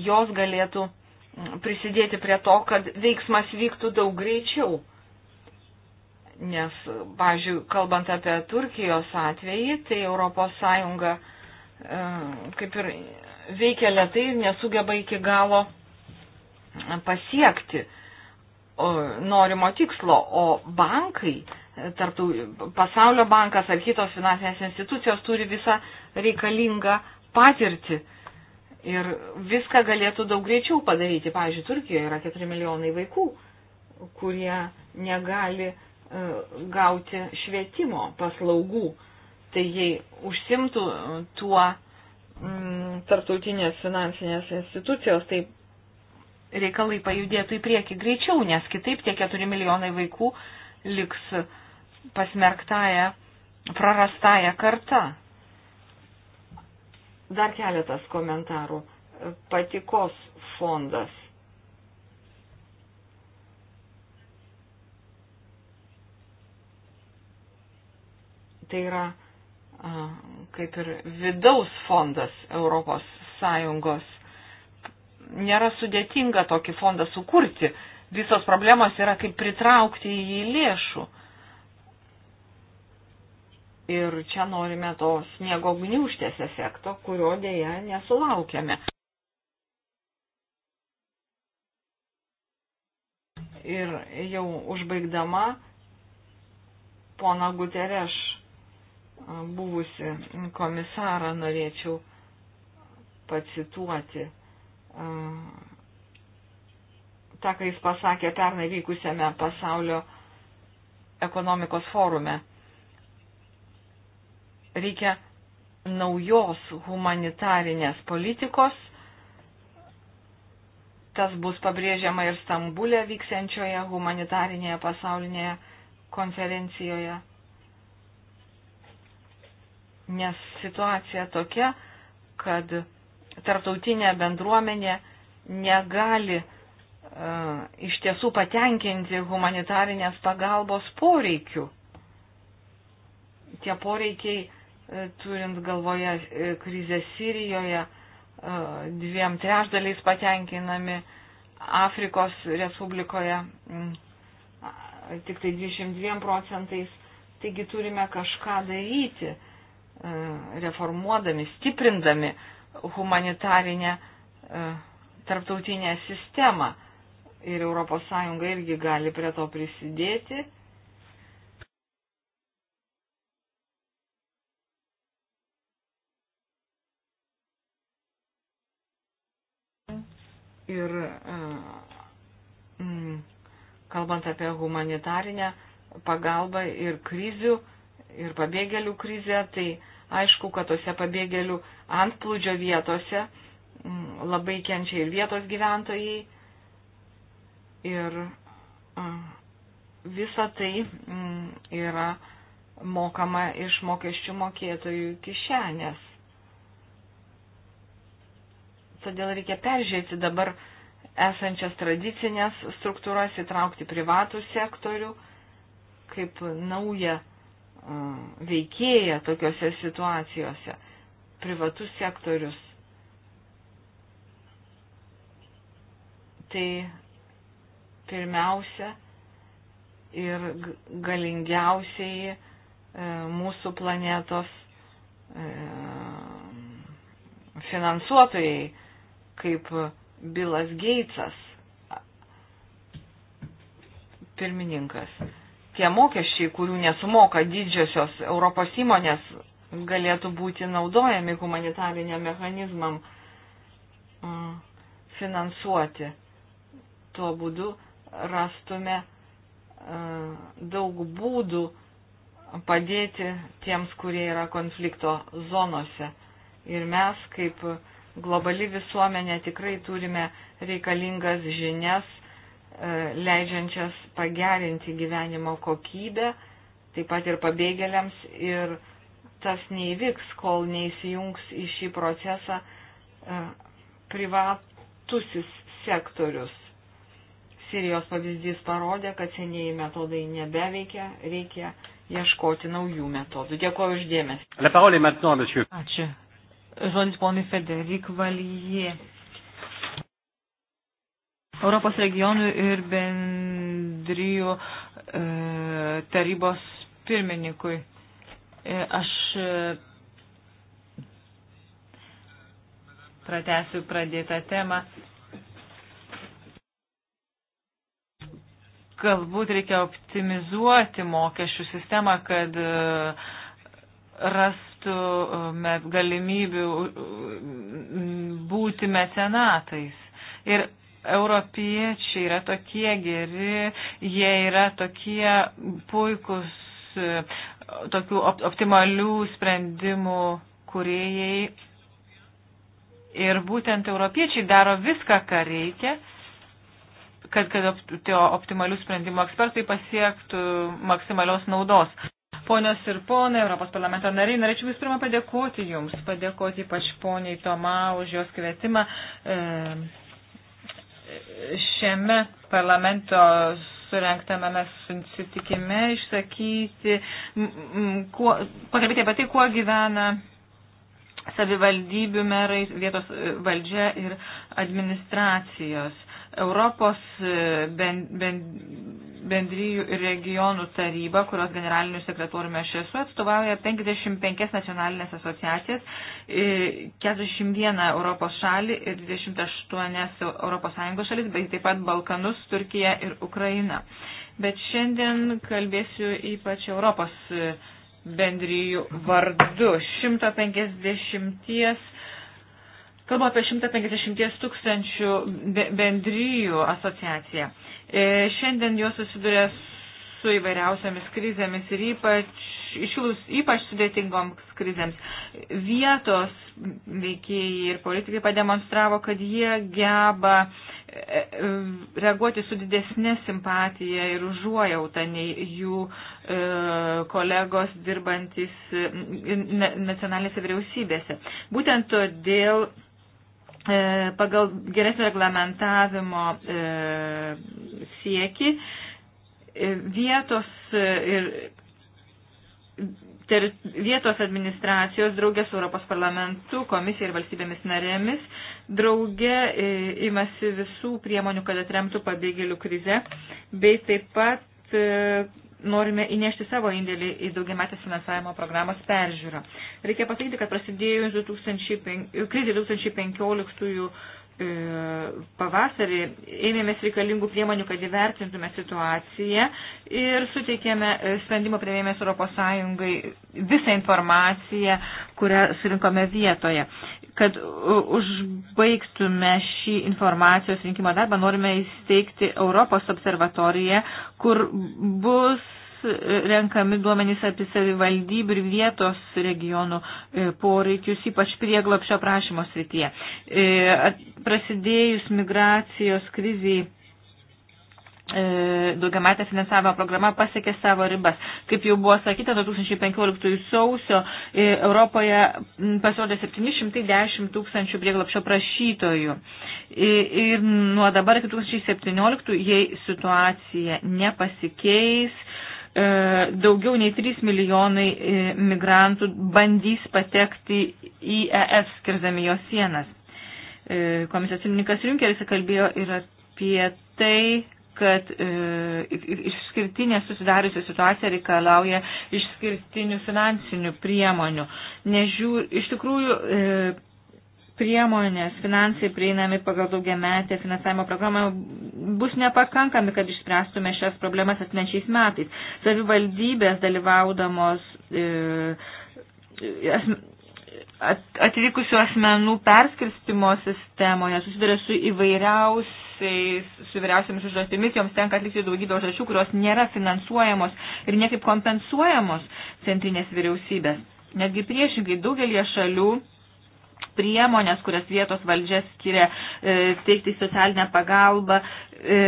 jos galėtų mm, prisidėti prie to, kad veiksmas vyktų daug greičiau. Nes, pavyzdžiui, kalbant apie Turkijos atvejį, tai ES e, kaip ir veikia lietai ir nesugeba iki galo pasiekti uh, norimo tikslo, o bankai, tarptų, pasaulio bankas ar kitos finansinės institucijos turi visą reikalingą patirtį ir viską galėtų daug greičiau padaryti. Pavyzdžiui, Turkijoje yra 4 milijonai vaikų, kurie negali e, gauti švietimo paslaugų. Tai jei užsimtų tuo m, mm, tarptautinės finansinės institucijos, tai reikalai pajudėtų į priekį greičiau, nes kitaip tie 4 milijonai vaikų liks pasmerktaja, prarastaja karta. Dar keletas komentarų. Patikos fondas. Tai yra kaip ir vidaus fondas Europos Sąjungos nėra sudėtinga tokį fondą sukurti. Visos problemos yra kaip pritraukti į jį lėšų. Ir čia norime to sniego gniuštės efekto, kurio dėja nesulaukiame. Ir jau užbaigdama, pona Gutereš, buvusi komisarą, norėčiau pacituoti tą, ką jis pasakė pernai vykusiame pasaulio ekonomikos forume. Reikia naujos humanitarinės politikos. Tas bus pabrėžiama ir Stambulė vyksiančioje humanitarinėje pasaulinėje konferencijoje. Nes situacija tokia, kad tarptautinė bendruomenė negali uh, iš tiesų patenkinti humanitarinės pagalbos poreikių. Tie poreikiai, e, turint galvoje e, krizę Sirijoje, dviem trešdaliais patenkinami Afrikos Respublikoje tik tai 22 procentais. Taigi turime kažką daryti, reformuodami, stiprindami humanitarinę e, tarptautinę sistemą ir ES irgi gali prie to prisidėti. Ir e, mm, kalbant apie humanitarinę pagalbą ir krizių, ir pabėgėlių krizę, tai uh, Aišku, kad tose pabėgėlių antplūdžio vietose mm, labai kenčia ir vietos gyventojai. Ir visa tai mm, yra mokama iš mokesčių mokėtojų kišenės. Todėl reikia peržiūrėti dabar esančias tradicinės struktūras, įtraukti privatų sektorių kaip naują Mm, veikėja tokiuose situacijose. Privatus sektorius. Tai pirmiausia ir galingiausiai e, mūsų planetos e, finansuotojai, kaip Bilas Geitsas, pirmininkas tie mokesčiai, kurių nesumoka didžiosios Europos įmonės, galėtų būti naudojami humanitariniam mechanizmam mm, finansuoti. Tuo būdu rastume e, daug būdų padėti tiems, kurie yra konflikto zonose. Ir mes, kaip globali visuomenė, tikrai turime reikalingas žinias E, leidžiančias pagerinti gyvenimo kokybę, taip pat ir pabėgėliams, ir tas neįvyks, kol neįsijungs į šį procesą e, privatusis sektorius. Sirijos pavyzdys parodė, kad senieji metodai nebeveikia, reikia ieškoti naujų metodų. Dėkuoju uždėmesį. Ačiū. Žodis ponui Federik Valijai. Europos regionų ir bendrijų e, tarybos pirmininkui. E, aš e, pratęsiu pradėtą temą. Galbūt reikia optimizuoti mokesčių sistemą, kad e, rastume galimybių būti mecenatais. Ir europiečiai yra tokie geri, jie yra tokie puikus tokių optimalių sprendimų kuriejai. Ir būtent europiečiai daro viską, ką reikia, kad, kad tie optimalių sprendimų ekspertai pasiektų maksimalios naudos. Ponios ir ponai, Europos parlamento nariai, norėčiau vis pirma padėkoti Jums, padėkoti ypač poniai Toma už jos kvietimą. E, šiame parlamento surenktame susitikime išsakyti, kuo, pakalbėti apie tai, kuo gyvena savivaldybių merai, vietos valdžia ir administracijos. Europos e, ben, ben, bendryjų ir regionų taryba, kurios generaliniu sekretoriumi aš esu, atstovauja 55 nacionalinės asociacijas, 41 e, Europos šalį ir 28 Europos Sąjungos šalis, bei taip pat Balkanus, Turkija ir Ukraina. Bet šiandien kalbėsiu ypač Europos e, bendryjų vardu. 150 Kalbu apie 150 tūkstančių bendryjų asociaciją. E, šiandien jos susiduria su įvairiausiamis krizėmis ir ypač, išilus ypač sudėtingoms krizėms. Vietos veikėjai ir politikai pademonstravo, kad jie geba e, e, reaguoti su didesnė simpatija ir užuojauta nei jų e, kolegos dirbantis nacionalinėse vyriausybėse. Būtent todėl E, pagal geresnio reglamentavimo e, sieki e, vietos ir ter, vietos administracijos draugė su Europos parlamentu, komisija ir valstybėmis narėmis draugė imasi visų priemonių, kad atremtų pabėgėlių krizę, bei taip pat norime įnešti savo indėlį į daugiametės finansavimo programos peržiūrą. Reikia pasakyti, kad prasidėjus 2005, krizė 2015 E, pavasarį ėmėmės reikalingų priemonių, kad įvertintume situaciją ir suteikėme e, sprendimo prieimėmės ES visą informaciją, kurią surinkome vietoje. Kad užbaigtume šį informacijos rinkimo darbą, norime įsteigti Europos observatoriją, kur bus renkami duomenys apie savivaldybių ir vietos regionų e, poreikius, ypač prieglapšio prašymo srityje. E, prasidėjus migracijos kriziai e, daugiamatė finansavimo programa pasiekė savo ribas. Kaip jau buvo sakyta, 2015 sausio Europoje pasirodė 710 tūkstančių prieglapšio prašytojų. Ir nuo dabar iki 2017, jei situacija nepasikeis, E, daugiau nei 3 milijonai e, migrantų bandys patekti į ES, skirdami jos sienas. E, komisijos pirmininkas Junkeris kalbėjo ir apie tai, kad išskirtinė susidariusi situacija reikalauja išskirtinių finansinių priemonių. Nežiūr, iš tikrųjų priemonės, finansai prieinami pagal daugiametę finansavimo programą bus nepakankami, kad išspręstume šias problemas atnešiais metais. Savivaldybės dalyvaudamos e, e, atvykusių asmenų perskirstimo sistemoje susiduria su įvairiausiais, su įvairiausiamis užduotimis, joms tenka atlikti daugybę užduočių, kurios nėra finansuojamos ir niekaip kompensuojamos centrinės vyriausybės. Netgi priešingai daugelie šalių priemonės, kurias vietos valdžia skiria e, teikti socialinę pagalbą, e,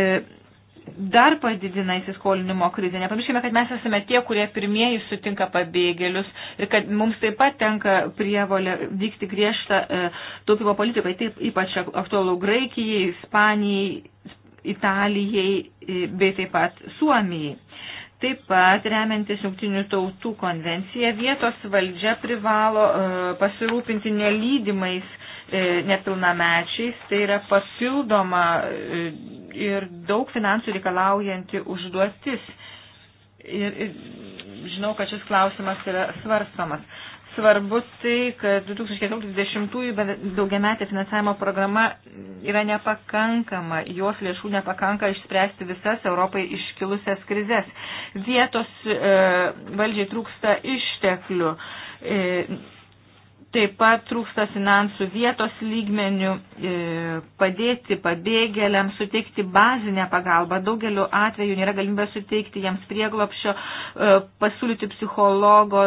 dar padidina įsiskolinimo krizę. Nepamirškime, kad mes esame tie, kurie pirmieji sutinka pabėgėlius ir kad mums taip pat tenka prievolė vykti griežtą e, taupimo politiką, taip ypač aktualu Graikijai, Ispanijai, Italijai bei taip pat Suomijai. Taip pat, remiantis Junktinių tautų konvenciją, vietos valdžia privalo e, pasirūpinti nelydimais e, nepilnamečiais, tai yra papildoma e, ir daug finansų reikalaujanti užduotis. Ir, ir žinau, kad šis klausimas yra svarstomas. Svarbu tai, kad 2014-2020 daugiametė finansavimo programa yra nepakankama, jos lėšų nepakanka išspręsti visas Europai iškilusias krizės. Vietos e, valdžiai trūksta išteklių. E, Taip pat trūksta finansų vietos lygmenių e, padėti pabėgėliams, suteikti bazinę pagalbą. Daugeliu atveju nėra galimybė suteikti jiems prieglopšio, e, pasiūlyti psichologo,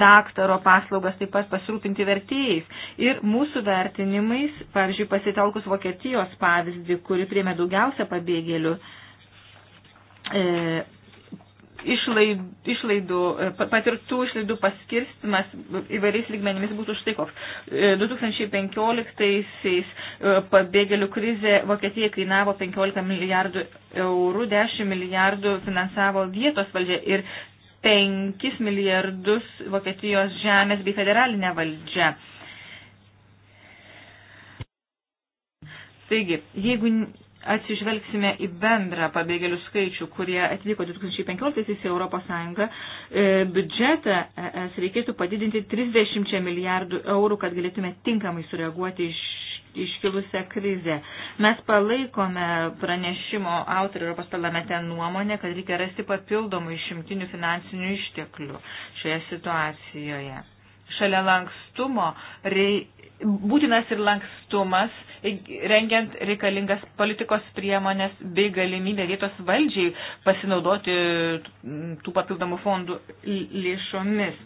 daktaro paslaugas, taip pat pasirūpinti vertėjais. Ir mūsų vertinimais, pavyzdžiui, pasitelkus Vokietijos pavyzdį, kuri priemė daugiausia pabėgėlių, e, išlaidų, e, patirtų išlaidų paskirstimas įvairiais lygmenimis būtų štai koks. 2015-aisiais e, e, pabėgėlių krizė Vokietija kainavo 15 milijardų eurų, 10 milijardų finansavo vietos valdžia ir 5 milijardus Vokietijos žemės bei federalinė valdžia. Taigi, jeigu atsižvelgsime į bendrą pabėgėlių skaičių, kurie atvyko 2015 į Europos Sąjungą, e, biudžetą es reikėtų padidinti 30 milijardų eurų, kad galėtume tinkamai sureaguoti iš iškilusią krizę. Mes palaikome pranešimo autorių Europos parlamente nuomonę, kad reikia rasti papildomų išimtinių finansinių išteklių šioje situacijoje. Šalia lankstumo rei, būtinas ir lankstumas, rengiant reikalingas politikos priemonės bei galimybę vietos valdžiai pasinaudoti tų papildomų fondų lėšomis.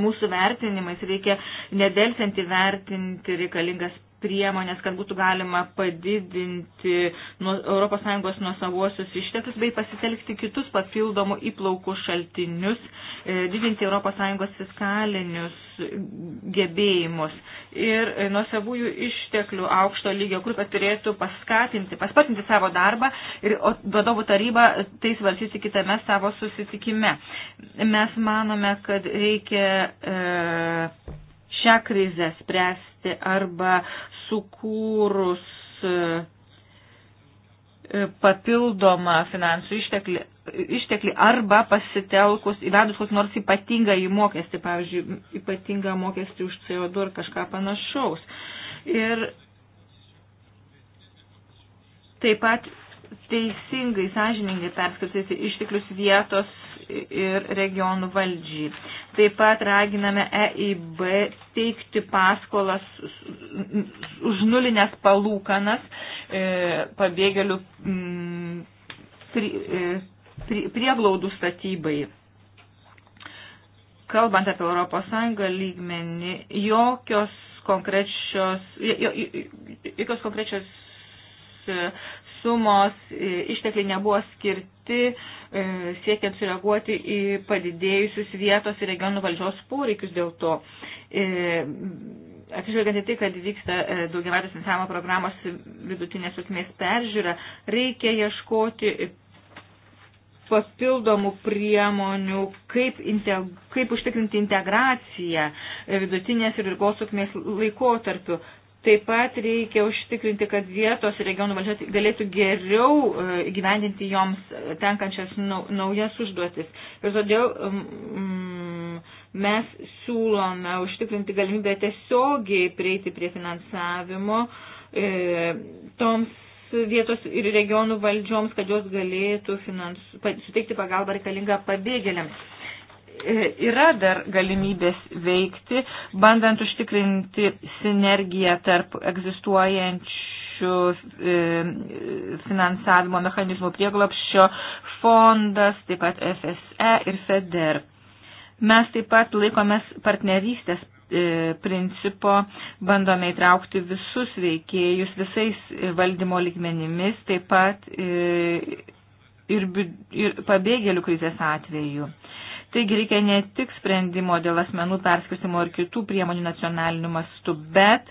Mūsų vertinimais reikia nedelsiant įvertinti reikalingas priemonės, kad būtų galima padidinti ES nuosavuosius išteklius bei pasitelkti kitus papildomų įplaukų šaltinius, e, didinti ES fiskalinius gebėjimus. Ir e, nuosavųjų išteklių aukšto lygio grupė turėtų paskatinti, paspatinti savo darbą ir vadovų taryba tai svarstyti kitame savo susitikime. Mes manome, kad reikia e, šią krizę spręsti spręsti arba sukūrus e, e, papildomą finansų išteklį, išteklį arba pasitelkus, įvedus kokį nors ypatingą į mokestį, pavyzdžiui, ypatingą mokestį už CO2 ar kažką panašaus. Ir taip pat teisingai, sąžiningai perskirstyti išteklius vietos ir regionų valdžiai. Taip pat raginame EIB teikti paskolas už nulinės palūkanas e, pabėgėlių e, prieglaudų statybai. Kalbant apie ES lygmenį, jokios konkrečios, jokios konkrečios sumos e, ištekliai nebuvo skirti e, siekiant sureaguoti į padidėjusius vietos ir regionų valdžios poreikius dėl to. E, atsižvelgiant į tai, kad vyksta daugiavartės finansavimo programos vidutinės trukmės peržiūra, reikia ieškoti papildomų priemonių, kaip, integ kaip užtikrinti integraciją vidutinės ir ilgos trukmės laikotarpiu. Taip pat reikia užtikrinti, kad vietos ir regionų valdžios galėtų geriau e, gyvendinti joms tenkančias naujas užduotis. Ir todėl mm, mes siūlome užtikrinti galimybę tiesiogiai prieiti prie finansavimo e, toms vietos ir regionų valdžioms, kad jos galėtų finans, suteikti pagalbą reikalingą pabėgėliams. E, yra dar galimybės veikti, bandant užtikrinti sinergiją tarp egzistuojančių e, finansavimo mechanizmų prieglapščio fondas, taip pat FSE ir FEDER. Mes taip pat laikomės partnerystės e, principo bandome įtraukti visus veikėjus visais valdymo lygmenimis, taip pat ir, ir pabėgėlių krizės atveju. Taigi reikia ne tik sprendimo dėl asmenų perskirstimo ir kitų priemonių nacionaliniu mastu, bet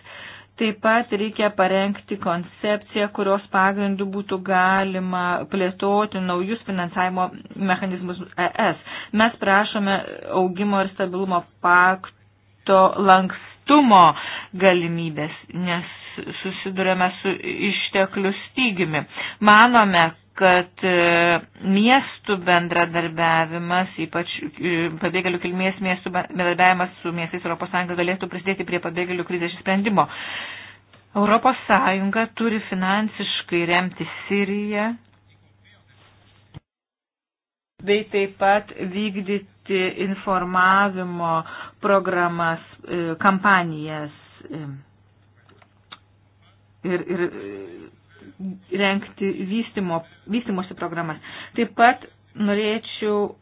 taip pat reikia parengti koncepciją, kurios pagrindų būtų galima plėtoti naujus finansavimo mechanizmus ES. Mes prašome augimo ir stabilumo pakto lankstumo galimybės, nes susidurėme su išteklių stygimi. Manome, kad e, miestų bendradarbiavimas, ypač e, pabėgėlių kilmės miestų bendradarbiavimas su miestais ES galėtų prisidėti prie pabėgėlių krizės sprendimo. ES turi finansiškai remti Siriją bei taip pat vykdyti informavimo programas, e, kampanijas ir, ir renkti vystimo, vystimosi programas. Taip pat norėčiau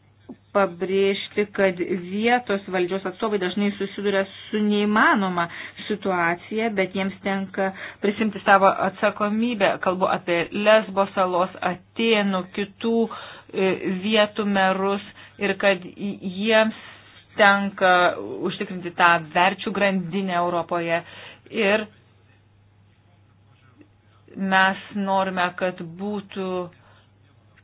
pabrėžti, kad vietos valdžios atstovai dažnai susiduria su neįmanoma situacija, bet jiems tenka prisimti savo atsakomybę. Kalbu apie Lesbo salos, Atenų, kitų e, vietų merus ir kad jiems tenka užtikrinti tą verčių grandinę Europoje ir mes norime, kad būtų,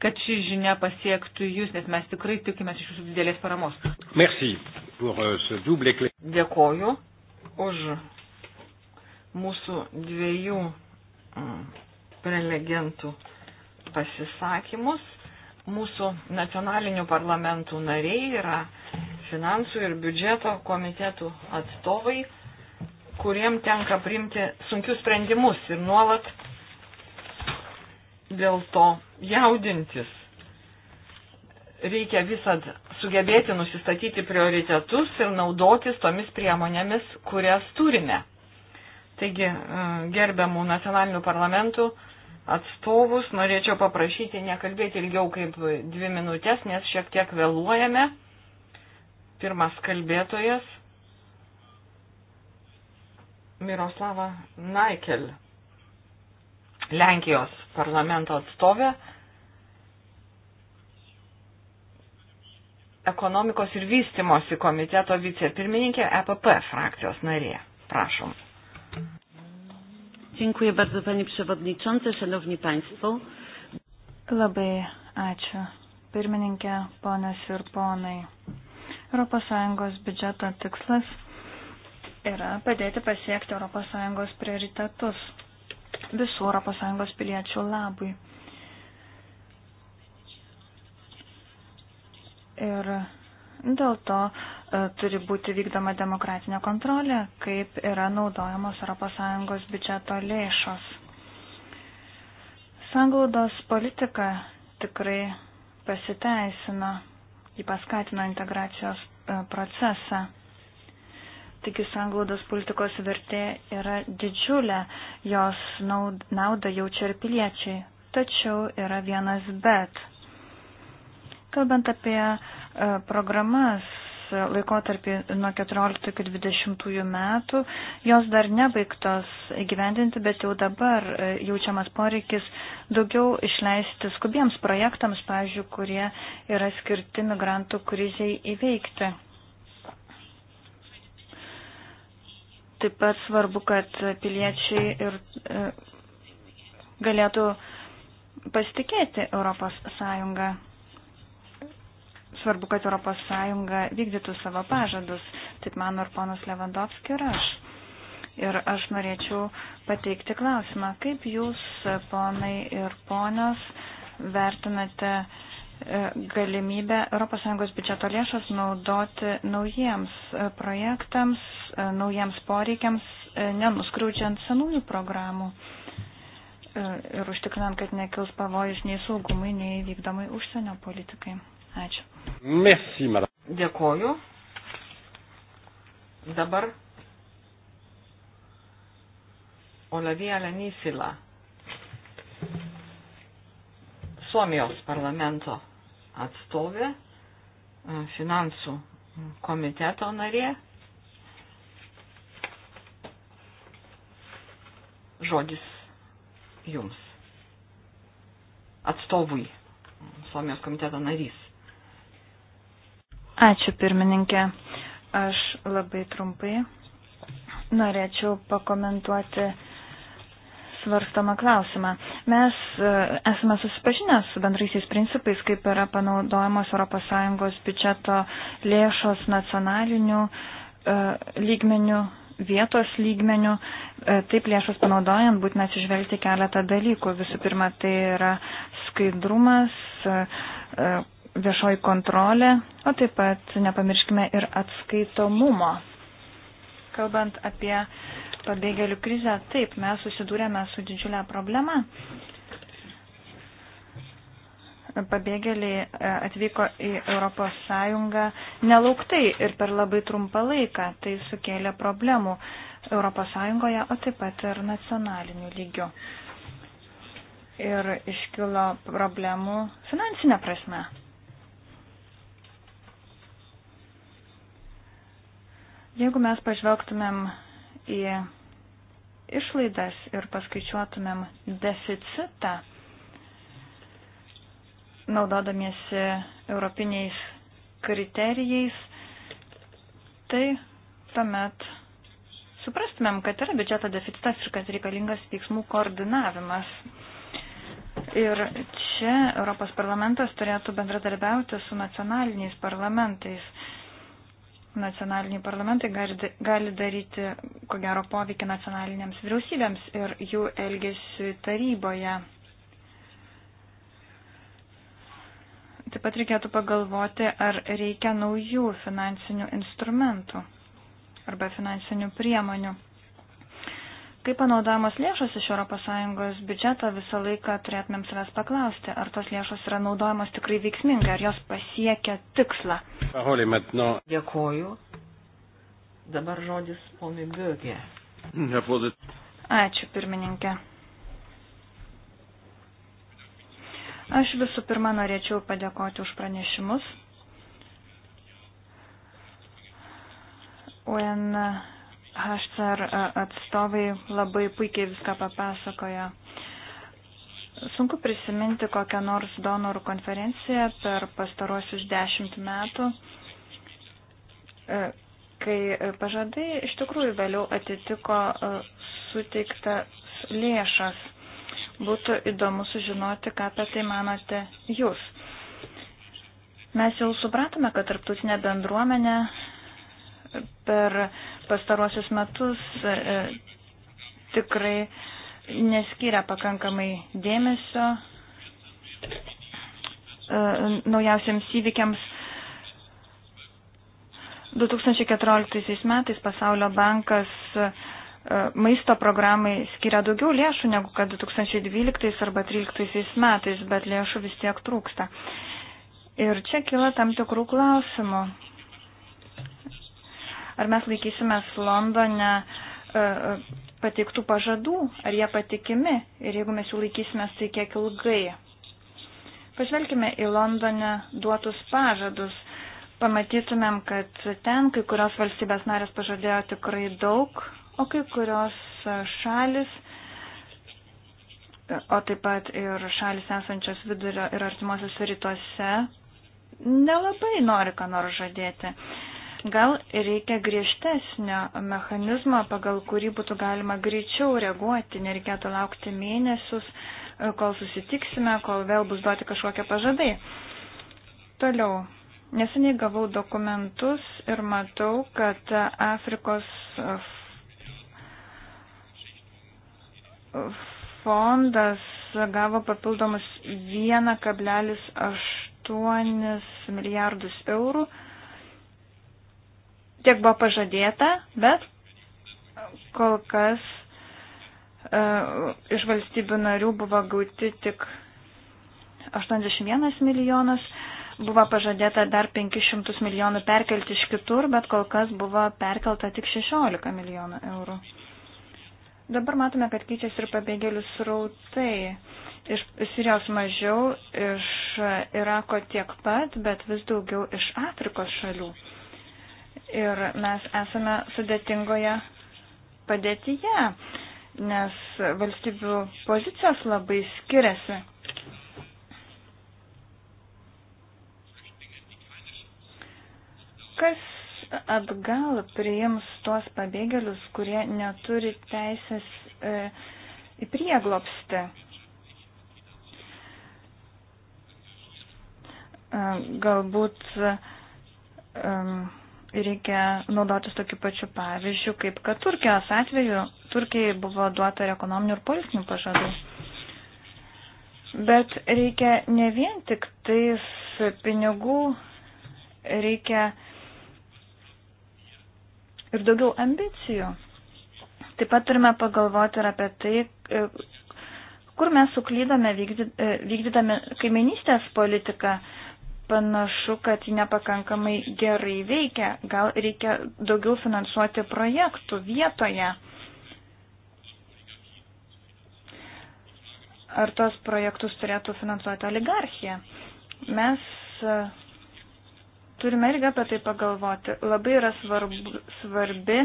kad ši žinia pasiektų jūs, nes mes tikrai tikimės iš jūsų didelės paramos. Merci pour euh, ce double éclair. Dėkoju už mūsų dviejų mm, prelegentų pasisakymus. Mūsų nacionalinių parlamentų nariai yra finansų ir biudžeto komitetų atstovai, kuriem tenka priimti sunkius sprendimus ir nuolat dėl to jaudintis. Reikia visad sugebėti nusistatyti prioritetus ir naudotis tomis priemonėmis, kurias turime. Taigi, e, gerbiamų nacionalinių parlamentų atstovus norėčiau paprašyti nekalbėti ilgiau kaip dvi minutės, nes šiek tiek vėluojame. Pirmas kalbėtojas Miroslava Naikel. Lenkijos parlamento atstovę. Ekonomikos ir vystimosi komiteto vicepirmininkė EPP frakcijos narė. Prašom. Dziękuję bardzo Panie Przewodniczący, Szanowni Państwo. Labai ačiū. Pirmininkė, ponas ir ponai. ES biudžeto tikslas yra padėti pasiekti ES prioritetus visų ES piliečių labui. Ir dėl to e, turi būti vykdoma demokratinė kontrolė, kaip yra naudojamos ES biudžeto lėšos. Sanglaudos politika tikrai pasiteisina, jį paskatino integracijos e, procesą. Taigi sanglaudos politikos vertė yra didžiulė, jos naudą jaučia ir piliečiai. Tačiau yra vienas bet. Kalbant apie e, programas e, laikotarpį nuo 14 iki 20 metų, jos dar nebaigtos įgyvendinti, bet jau dabar e, jaučiamas poreikis daugiau išleisti skubiems projektams, pavyzdžiui, kurie yra skirti migrantų kriziai įveikti. Taip pat svarbu, kad piliečiai ir e, galėtų pasitikėti Europos Sąjungą. Svarbu, kad Europos Sąjunga vykdytų savo pažadus. Taip mano ir ponas Levandovski ir aš. Ir aš norėčiau pateikti klausimą, kaip jūs, ponai ir ponios, vertinate uh, E, galimybę ES biudžeto lėšas naudoti naujiems e, projektams, e, naujiems poreikiams, nenuskriaudžiant senųjų programų ir užtikrinant, kad nekils pavojus nei saugumui, nei vykdomai užsienio politikai. Ačiū. Merci, madame. Dėkoju. Dabar Olavija Lenysila Suomijos parlamento atstovė, finansų komiteto narė. Žodis jums. Atstovui, Suomijos komiteto narys. Ačiū pirmininkė. Aš labai trumpai norėčiau pakomentuoti svarstamą klausimą. Mes e, esame susipažinę su bendraisiais principais, kaip yra panaudojamos ES biudžeto lėšos nacionalinių e, lygmenių, vietos lygmenių. E, taip lėšos panaudojant būtina atsižvelgti keletą dalykų. Visų pirma, tai yra skaidrumas viešoji kontrolė, o taip pat nepamirškime ir atskaitomumo. Kalbant apie uh, pabėgėlių krizę, taip, mes susidūrėme su didžiulė problema. Pabėgėliai e, atvyko į Europos Sąjungą nelauktai ir per labai trumpą laiką. Tai sukėlė problemų Europos Sąjungoje, o taip pat ir nacionaliniu lygiu. Ir iškilo problemų finansinė prasme. Jeigu mes pažvelgtumėm į išlaidas ir paskaičiuotumėm deficitą, naudodamiesi europiniais kriterijais, tai tuomet suprastumėm, kad yra biudžeto deficitas ir kad reikalingas veiksmų koordinavimas. Ir čia Europos parlamentas turėtų bendradarbiauti su nacionaliniais parlamentais nacionaliniai parlamentai gali, gali daryti, ko gero, poveikį nacionalinėms vyriausybėms ir jų elgesiu taryboje. Taip pat reikėtų pagalvoti, ar reikia naujų finansinių instrumentų arba finansinių priemonių. Kaip panaudojamos lėšos iš ES biudžeto visą laiką turėtumėm savęs paklausti, ar tos lėšos yra naudojamos tikrai veiksmingai, ar jos pasiekia tikslą. Nu. Dėkoju. Dabar žodis ponui Bögė. Ačiū, pirmininkė. Aš visų pirma norėčiau padėkoti už pranešimus. UN HCR atstovai labai puikiai viską papasakojo. Sunku prisiminti kokią nors donorų konferenciją per pastaruosius dešimt metų, e, kai pažadai iš tikrųjų vėliau atitiko e, suteiktas lėšas. Būtų įdomu sužinoti, ką apie tai manote jūs. Mes jau supratome, kad tarptautinė bendruomenė per pastarosius metus e, e, tikrai neskiria pakankamai dėmesio e, naujausiams įvykiams. 2014 metais Pasaulio bankas maisto programai skiria daugiau lėšų negu kad 2012 arba 2013 metais, bet lėšų vis tiek trūksta. Ir čia kyla tam tikrų klausimų. Ar mes laikysime Londone e, e, pateiktų pažadų, ar jie patikimi ir jeigu mes jų laikysime, tai kiek ilgai. Pažvelkime į Londone duotus pažadus. Pamatytumėm, kad ten kai kurios valstybės narės pažadėjo tikrai daug, o kai kurios šalis, o taip pat ir šalis esančios vidurio ir artimuosiuose rytuose, nelabai nori ką nors žadėti. Gal reikia griežtesnio mechanizmo, pagal kurį būtų galima greičiau reaguoti, nereikėtų laukti mėnesius, e, kol susitiksime, kol vėl bus duoti kažkokie pažadai. Toliau. Neseniai gavau dokumentus ir matau, kad Afrikos e, fondas gavo papildomus 1,8 milijardus eurų tiek buvo pažadėta, bet kol kas uh, iš valstybių narių buvo gauti tik 81 milijonas, buvo pažadėta dar 500 milijonų perkelti iš kitur, bet kol kas buvo perkelta tik 16 milijonų eurų. Dabar matome, kad keičiasi ir pabėgėlių srautai. Iš Sirijos mažiau, iš Irako tiek pat, bet vis daugiau iš Afrikos šalių. Uh, ir mes esame sudėtingoje padėtyje, nes valstybių pozicijos labai skiriasi. Kas atgal priims tuos pabėgėlius, kurie neturi teisės e, į prieglopstį? E, galbūt e, reikia naudotis tokiu pačiu pavyzdžiu, kaip kad Turkijos atveju. Turkijai buvo duota ir ekonominių ir politinių pažadų. Bet reikia ne vien tik tais pinigų, reikia ir daugiau ambicijų. Taip pat turime pagalvoti ir apie tai, kur mes suklydome vykdydami kaiminystės politiką panašu, kad ji nepakankamai gerai veikia. Gal reikia daugiau finansuoti projektų vietoje. Ar tos projektus turėtų finansuoti oligarchija? Mes e, turime irgi apie tai pagalvoti. Labai yra svarbu, svarbi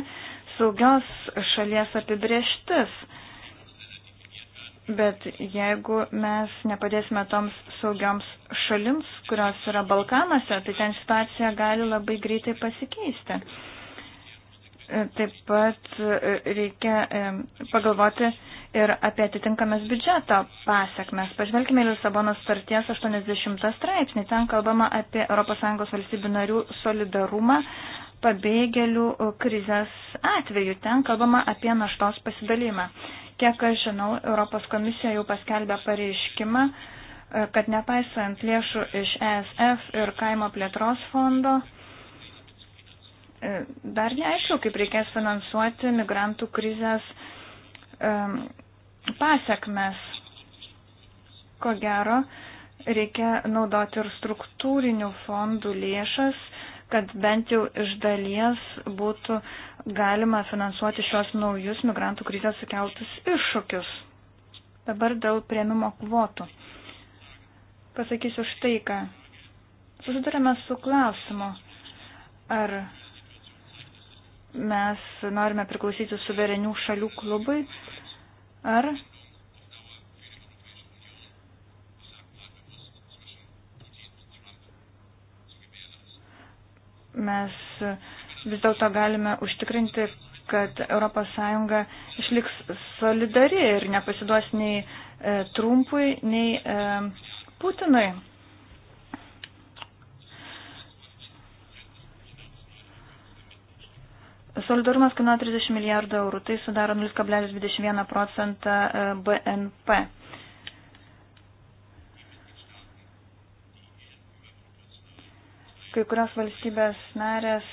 saugios šalies apibrieštis. Bet jeigu mes nepadėsime toms saugioms šalims, kurios yra Balkanuose, tai ten situacija gali labai greitai pasikeisti. E, taip pat e, reikia e, pagalvoti ir apie atitinkamas biudžeto pasiekmes. Pažvelkime į Lisabono starties 80 straipsnį. Ten kalbama apie ES valstybių narių solidarumą pabėgėlių krizės atveju. Ten kalbama apie naštos pasidalymą. Kiek aš žinau, Europos komisija jau paskelbė pareiškimą, e, kad nepaisant lėšų iš ESF ir kaimo plėtros fondo, e, dar neaišku, kaip reikės finansuoti migrantų krizės e, pasiekmes. Ko gero, reikia naudoti ir struktūrinių fondų lėšas, kad bent jau iš dalies būtų galima finansuoti šios naujus migrantų krizės sukeltus iššūkius. Dabar dėl prieimimo kvotų. Pasakysiu štai ką. Susidurėme su klausimu, ar mes norime priklausyti suverenių šalių klubui, ar mes vis dėlto galime užtikrinti, kad ES išliks solidari ir nepasiduos nei e, Trumpui, nei e, Putinui. Solidarumas kainuoja 30 milijardų eurų, tai sudaro 0,21 procentą e, BNP. Kai kurios valstybės narės,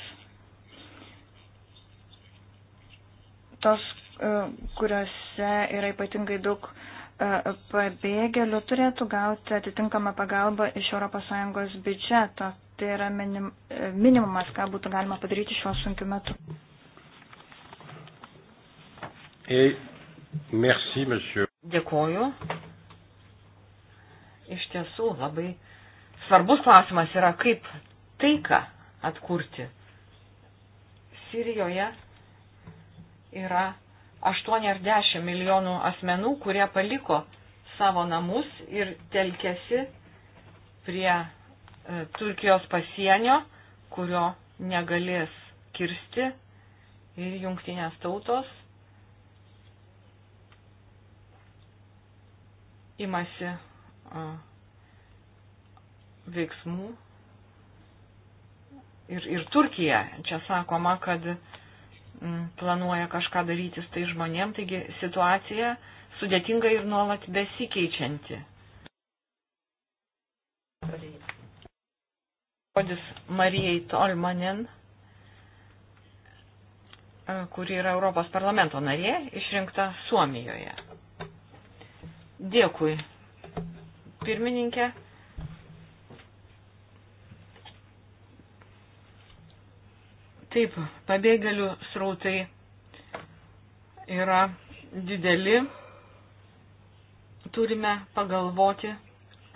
tos, e, kuriuose yra ypatingai daug e, pabėgėlių, turėtų gauti atitinkamą pagalbą iš ES biudžeto. Tai yra minim, e, minimumas, ką būtų galima padaryti šiuo sunkiu metu. Et merci, monsieur. Dėkuoju. Iš tiesų, labai svarbus klausimas yra, kaip taiką atkurti. Sirijoje yra 8 ar 10 milijonų asmenų, kurie paliko savo namus ir telkėsi prie e, Turkijos pasienio, kurio negalės kirsti ir jungtinės tautos imasi e, veiksmų ir, ir Turkija. Čia sakoma, kad mm, planuoja kažką daryti su tai žmonėm, taigi situacija sudėtinga ir nuolat besikeičianti. Žodis Marijai Tolmanen, e, kuri yra Europos parlamento narė, išrinkta Suomijoje. Dėkui, pirmininkė. Taip, pabėgėlių srautai yra dideli. Turime pagalvoti,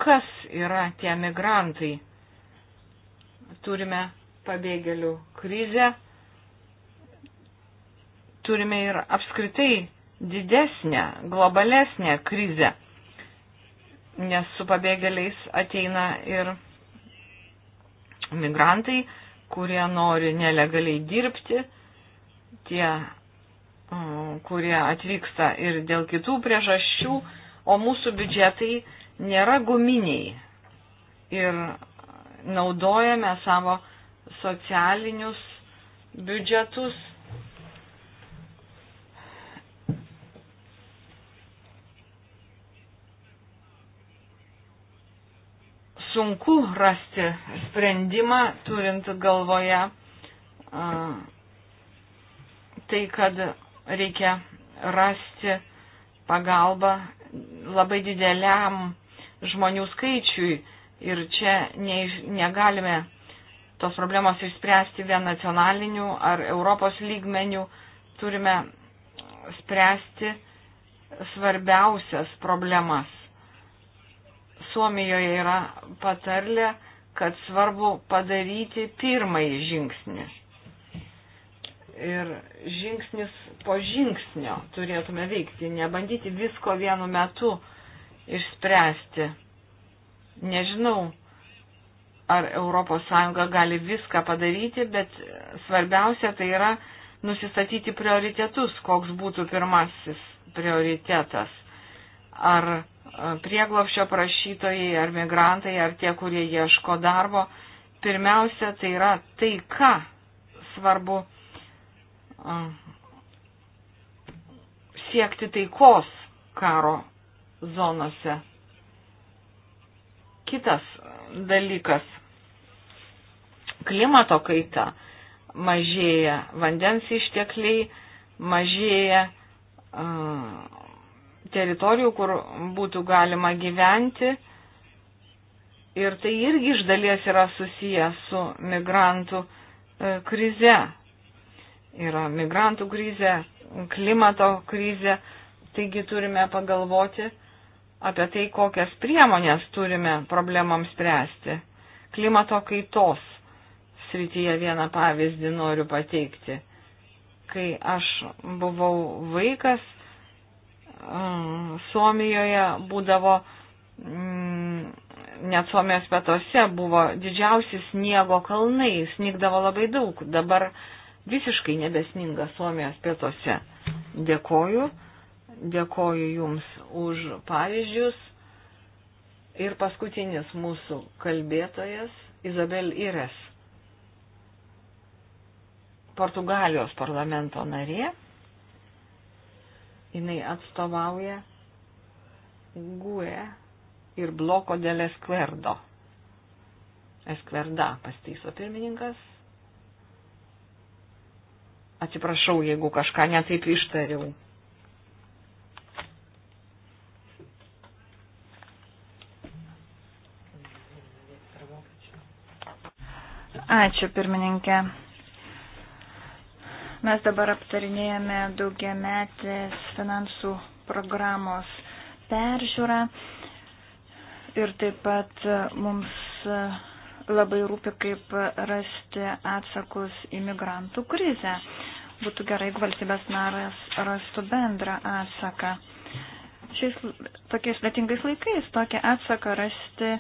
kas yra tie migrantai. Turime pabėgėlių krizę. Turime ir apskritai didesnę, globalesnę krizę, nes su pabėgėliais ateina ir migrantai, kurie nori nelegaliai dirbti, tie, mm, kurie atvyksta ir dėl kitų priežasčių, o mūsų biudžetai nėra guminiai. Ir naudojame savo socialinius biudžetus sunku rasti sprendimą, turint galvoje tai, kad reikia rasti pagalbą labai dideliam žmonių skaičiui ir čia ne, negalime tos problemos išspręsti vien nacionalinių ar Europos lygmenių, turime spręsti svarbiausias problemas. Suomijoje yra patarlė, kad svarbu padaryti pirmąjį žingsnį. Ir žingsnis po žingsnio turėtume veikti, nebandyti visko vienu metu išspręsti. Nežinau, ar ES gali viską padaryti, bet svarbiausia tai yra nusistatyti prioritetus, koks būtų pirmasis prioritetas. Ar prieglopščio prašytojai ar migrantai ar tie, kurie ieško darbo. Pirmiausia, tai yra taika svarbu siekti taikos karo zonose. Kitas dalykas - klimato kaita mažėja, vandens ištekliai mažėja, uh, teritorijų, kur būtų galima gyventi. Ir tai irgi iš dalies yra susiję su migrantų e, krize. Yra migrantų krize, klimato krize, taigi turime pagalvoti apie tai, kokias priemonės turime problemams spręsti. Klimato kaitos srityje vieną pavyzdį noriu pateikti. Kai aš buvau vaikas, Suomijoje būdavo, mm, net Suomijos pietuose buvo didžiausi sniego kalnai, snygdavo labai daug, dabar visiškai nebesninga Suomijos pietuose. Dėkoju, dėkoju Jums už pavyzdžius. Ir paskutinis mūsų kalbėtojas Izabel Ires, Portugalijos parlamento narė jinai atstovauja GUE ir bloko dėl Eskverdo. Eskverda pasteiso pirmininkas. Atsiprašau, jeigu kažką netaip ištariau. Ačiū pirmininkė. Mes dabar aptarinėjame daugiametės finansų programos peržiūrą ir taip pat mums labai rūpi, kaip rasti atsakus į migrantų krizę. Būtų gerai, jeigu valstybės naras rastų bendrą atsaką. Šiais tokiais sudėtingais laikais tokį atsaką rasti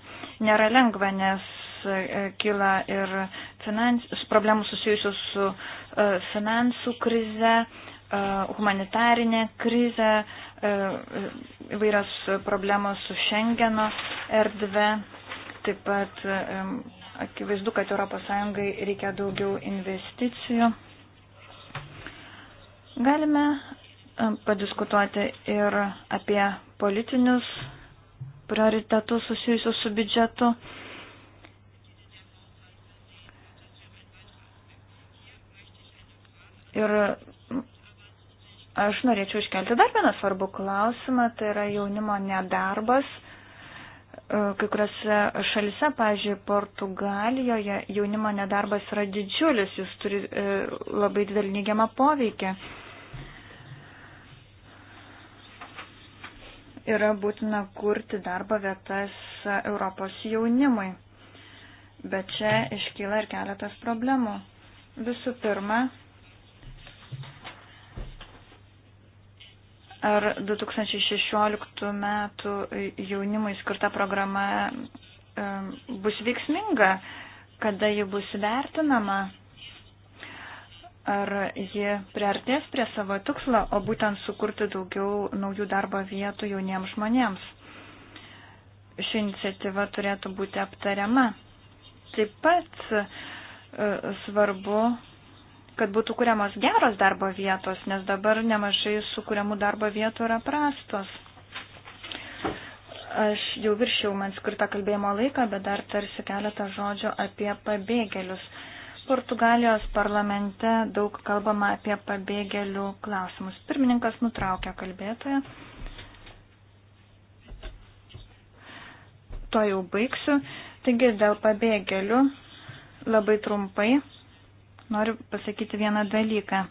nėra lengva, nes E, kyla ir finans, problemų susijusių su e, finansų krize, e, humanitarinė krize, įvairios problemos su Schengeno erdve. Taip pat akivaizdu, kad ES reikia daugiau investicijų. Galime padiskutuoti ir apie politinius prioritetus susijusius su biudžetu. Ir aš norėčiau iškelti dar vieną svarbų klausimą, tai yra jaunimo nedarbas. E, kai kuriuose šalise, pavyzdžiui, Portugalijoje jaunimo nedarbas yra didžiulis, jis turi e, labai didelį neigiamą poveikį. Yra būtina kurti darbo vietas Europos jaunimui. Bet čia iškyla ir keletas problemų. Visų pirma, Ar 2016 metų jaunimui skirta programa bus veiksminga, kada ji bus vertinama, ar ji priartės prie savo tikslo, o būtent sukurti daugiau naujų darbo vietų jauniems žmonėms. Ši iniciatyva turėtų būti aptariama. Taip pat e, svarbu kad būtų kuriamos geros darbo vietos, nes dabar nemažai sukūriamų darbo vietų yra prastos. Aš jau viršiau man skirtą kalbėjimo laiką, bet dar tarsi keletą žodžių apie pabėgėlius. Portugalijos parlamente daug kalbama apie pabėgėlių klausimus. Pirmininkas nutraukė kalbėtoją. To jau baigsiu. Taigi dėl pabėgėlių labai trumpai noriu pasakyti vieną dalyką.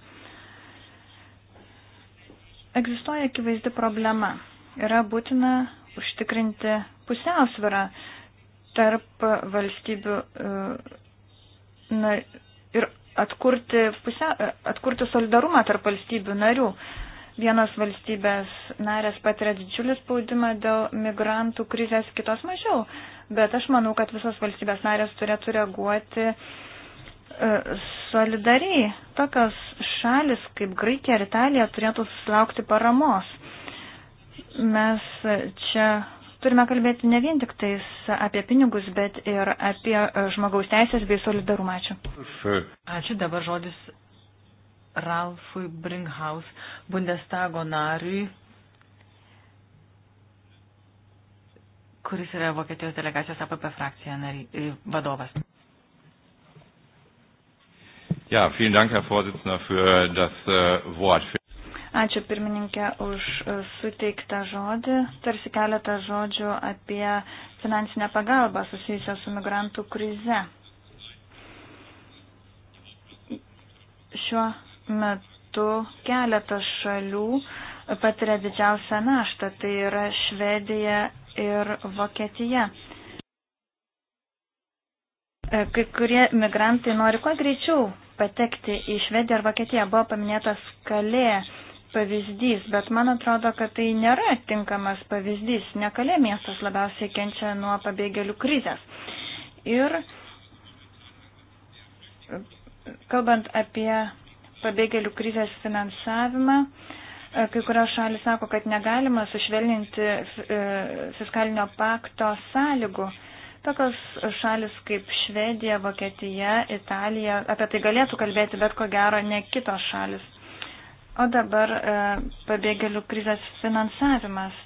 Egzistuoja akivaizdi problema. Yra būtina užtikrinti pusiausvyrą tarp valstybių e, na, ir atkurti, pusia, e, atkurti solidarumą tarp valstybių narių. Vienos valstybės narės patiria didžiulį spaudimą dėl migrantų krizės, kitos mažiau. Bet aš manau, kad visos valstybės narės turėtų reaguoti uh, E, solidariai. Tokios šalis kaip Graikija ir Italija turėtų susilaukti paramos. Mes čia turime kalbėti ne vien tik tais apie pinigus, bet ir apie e, žmogaus teisės bei solidarumą. Ačiū. Ačiū dabar žodis Ralfui Bringhaus, Bundestago nariui, kuris yra Vokietijos delegacijos APP frakcija nary, e, vadovas. Ja, vielen Dank, Herr Vorsitzender, für das äh, Wort. Ačiū pirmininkė už e, suteiktą žodį. Tarsi keletą žodžių apie finansinę pagalbą susijusią su migrantų krize. Šiuo metu keletas šalių patiria didžiausią naštą, tai yra Švedija ir Vokietija. E, kai kurie migrantai nori kuo greičiau patekti į Švediją ar Vokietiją. Buvo paminėtas kalė pavyzdys, bet man atrodo, kad tai nėra tinkamas pavyzdys. Nekalė miestas labiausiai kenčia nuo pabėgėlių krizės. Ir kalbant apie pabėgėlių krizės finansavimą, kai kurios šalis sako, kad negalima sušvelninti e, fiskalinio pakto sąlygų. Tokios šalis kaip Švedija, Vokietija, Italija apie tai galėtų kalbėti, bet ko gero ne kitos šalis. O dabar e, pabėgėlių krizės finansavimas.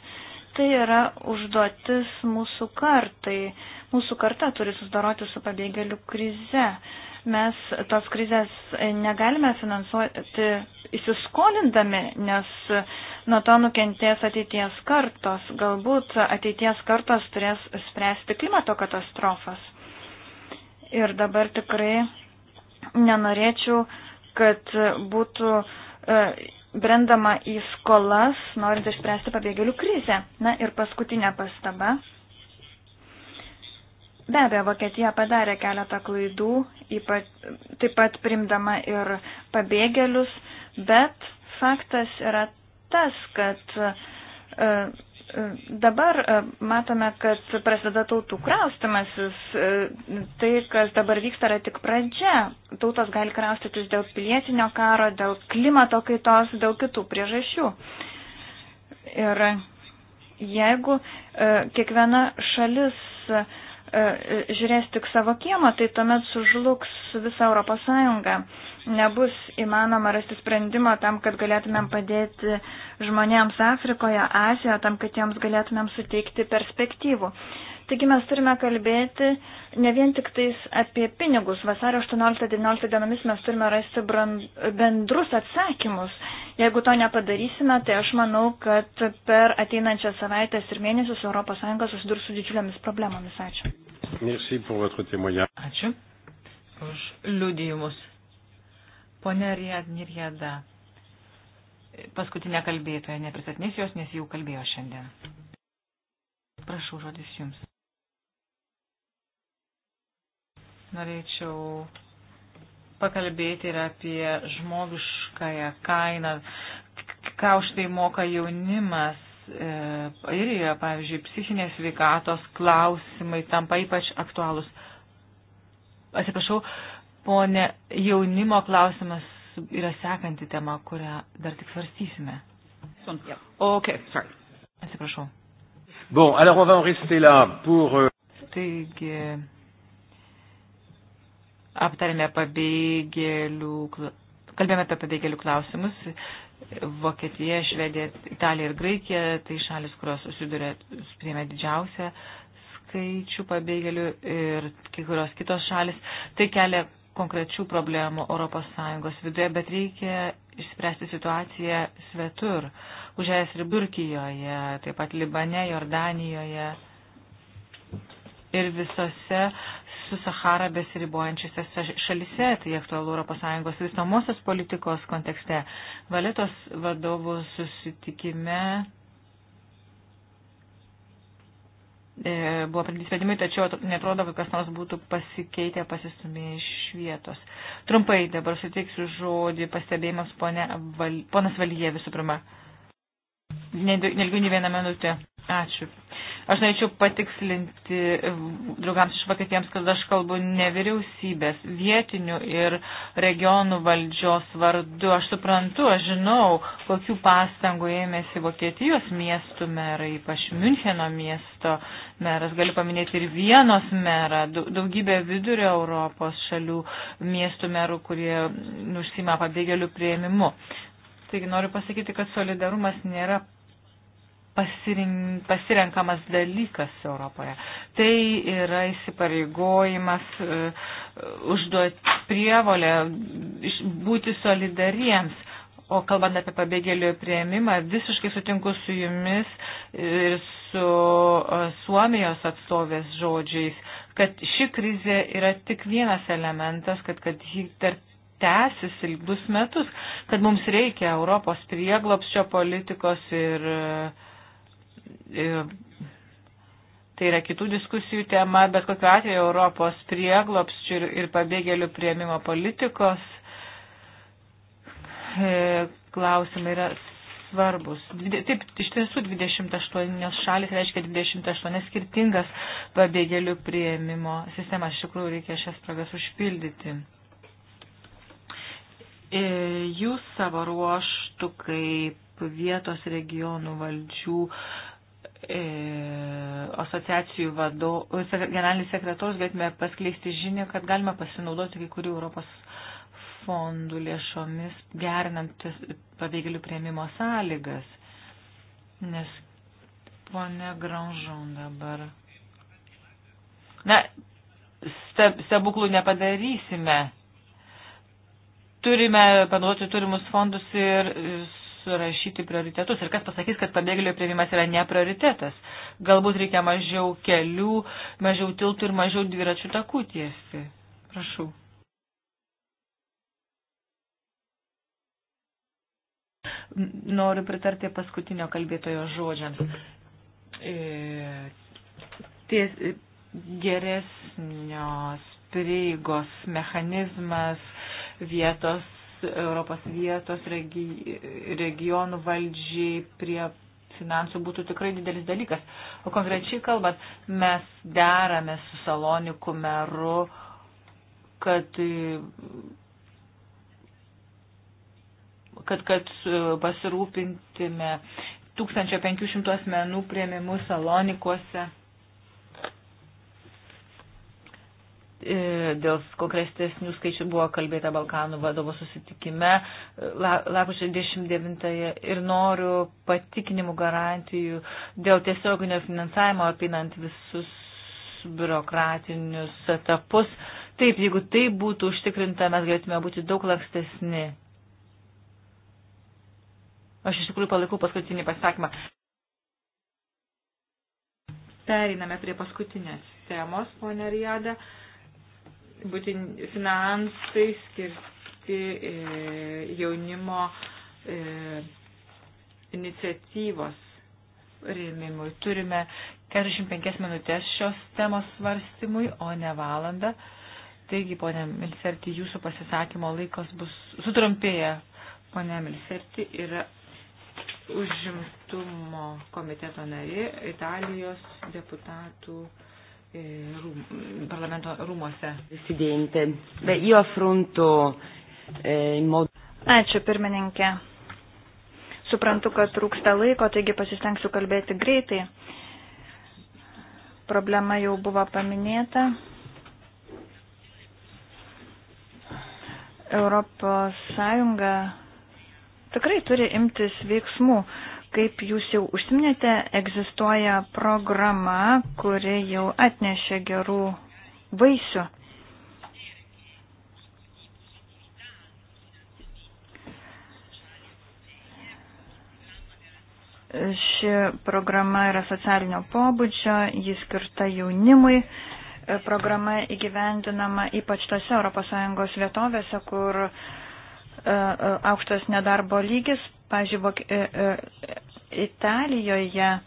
Tai yra užduotis mūsų kartai. Mūsų karta turi susidoroti su pabėgėlių krize. E, Mes tos krizės negalime finansuoti įsiskolindami, nes nuo to nukentės ateities kartos. Galbūt ateities kartos turės spręsti klimato katastrofas. Ir dabar tikrai nenorėčiau, kad būtų e, brendama į skolas, norint išspręsti pabėgėlių krizę. Na ir paskutinė pastaba. Be abejo, Vokietija padarė keletą klaidų, ypač, taip pat primdama ir pabėgėlius, bet faktas yra tas, kad e, e dabar e, matome, kad prasideda tautų kraustimasis. E, tai, kas dabar vyksta, yra tik pradžia. Tautos gali kraustytis dėl pilietinio karo, dėl klimato kaitos, dėl kitų priežasčių. Ir jeigu e, kiekviena šalis e, E, žiūrės tik savo kiemą, tai tuomet sužlugs visą Europos Sąjungą. Nebus įmanoma rasti sprendimo tam, kad galėtumėm padėti žmonėms Afrikoje, Azijoje, tam, kad jiems galėtumėm suteikti perspektyvų. Taigi mes turime kalbėti ne vien tik tais apie pinigus. Vasario 18-19 dienomis mes turime rasti brand, bendrus atsakymus. Jeigu to nepadarysime, tai aš manau, kad per ateinančias savaitės ir mėnesius ES susidurs su didžiuliamis problemomis. Ačiū. Ačiū už liudijimus. Pone Nirjada, paskutinė kalbėtoja, nepristatinės jos, nes jau kalbėjo šiandien. Prašau, žodis jums. Norėčiau pakalbėti ir apie žmogiškąją kainą, ką už tai moka jaunimas E, Airijoje, pavyzdžiui, psichinės sveikatos klausimai tampa ypač aktualūs. Atsiprašau, ponė, jaunimo klausimas yra sekanti tema, kurią dar tik svarstysime. Okay, sorry. Atsiprašau. Bon, alors on va en rester là pour. Euh, Taigi, aptarėme pabėgėlių, kalbėjome apie pabėgėlių klausimus. Vokietija, Švedija, Italija ir Graikija, tai šalis, kurios susiduria, priėmė didžiausią skaičių pabėgėlių ir kai kurios kitos šalis, tai kelia konkrečių problemų ES viduje, bet reikia išspręsti situaciją svetur, už es ribų Turkijoje, taip pat Libane, Jordanijoje ir visose su Sahara besiribojančiose šalise, tai aktualu ES vystomosios politikos kontekste. Valetos vadovų susitikime e, buvo pradėti sprendimai, tačiau netrodo, kad kas nors būtų pasikeitę, pasistumėję iš vietos. Trumpai dabar suteiksiu žodį pastebėjimams ponas Valyje visų pirma. Nelgiau nei vieną minutę. Ačiū. Aš norėčiau patikslinti e, draugams iš Vokietijams, kad aš kalbu ne vyriausybės, vietinių ir regionų valdžios vardu. Aš suprantu, aš žinau, kokių pastangų ėmėsi Vokietijos miestų merai, ypač Müncheno miesto meras. Galiu paminėti ir vienos merą, daugybė vidurio Europos šalių miestų merų, kurie nu, užsima pabėgėlių prieimimu. Taigi noriu pasakyti, kad solidarumas nėra pasirink, pasirenkamas dalykas Europoje. Tai yra įsipareigojimas, e, užduoti prievolę būti solidariems. O kalbant apie pabėgėlių prieimimą, visiškai sutinku su jumis ir su e, Suomijos atstovės žodžiais, kad ši krizė yra tik vienas elementas, kad, kad jį tarp tęsis ilgus metus, kad mums reikia Europos prieglopščio politikos ir, ir e, tai yra kitų diskusijų tema, bet kokiu atveju Europos prieglopščių ir, ir pabėgėlių prieimimo politikos e, klausimai yra svarbus. Taip, iš tiesų 28 šalis reiškia 28 skirtingas pabėgėlių prieimimo sistemas. Iš tikrųjų reikia šias spragas užpildyti. E, jūs savo ruoštų kaip vietos regionų valdžių e, asociacijų vadovų, generalinis sekretorius galėtume paskleisti žinią, kad galima pasinaudoti kai kurių Europos fondų lėšomis, gerinant pabėgėlių prieimimo sąlygas. Nes ponė Granžon dabar. Na, stebuklų nepadarysime turime panaudoti turimus fondus ir surašyti prioritetus. Ir kas pasakys, kad pabėgėlių priėmimas yra ne prioritetas. Galbūt reikia mažiau kelių, mažiau tiltų ir mažiau dviračių takų tiesti. Prašau. Noriu pritarti paskutinio kalbėtojo žodžiams. E, ties, e, geresnios prieigos mechanizmas, vietos, Europos vietos regi, regionų valdžiai prie finansų būtų tikrai didelis dalykas. O konkrečiai kalbant, mes derame su Saloniku meru, kad kad, kad pasirūpintume 1500 asmenų prieimimu Salonikuose. E, dėl konkrestesnių skaičių buvo kalbėta Balkanų vadovo susitikime lapkričio 29 ir noriu patikinimų garantijų dėl tiesioginio finansavimo apinant visus biurokratinius etapus. Taip, jeigu tai būtų užtikrinta, mes galėtume būti daug lankstesni. Aš iš tikrųjų palaikau paskutinį pasakymą. Pereiname prie paskutinės temos, ponė Riada. Uh, būtin finansai skirti e, jaunimo e, iniciatyvos rėmimui. Turime 45 minutės šios temos svarstymui, o ne valandą. Taigi, ponė Milserti, jūsų pasisakymo laikas bus sutrumpėję. Ponė Milserti yra užimtumo komiteto narė Italijos deputatų rūm, parlamento rūmose. Presidente, beh, io affronto eh, in modo. Ačiū, pirmininkė. Suprantu, kad trūksta laiko, taigi pasistengsiu kalbėti greitai. Problema jau buvo paminėta. Europos Sąjunga tikrai turi imtis veiksmų. Uh, Kaip jūs jau užsiminėte, egzistuoja programa, kuri jau atnešė gerų vaisių. Ši programa yra socialinio pobūdžio, ji skirta jaunimui. Programa įgyvendinama ypač tose ES vietovėse, kur e, e, aukštas nedarbo lygis Pavyzdžiui, e, e, Italijoje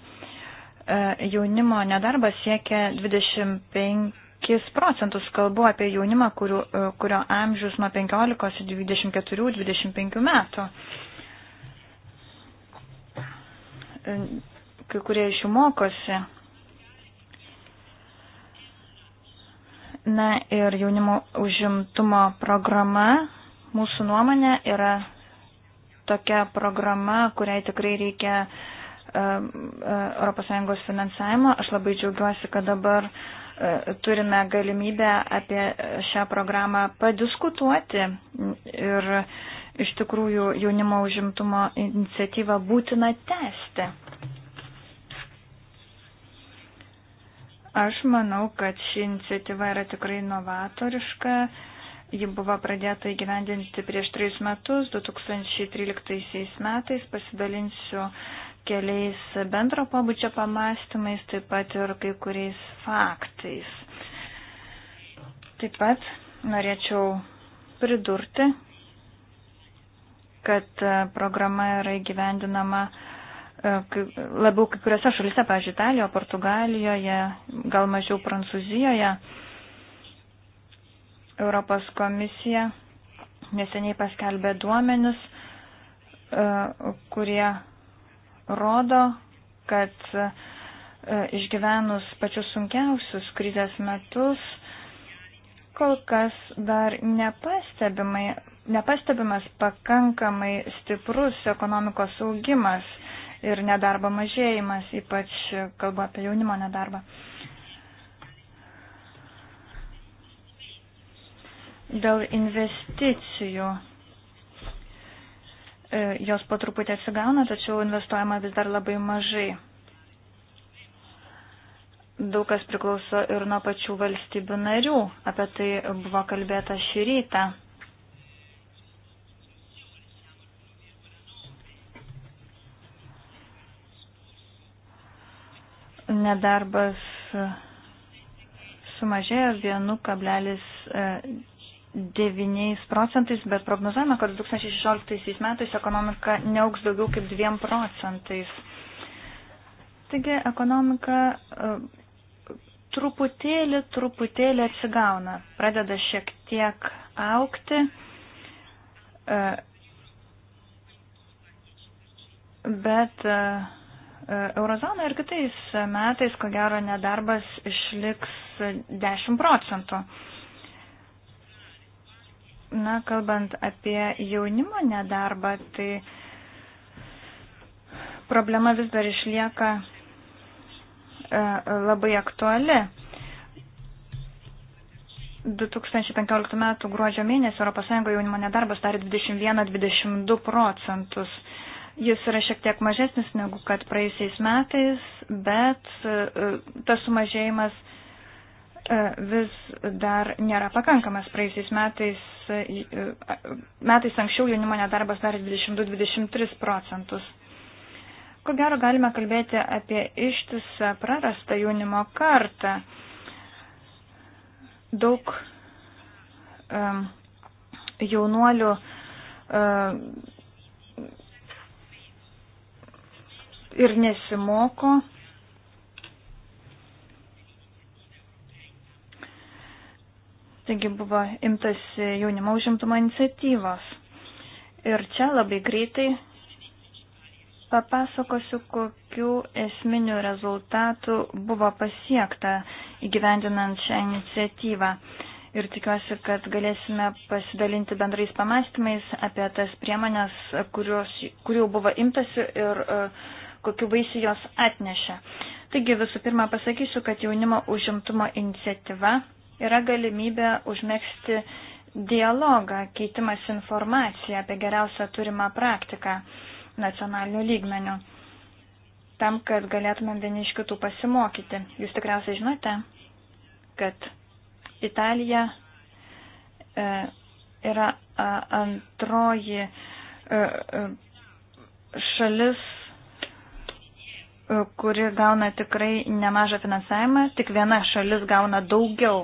e, jaunimo nedarbas siekia 25 procentus. Kalbu apie jaunimą, kurio, kurio amžius nuo 15 iki 24-25 metų. Kai kurie iš jų mokosi. Na ir jaunimo užimtumo programa mūsų nuomonė yra tokia programa, kuriai tikrai reikia ES finansavimo. Aš labai džiaugiuosi, kad dabar e, turime galimybę apie šią programą padiskutuoti ir iš tikrųjų jaunimo užimtumo iniciatyvą būtina tęsti. Aš manau, kad ši iniciatyva yra tikrai novatoriška Ji buvo pradėta įgyvendinti prieš trejus metus, 2013 metais pasidalinsiu keliais bendro pabudžio pamastymais, taip pat ir kai kuriais faktais. Taip pat norėčiau pridurti, kad programa yra įgyvendinama e, labiau kai kuriuose šalise, pažiūrėjau, Italijoje, Portugalijoje, gal mažiau Prancūzijoje. Europos komisija neseniai paskelbė duomenis, e, kurie rodo, kad e, išgyvenus pačius sunkiausius krizės metus, kol kas dar nepastebimas pakankamai stiprus ekonomikos augimas ir nedarbo mažėjimas, ypač kalbu apie jaunimo nedarbą. Uh, Dėl investicijų e, jos po truputį atsigauna, tačiau investuojama vis dar labai mažai. Daug kas priklauso ir nuo pačių valstybių narių. Apie tai buvo kalbėta šį rytą. Nedarbas sumažėjo 1,9 9 procentais, bet prognozuojama, kad 2016 metais ekonomika neauks daugiau kaip 2 procentais. Taigi ekonomika e, truputėlį, truputėlį atsigauna, pradeda šiek tiek aukti, e, bet e, eurozono ir kitais metais, ko gero, nedarbas išliks 10 procentų. Na, kalbant apie jaunimo nedarbą, tai problema vis dar išlieka e, labai aktuali. 2015 m. gruodžio mėnesį ES jaunimo nedarbas darė 21-22 procentus. Jis yra šiek tiek mažesnis negu kad praeisiais metais, bet e, tas sumažėjimas E, vis dar nėra pakankamas. Praeisiais metais, e, metais anksčiau jaunimo nedarbas darė 22-23 procentus. Ko gero galime kalbėti apie ištisą prarastą jaunimo kartą. Daug um, jaunuolių um, ir nesimoko. Taigi buvo imtasi jaunimo užimtumo iniciatyvos. Ir čia labai greitai papasakosiu, kokiu esminiu rezultatu buvo pasiekta įgyvendinant šią iniciatyvą. Ir tikiuosi, kad galėsime pasidalinti bendrais pamastymais apie tas priemonės, kurios, kurių buvo imtasi ir uh, kokiu vaisiu jos atnešė. Taigi visų pirma pasakysiu, kad jaunimo užimtumo iniciatyva yra galimybė užmėgsti dialogą, keitimas informaciją apie geriausią turimą praktiką nacionalinių lygmenių, tam, kad galėtumėm vieni iš kitų pasimokyti. Jūs tikriausiai žinote, kad Italija e, yra a, antroji e, e šalis e, kuri gauna tikrai nemažą finansavimą, tik viena šalis gauna daugiau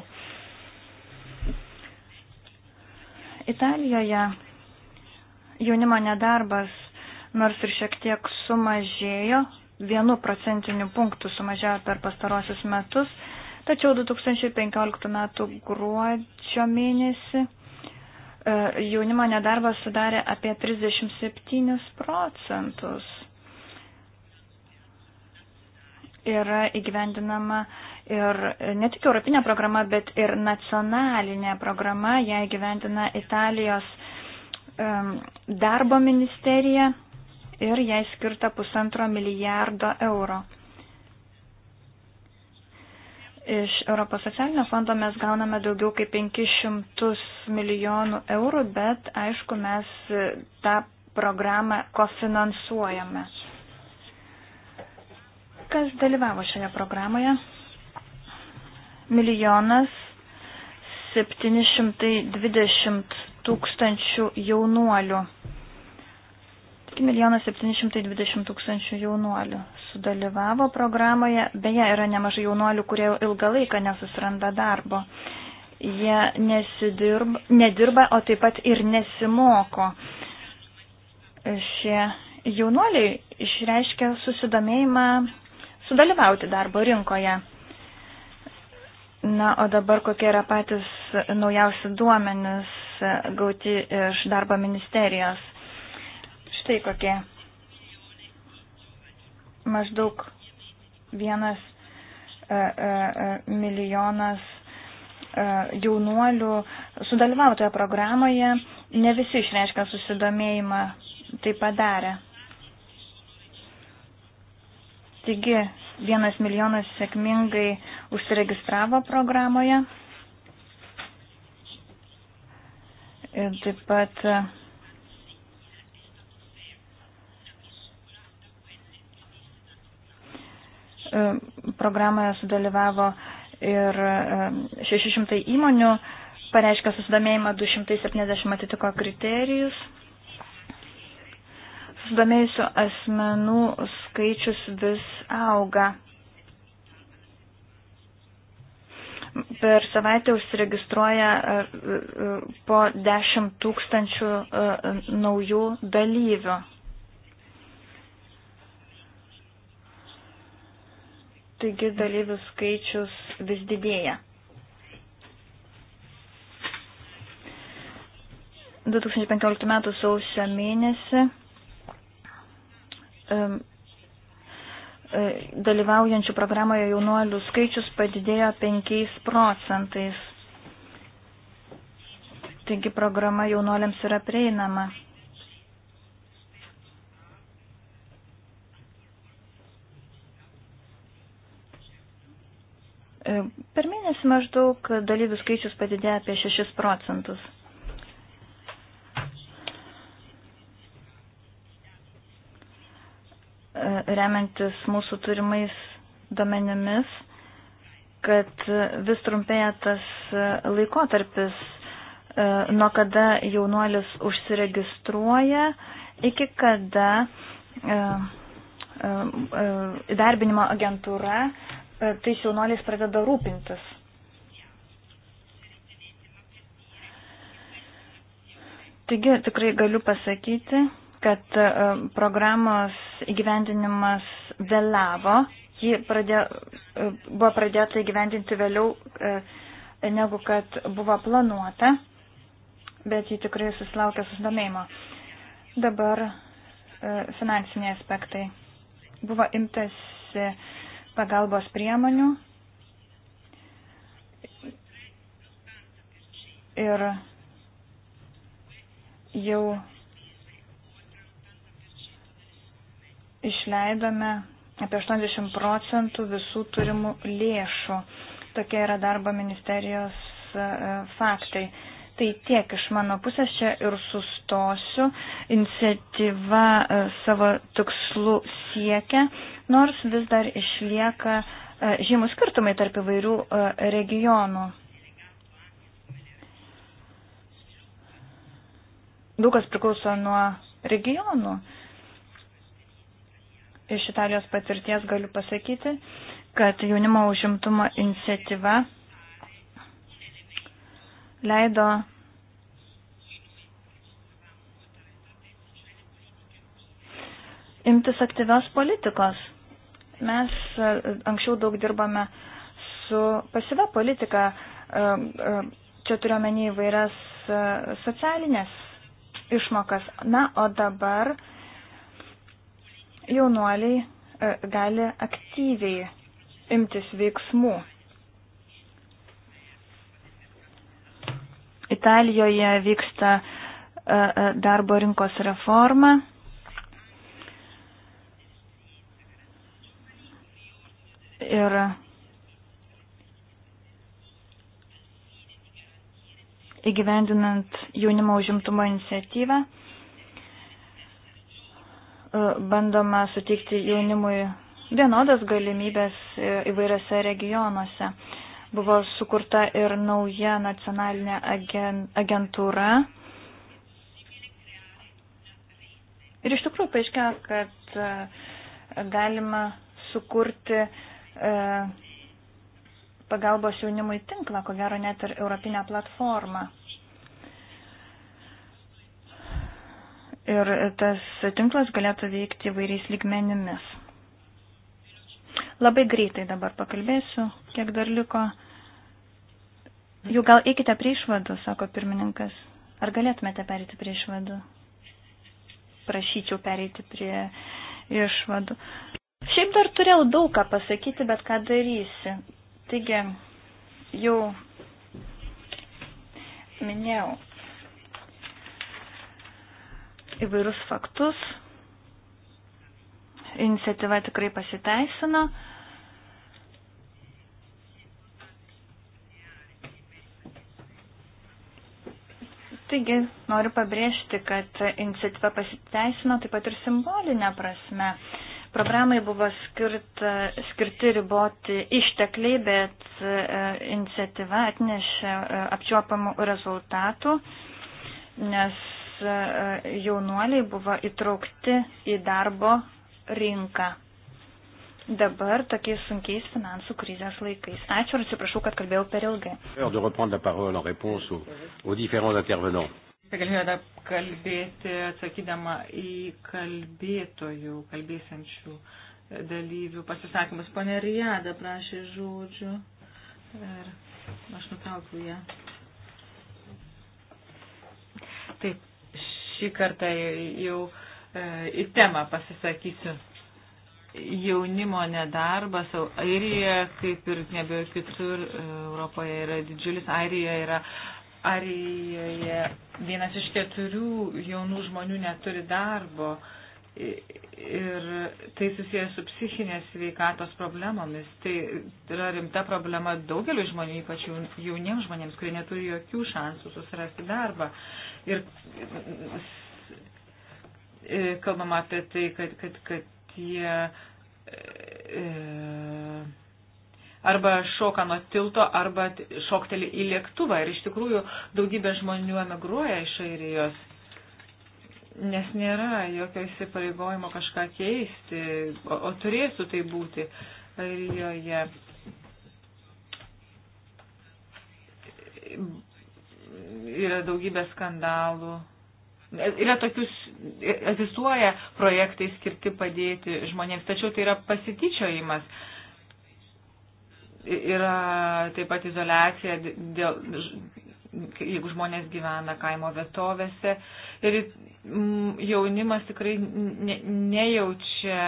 Italijoje jaunimo nedarbas nors ir šiek tiek sumažėjo, vienu procentiniu punktu sumažėjo per pastarosius metus, tačiau 2015 m. gruodžio mėnesį e, jaunimo nedarbas sudarė apie 37 procentus. Yra įgyvendinama Ir ne tik europinė programa, bet ir nacionalinė programa, ją gyventina Italijos um, darbo ministerija ir jai skirta pusantro milijardo eurų. Iš Europos socialinio fondo mes gauname daugiau kaip 500 milijonų eurų, bet aišku, mes tą programą kofinansuojame. Kas dalyvavo šioje programoje? milijonas 720 tūkstančių jaunuolių. Tik milijonas 720 tūkstančių jaunuolių sudalyvavo programoje. Beje, yra nemažai jaunuolių, kurie ilgą laiką nesusiranda darbo. Jie nesidirb, nedirba, o taip pat ir nesimoko. Šie jaunuoliai išreiškia susidomėjimą sudalyvauti darbo rinkoje. Na, o dabar kokie yra patys naujausi duomenys gauti iš darbo ministerijos? Štai kokie. Maždaug vienas e, e, e milijonas e, jaunuolių sudalyvavo toje programoje, ne visi išreiškia susidomėjimą tai padarė. Taigi, Vienas milijonas sėkmingai užsiregistravo programoje. Ir taip pat e, programoje sudalyvavo ir 600 e, įmonių, pareiškė susidomėjimą 270 atitiko kriterijus susidomėjusių asmenų skaičius vis auga. Per savaitę užsiregistruoja e, e, po 10 tūkstančių e, naujų dalyvių. Taigi dalyvių skaičius vis didėja. 2015 m. sausio mėnesį E, dalyvaujančių programoje jaunuolių skaičius padidėjo 5 procentais. Taigi programa jaunuoliams yra prieinama. Per mėnesį maždaug dalyvių skaičius padidėjo apie 6 procentus. remiantis mūsų turimais domenimis, kad vis trumpėja tas e, laikotarpis, e, nuo kada jaunuolis užsiregistruoja iki kada e, įdarbinimo agentūra tais jaunuoliais pradeda rūpintis. Taigi tikrai galiu pasakyti, kad e, programos įgyvendinimas vėlavo, ji pradė, e, buvo pradėta įgyvendinti vėliau e, negu kad buvo planuota, bet ji tikrai susilaukė susidomėjimo. Dabar finansiniai aspektai. Buvo imtasi pagalbos priemonių ir jau išleidome apie 80 procentų visų turimų lėšų. Tokie yra darbo ministerijos e, faktai. Tai tiek iš mano pusės čia ir sustosiu. Iniciatyva e, savo tikslų siekia, nors vis dar išlieka e, žymų skirtumai tarp įvairių regionų. Daug kas priklauso nuo regionų. Uh, iš Italijos patirties galiu pasakyti, kad jaunimo užimtumo iniciatyva leido imtis aktyvios politikos. Mes e, anksčiau daug dirbame su pasive politika, e, e, čia turiuomenį įvairias socialinės išmokas. Na, o dabar uh, jaunuoliai e, gali aktyviai imtis veiksmų. Italijoje vyksta e, e, darbo rinkos reforma. Ir įgyvendinant jaunimo užimtumo iniciatyvą E, bandoma suteikti jaunimui vienodas galimybės e, įvairiose regionuose. Buvo sukurta ir nauja nacionalinė agentūra. Ir iš tikrųjų paaiškėjo, kad e, galima sukurti pagalbos jaunimui tinklą, ko gero net ir europinę platformą. ir tas tinklas galėtų veikti vairiais lygmenimis. Labai greitai dabar pakalbėsiu, kiek dar liko. Jau gal eikite prie išvadų, sako pirmininkas. Ar galėtumėte perėti prie išvadų? Prašyčiau perėti prie išvadų. Šiaip dar turėjau daug ką pasakyti, bet ką darysi. Taigi, jau minėjau, įvairius faktus. Iniciatyva tikrai pasiteisino. Taigi noriu pabrėžti, kad iniciatyva pasiteisino taip pat ir simbolinė prasme. Programai buvo skirta, skirti riboti ištekliai, bet e, iniciatyva atnešė e, apčiuopamų rezultatų, nes E, jaunuoliai buvo įtraukti į darbo rinką. Dabar tokiais sunkiais finansų krizės laikais. Ačiū ir atsiprašau, kad kalbėjau per ilgai. Galėjote kalbėti atsakydama į kalbėtojų, kalbėsiančių dalyvių pasisakymus. Pone Rijada prašė žodžių ir aš nutraukiu ją. Taip, šį kartą jau e, į temą pasisakysiu. Jaunimo nedarbas Airijoje, kaip ir nebėjau kitur e, Europoje, yra didžiulis. Airija yra Airijoje vienas iš keturių jaunų žmonių neturi darbo. Uh, ir tai susijęs su psichinės sveikatos problemomis. Tai yra rimta problema daugeliu žmonių, ypač jauniems žmonėms, kurie neturi jokių šansų susirasti darbą. Ir e, kalbama apie tai, kad, kad, kad jie e, arba šoka nuo tilto, arba šokteli į lėktuvą. Ir iš tikrųjų daugybė žmonių emigruoja iš airijos nes nėra jokio įsipareigojimo kažką keisti, o, o turėtų tai būti Airijoje. Yra daugybė skandalų. Yra tokius, egzistuoja projektai skirti padėti žmonėms, tačiau tai yra pasityčiojimas. Yra taip pat izolacija dėl jeigu žmonės gyvena kaimo vietovėse. Ir mm, jaunimas tikrai ne, nejaučia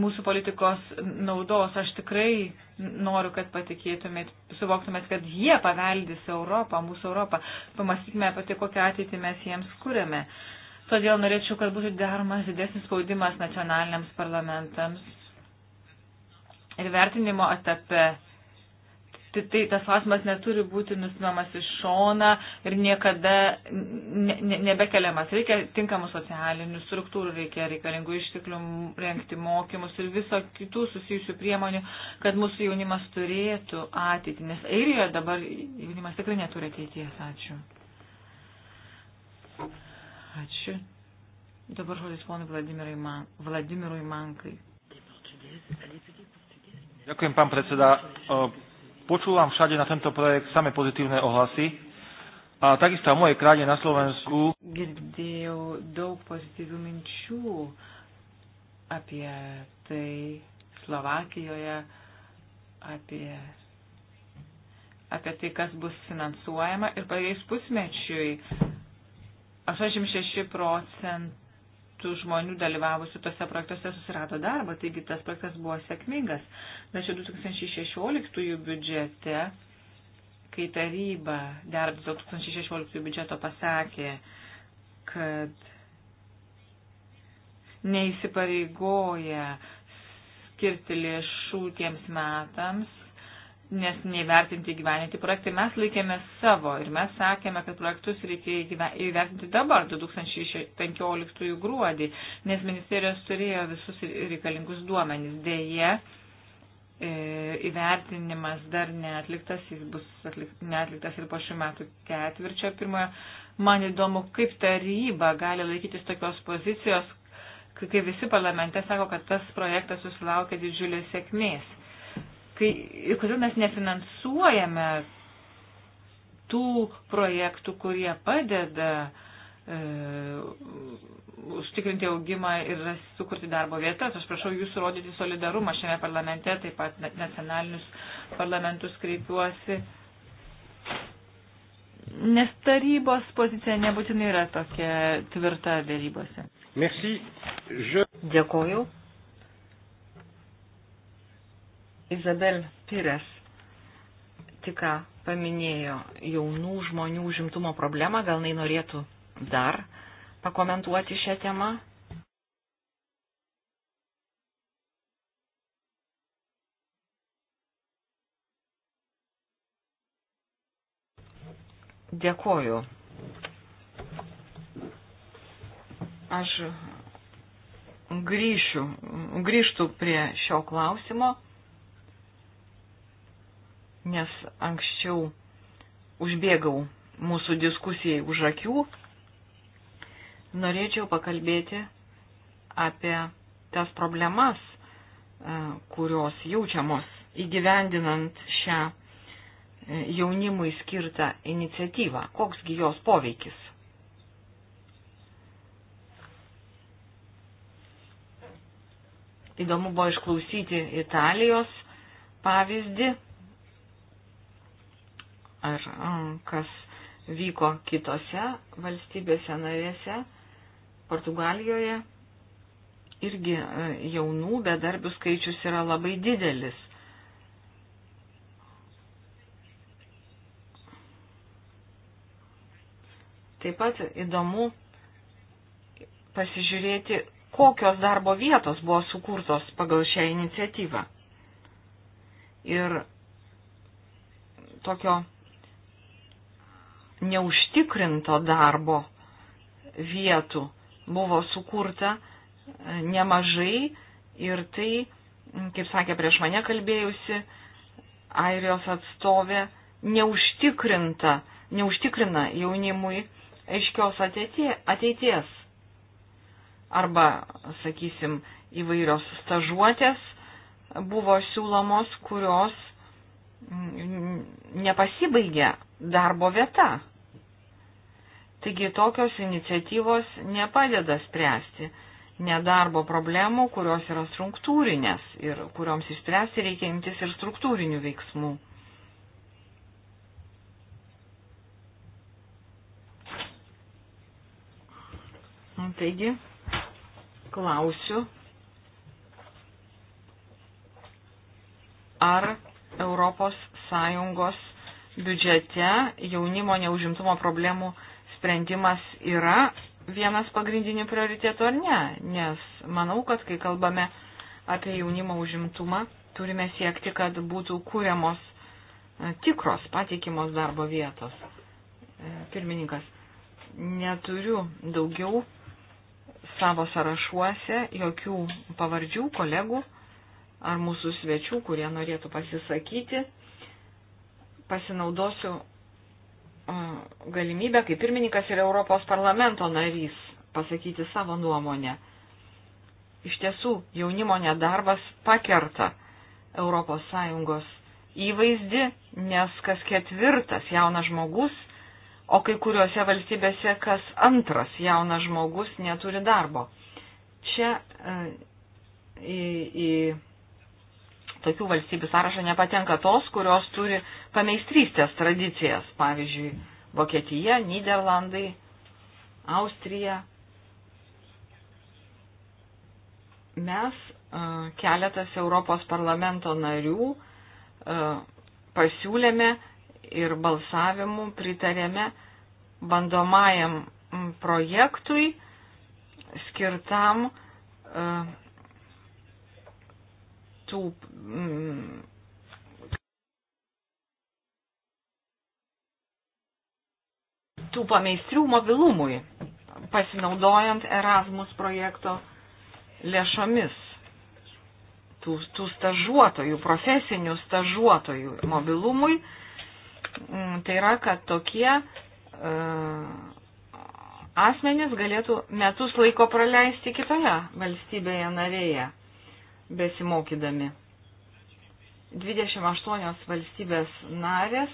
mūsų politikos naudos. Aš tikrai noriu, kad patikėtumėt, suvoktumėt, kad jie paveldys Europą, mūsų Europą. Pamastykime apie tai, kokią ateitį mes jiems kūrėme. Todėl norėčiau, kad būtų daromas didesnis spaudimas nacionaliniams parlamentams. Ir vertinimo etape Tai, tai tas klausimas neturi būti nusimamas į šoną ir niekada ne, ne, nebekeliamas. Reikia tinkamų socialinių struktūrų, reikia reikalingų išteklių, rengti mokymus ir viso kitų susijusių priemonių, kad mūsų jaunimas turėtų ateitį, nes Airijoje dabar jaunimas tikrai neturi ateities. Ačiū. Ačiū. Dabar žodis ponui Vladimirui, Man, Vladimirui Mankai. Dėkui, pan predseda. O... Počúvam všade na tento projekt same pozitívne ohlasy. A takisto v mojej krajine na Slovensku. Girdėjau daug pozityvių minčių apie tai Slovakijoje, apie, apie tai, kas bus finansuojama ir praėjus pusmečiui 86 procentų tų žmonių dalyvavusių tose projektuose susirado darbą, taigi tas projektas buvo sėkmingas. Tačiau 2016 biudžete, kai taryba dar 2016 biudžeto pasakė, kad neįsipareigoja skirti lėšų tiems metams, nes neįvertinti gyveninti projektai. Mes laikėmės savo ir mes sakėme, kad projektus reikia įvertinti dabar, 2015 gruodį, nes ministerijos turėjo visus reikalingus duomenys. Deja, e, įvertinimas dar neatliktas, jis bus atlik, neatliktas ir po šių metų ketvirčio pirmojo. Man įdomu, kaip taryba gali laikytis tokios pozicijos, kai visi parlamente sako, kad tas projektas susilaukė didžiulės sėkmės Kai, kodėl mes nefinansuojame tų projektų, kurie padeda e, užtikrinti augimą ir sukurti darbo vietas. Aš prašau jūsų rodyti solidarumą šiame parlamente, taip pat nacionalinius parlamentus kreipiuosi. Nes tarybos pozicija nebūtinai yra tokia tvirta dėrybose. Merci. Je... Dėkoju. Izabel Pires tik paminėjo jaunų žmonių užimtumo problemą, gal jis norėtų dar pakomentuoti šią temą? Dėkoju. Aš grįšiu, grįžtų prie šio klausimo nes anksčiau užbėgau mūsų diskusijai už akių, norėčiau pakalbėti apie tas problemas, e, kurios jaučiamos įgyvendinant šią e, jaunimui skirtą iniciatyvą. Koksgi jos poveikis? Įdomu buvo išklausyti Italijos pavyzdį ar kas vyko kitose valstybėse narėse, Portugalijoje irgi jaunų bedarbių skaičius yra labai didelis. Taip pat įdomu pasižiūrėti, kokios darbo vietos buvo sukurtos pagal šią iniciatyvą. Ir tokio neužtikrinto darbo vietų buvo sukurta e, nemažai ir tai, kaip sakė prieš mane kalbėjusi Airijos atstovė, neužtikrinta, neužtikrina jaunimui aiškios ateities. Arba, sakysim, įvairios stažuotės buvo siūlomos, kurios nepasibaigė darbo vieta. Taigi tokios iniciatyvos nepadeda spręsti nedarbo problemų, kurios yra struktūrinės ir kurioms išspręsti reikia imtis ir struktūrinių veiksmų. Taigi, klausiu, ar Europos Sąjungos biudžete jaunimo neužimtumo problemų sprendimas yra vienas pagrindinių prioritėtų ar ne, nes manau, kad kai kalbame apie jaunimo užimtumą, turime siekti, kad būtų kūriamos e, tikros patikimos darbo vietos. E, pirmininkas, neturiu daugiau savo sąrašuose jokių pavardžių kolegų ar mūsų svečių, kurie norėtų pasisakyti. Pasinaudosiu galimybę, kaip pirmininkas ir Europos parlamento narys, pasakyti savo nuomonę. Iš tiesų, jaunimo nedarbas pakerta ES įvaizdį, nes kas ketvirtas jaunas žmogus, o kai kuriuose valstybėse kas antras jaunas žmogus neturi darbo. Čia į, į tokių valstybių sąrašą nepatenka tos, kurios turi pameistrystės tradicijas, pavyzdžiui, Vokietija, Niderlandai, Austrija. Mes e, keletas Europos parlamento narių e, pasiūlėme ir balsavimu pritarėme bandomajam projektui skirtam e, tų mm, tų pameistrių mobilumui, pasinaudojant Erasmus projekto lėšomis, tų, tų stažuotojų, profesinių stažuotojų mobilumui. Mm, tai yra, kad tokie uh, asmenys galėtų metus laiko praleisti kitoje valstybėje narėje besimokydami. 28 valstybės narės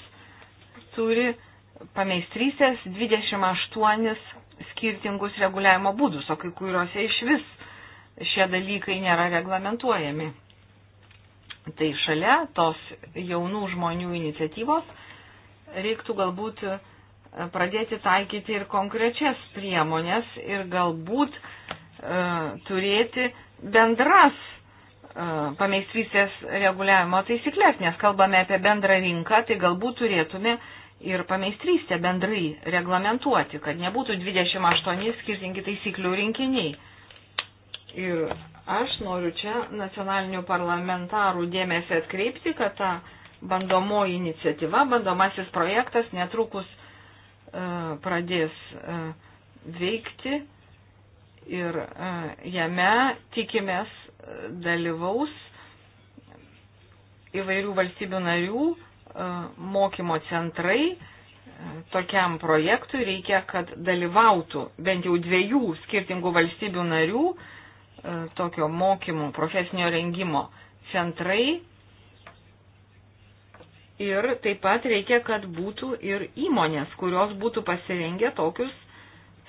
turi pameistrystės 28 skirtingus reguliavimo būdus, o kai kuriuose iš vis šie dalykai nėra reglamentuojami. Tai šalia tos jaunų žmonių iniciatyvos reiktų galbūt pradėti taikyti ir konkrečias priemonės ir galbūt e, turėti bendras E, pameistrysės reguliavimo taisyklės, nes kalbame apie bendrą rinką, tai galbūt turėtume ir pameistrystę bendrai reglamentuoti, kad nebūtų 28 skirtingi taisyklių rinkiniai. Ir aš noriu čia nacionalinių parlamentarų dėmesį atkreipti, kad ta bandomoji iniciatyva, bandomasis projektas netrukus uh, pradės uh, veikti ir uh, jame tikimės dalyvaus įvairių valstybių narių e, mokymo centrai. E, tokiam projektui reikia, kad dalyvautų bent jau dviejų skirtingų valstybių narių e, tokio mokymų, profesinio rengimo centrai. Ir taip pat reikia, kad būtų ir įmonės, kurios būtų pasirengę tokius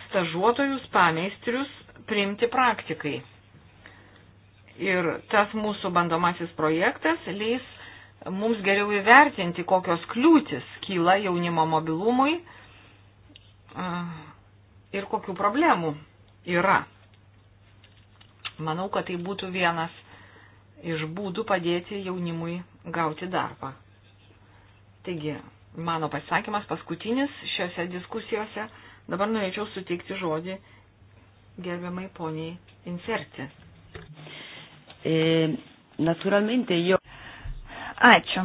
stažuotojus, pameistrius priimti praktikai. Ir tas mūsų bandomasis projektas leis mums geriau įvertinti, kokios kliūtis kyla jaunimo mobilumui ir kokių problemų yra. Manau, kad tai būtų vienas iš būdų padėti jaunimui gauti darbą. Taigi, mano pasisakymas paskutinis šiuose diskusijose. Dabar norėčiau suteikti žodį gerbiamai poniai Inserti. E, naturalmente io. Ačiū.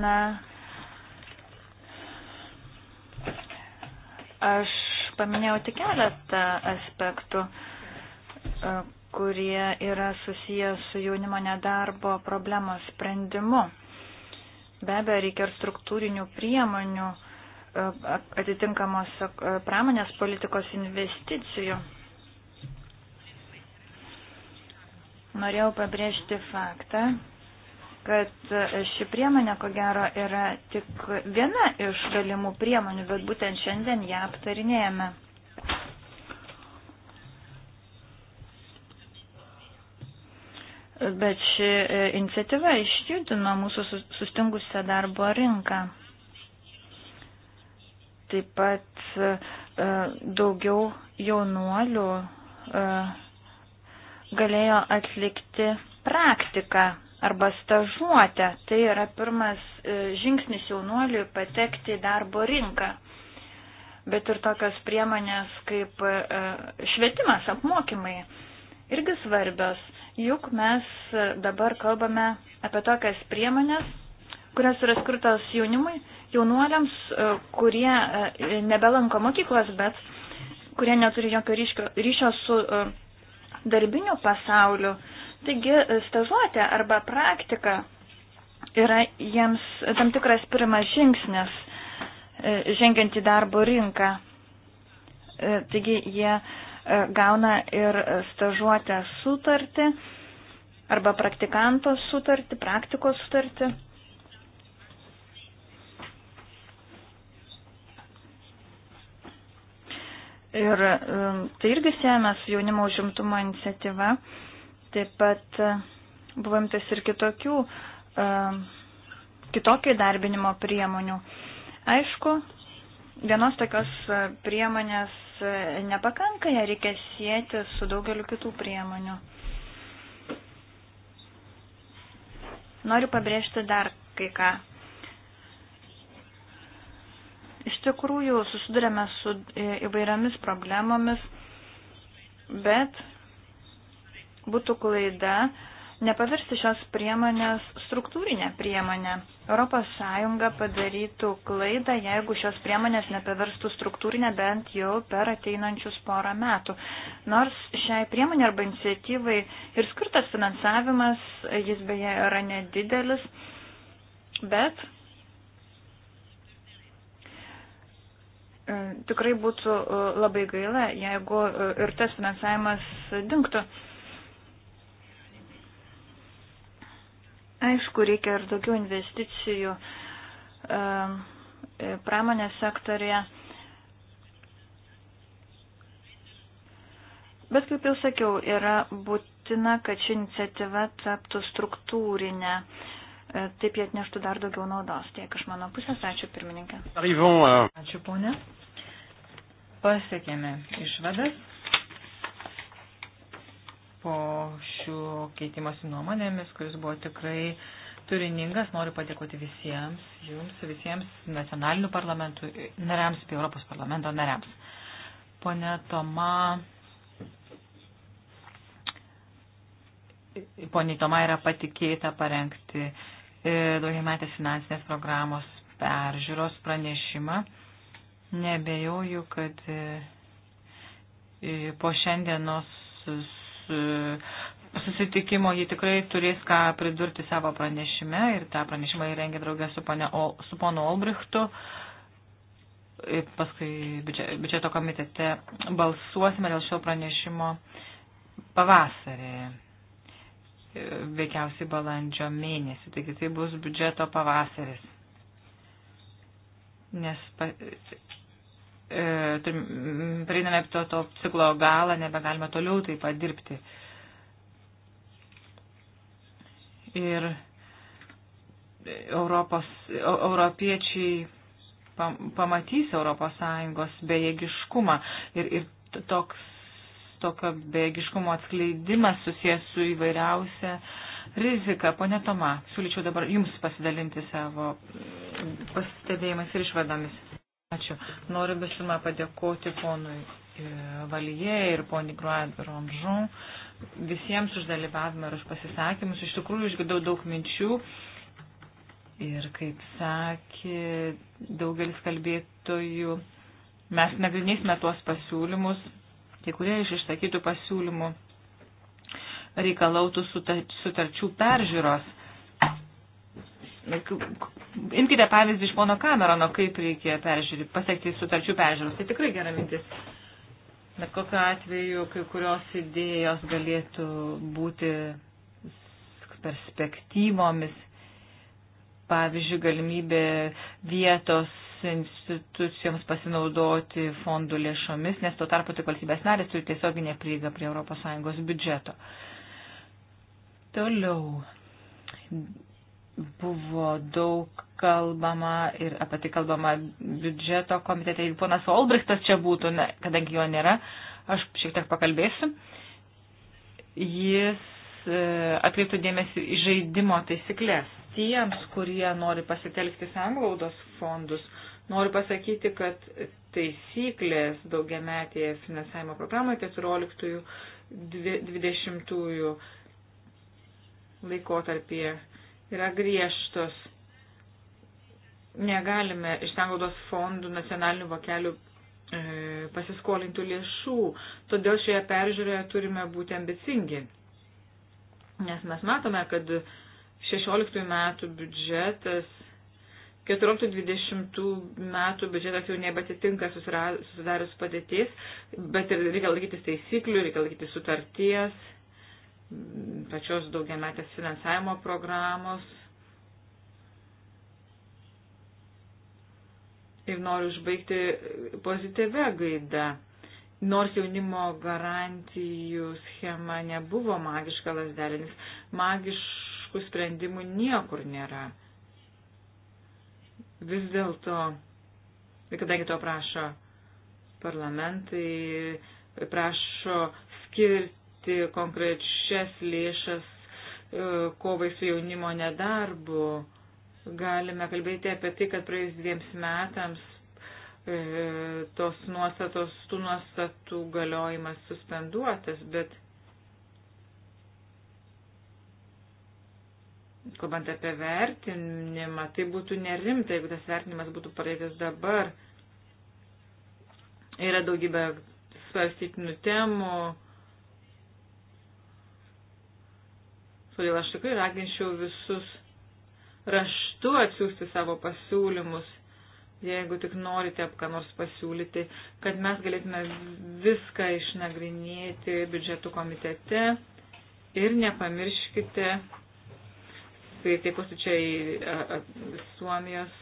Na. Aš paminėjau tik keletą aspektų, e, kurie yra susiję su jaunimo nedarbo problemos sprendimu. Be abejo, reikia ir struktūrinių priemoninkamos e, e, pramonės politikos investicijų. norėjau pabrėžti faktą, kad ši priemonė, ko gero, yra tik viena iš galimų priemonių, bet būtent šiandien ją aptarinėjame. Bet ši e, iniciatyva išjudino mūsų sustingusią darbo rinką. Taip pat e, daugiau jaunuolių e, galėjo atlikti praktiką arba stažuotę. Tai yra pirmas e, žingsnis jaunuoliui patekti į darbo rinką. Bet ir tokios priemonės kaip e, švietimas, apmokymai irgi svarbios. Juk mes e, dabar kalbame apie tokias priemonės, kurios yra skirtos jaunimui, jaunuoliams, kurie nebelanko mokyklos, bet kurie neturi jokio ryškio, ryšio su darbiniu pasauliu. Taigi stažuotė arba praktika yra jiems tam tikras pirmas žingsnis e, žengiant į darbo rinką. E, taigi jie e, gauna ir stažuotę sutartį arba praktikanto sutartį, praktikos sutartį. Ir um, tai irgi siejame su jaunimo užimtumo iniciatyva. Taip pat uh, buvom tas ir kitokių, um, kitokio įdarbinimo priemonių. Aišku, vienos tokios uh, priemonės uh, nepakanka, ją reikia sieti su daugeliu kitų priemonių. Noriu pabrėžti dar kai ką. Iš tikrųjų, susidurėme su e, įvairiamis problemomis, bet būtų klaida nepavirsti šios priemonės struktūrinę priemonę. ES padarytų klaidą, jeigu šios priemonės nepavirstų struktūrinę bent jau per ateinančius porą metų. Nors šiai priemonė arba iniciatyvai ir skirtas finansavimas, jis beje yra nedidelis, bet E, tikrai būtų e, labai gaila, jeigu e, ir tas finansavimas dinktų. Aišku, reikia ir daugiau investicijų pramonės sektorėje. Bet kaip jau sakiau, yra būtina, kad ši iniciatyva taptų struktūrinę. Taip jie atneštų dar daugiau naudos. Tiek iš mano pusės. Ačiū pirmininkė. Euh, Ačiū ponė pasiekėme išvadas po šių keitimosi nuomonėmis, kuris buvo tikrai turiningas. Noriu padėkoti visiems, jums, visiems nacionalinių parlamentų nariams bei Europos parlamento nariams. Pone Toma, poniai Toma yra patikėta parengti e, daugiametės finansinės programos peržiūros pranešimą Nebejoju, kad e, e, po šiandienos e, susitikimo jie tikrai turės ką pridurti savo pranešime ir tą pranešimą įrengė draugė su, pane, o, su ponu Olbrichtu. Ir paskui biudžeto komitete balsuosime dėl šio pranešimo pavasarį, veikiausiai balandžio mėnesį. Taigi tai bus biudžeto pavasaris. Nes pa, E, tai prieiname to, to ciklo galą, nebegalime toliau taip pat dirbti. Ir Europos, europiečiai pamatys Europos Sąjungos bejėgiškumą ir, ir toks, tokio bejėgiškumo atskleidimas susijęs su įvairiausia rizika. Pone Toma, siūlyčiau dabar Jums pasidalinti savo e, pastebėjimais ir išvadomis. Ačiū. Noriu visumą padėkoti ponui e, Valyje ir poniai Gruad Romžon visiems už dalyvavimą ir už pasisakymus. Iš tikrųjų išgirdau daug minčių ir, kaip sakė daugelis kalbėtojų, mes nagrinėsime tuos pasiūlymus. Kai kurie iš išsakytų pasiūlymų reikalautų sutarčių peržiūros Imkite pavyzdį iš pono Kamerono, kaip reikia peržiūrėti, pasiekti sutarčių peržiūros. Tai tikrai gera mintis. Bet kokiu atveju, kai kurios idėjos galėtų būti perspektyvomis, pavyzdžiui, galimybė vietos institucijoms pasinaudoti fondų lėšomis, nes tuo tarpu tik valstybės narės turi tiesioginę prieigą prie ES biudžeto. Toliau Buvo daug kalbama ir apie tai kalbama biudžeto komitete. Jeigu ponas Olbrichtas čia būtų, ne, kadangi jo nėra, aš šiek tiek pakalbėsiu. Jis e, atkreiptų dėmesį į žaidimo taisyklės. Tiems, kurie nori pasitelkti sanglaudos fondus, noriu pasakyti, kad taisyklės daugiametėje finansavimo programoje 14-20 laikotarpyje yra griežtos. Negalime iš sangaudos fondų nacionalinių vokelių e, pasiskolintų lėšų, todėl šioje peržiūroje turime būti ambicingi. Nes mes matome, kad 16 metų biudžetas 14-20 metų biudžetas jau nebetitinka susidarius padėties, bet ir reikia laikytis taisyklių, reikia laikytis sutarties pačios daugiametės finansavimo programos. Ir noriu užbaigti pozityvę gaidą. Nors jaunimo garantijų schema nebuvo magiška lasdelinis, magiškų sprendimų niekur nėra. Vis dėlto, kadangi to prašo parlamentai, prašo skirti skirti konkrečias lėšas e, kovai su jaunimo nedarbu. Galime kalbėti apie tai, kad praėjus dviems metams e, tos nuostatos, tų nuostatų galiojimas suspenduotas, bet kalbant apie vertinimą, tai būtų nerimta, jeigu tas vertinimas būtų pareidęs dabar. Yra daugybė svarstytinų temų, Todėl aš tikrai raginčiau visus raštu atsiųsti savo pasiūlymus, jeigu tik norite ką nors pasiūlyti, kad mes galėtume viską išnagrinėti biudžetų komitete ir nepamirškite, tai taip pat čia į Suomijos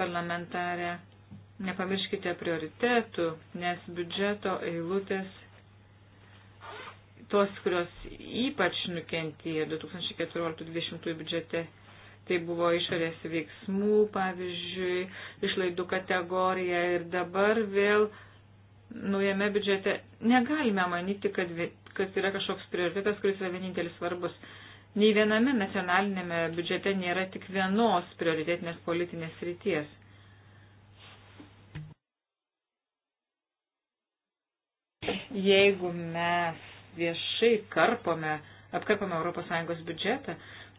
parlamentarę, nepamirškite prioritetų, nes biudžeto eilutės tos, kurios ypač nukentėjo 2014-2020 biudžete. Tai buvo išorės veiksmų, pavyzdžiui, išlaidų kategorija ir dabar vėl naujame biudžete negalime manyti, kad, kad yra kažkoks prioritetas, kuris yra vienintelis svarbus. Nei viename nacionalinėme biudžete nėra tik vienos prioritetinės politinės ryties. Jeigu mes viešai karpome, apkarpome ES biudžetą,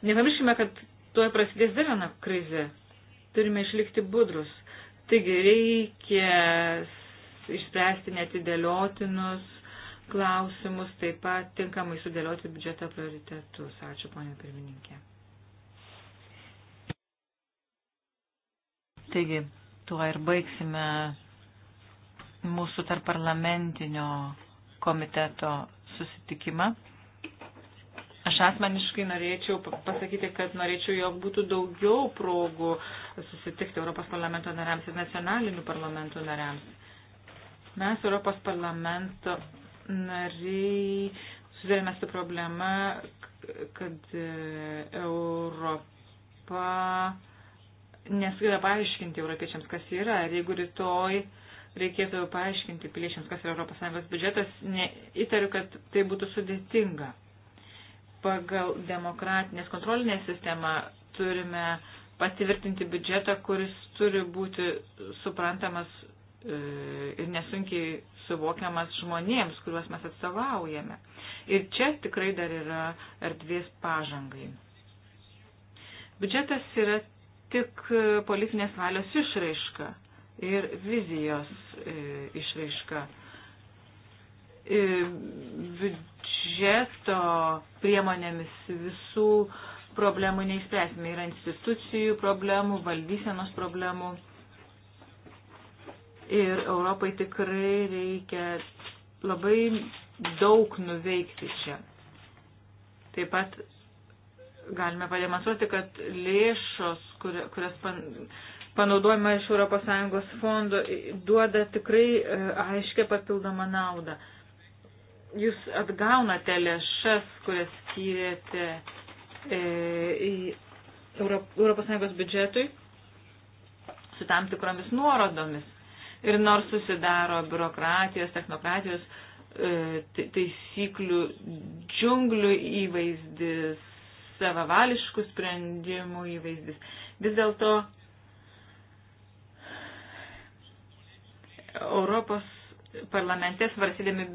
nepamirškime, kad tuo prasidės dar viena krizė. Turime išlikti budrus. Taigi reikia išspręsti netidėliotinus klausimus, taip pat tinkamai sudėlioti biudžeto prioritetus. Ačiū, ponė pirmininkė. Taigi, tuo ir baigsime mūsų tarp parlamentinio komiteto susitikimą. Aš asmeniškai norėčiau pasakyti, kad norėčiau, jog būtų daugiau progų susitikti Europos parlamento nariams ir nacionalinių parlamentų nariams. Mes Europos parlamento nariai susidurėme su problema, kad e, Europa neskirda paaiškinti europiečiams, kas yra. Ir jeigu rytoj uh, reikėtų paaiškinti piliečiams, kas yra ES biudžetas, ne, įtariu, kad tai būtų sudėtinga. Pagal demokratinės kontrolinę sistemą turime patvirtinti biudžetą, kuris turi būti suprantamas e, ir nesunkiai suvokiamas žmonėms, kuriuos mes atstovaujame. Ir čia tikrai dar yra erdvės pažangai. Biudžetas yra tik politinės valios išraiška ir vizijos e, išraiška. E, biudžeto priemonėmis visų problemų neįspręsime. Yra institucijų problemų, valdysenos problemų. Ir Europai tikrai reikia labai daug nuveikti čia. Taip pat galime pademonstruoti, kad lėšos, kurias panaudojimą iš ES fondo duoda tikrai e, aiškia papildomą naudą. Jūs atgaunate lėšas, kurias skyrėte e, ES biudžetui su tam tikromis nuorodomis. Ir nors susidaro biurokratijos, technokratijos, e, taisyklių džiunglių įvaizdis, savavališkų sprendimų įvaizdis. Vis dėlto Europos parlamente svarsydami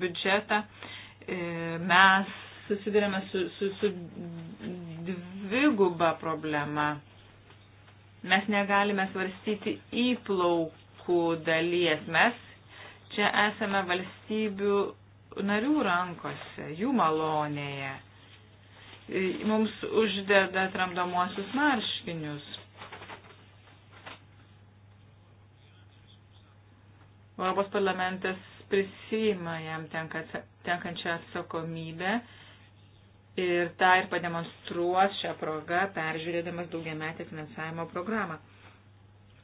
biudžetą e, mes susidurėme su, su, su dviguba problema. Mes negalime svarstyti įplaukų dalies. Mes čia esame valstybių narių rankose, jų malonėje. E, mums uždeda tramdomuosius marškinius. Europos parlamentas prisima jam tenka, tenkančią atsakomybę ir tą ir pademonstruos šią progą, peržiūrėdamas daugiametę finansavimo programą.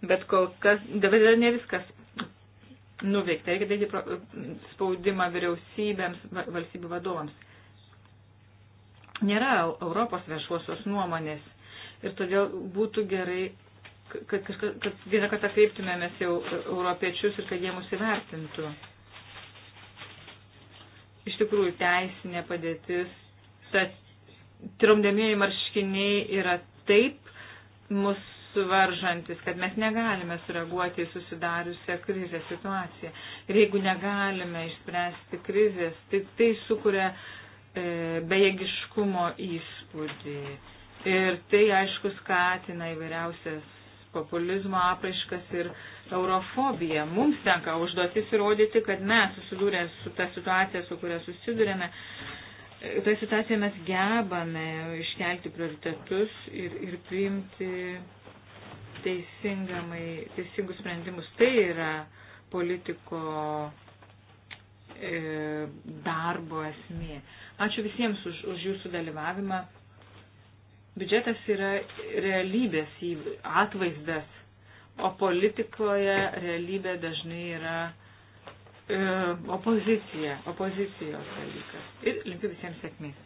Bet kol kas, dabar yra ne viskas nuveikta, reikia daryti spaudimą vyriausybėms, valstybių vadovams. Nėra Europos viešuosios nuomonės ir todėl būtų gerai kad, kad, kad vieną kartą kreiptumėmės jau europiečius ir kad jie mus įvertintų. Iš tikrųjų, teisinė padėtis, ta trumdėmėjai marškiniai yra taip mus suvaržantis, kad mes negalime sureaguoti į susidariusią krizę situaciją. Ir jeigu negalime išspręsti krizės, tai tai sukuria e, bejėgiškumo įspūdį. Ir tai, aišku, skatina įvairiausias populizmo apraiškas ir eurofobiją. Mums tenka užduotis įrodyti, kad mes susidūrę su tą situaciją, su kuria susidurėme, tą situaciją mes gebame iškelti prioritetus ir, ir priimti teisingamai, teisingus sprendimus. Tai yra politiko e, darbo esmė. Ačiū visiems už, už jūsų dalyvavimą. Biudžetas yra realybės atvaizdas, o politikoje realybė dažnai yra e, opozicija, opozicijos dalykas. Ir linkiu visiems sėkmės.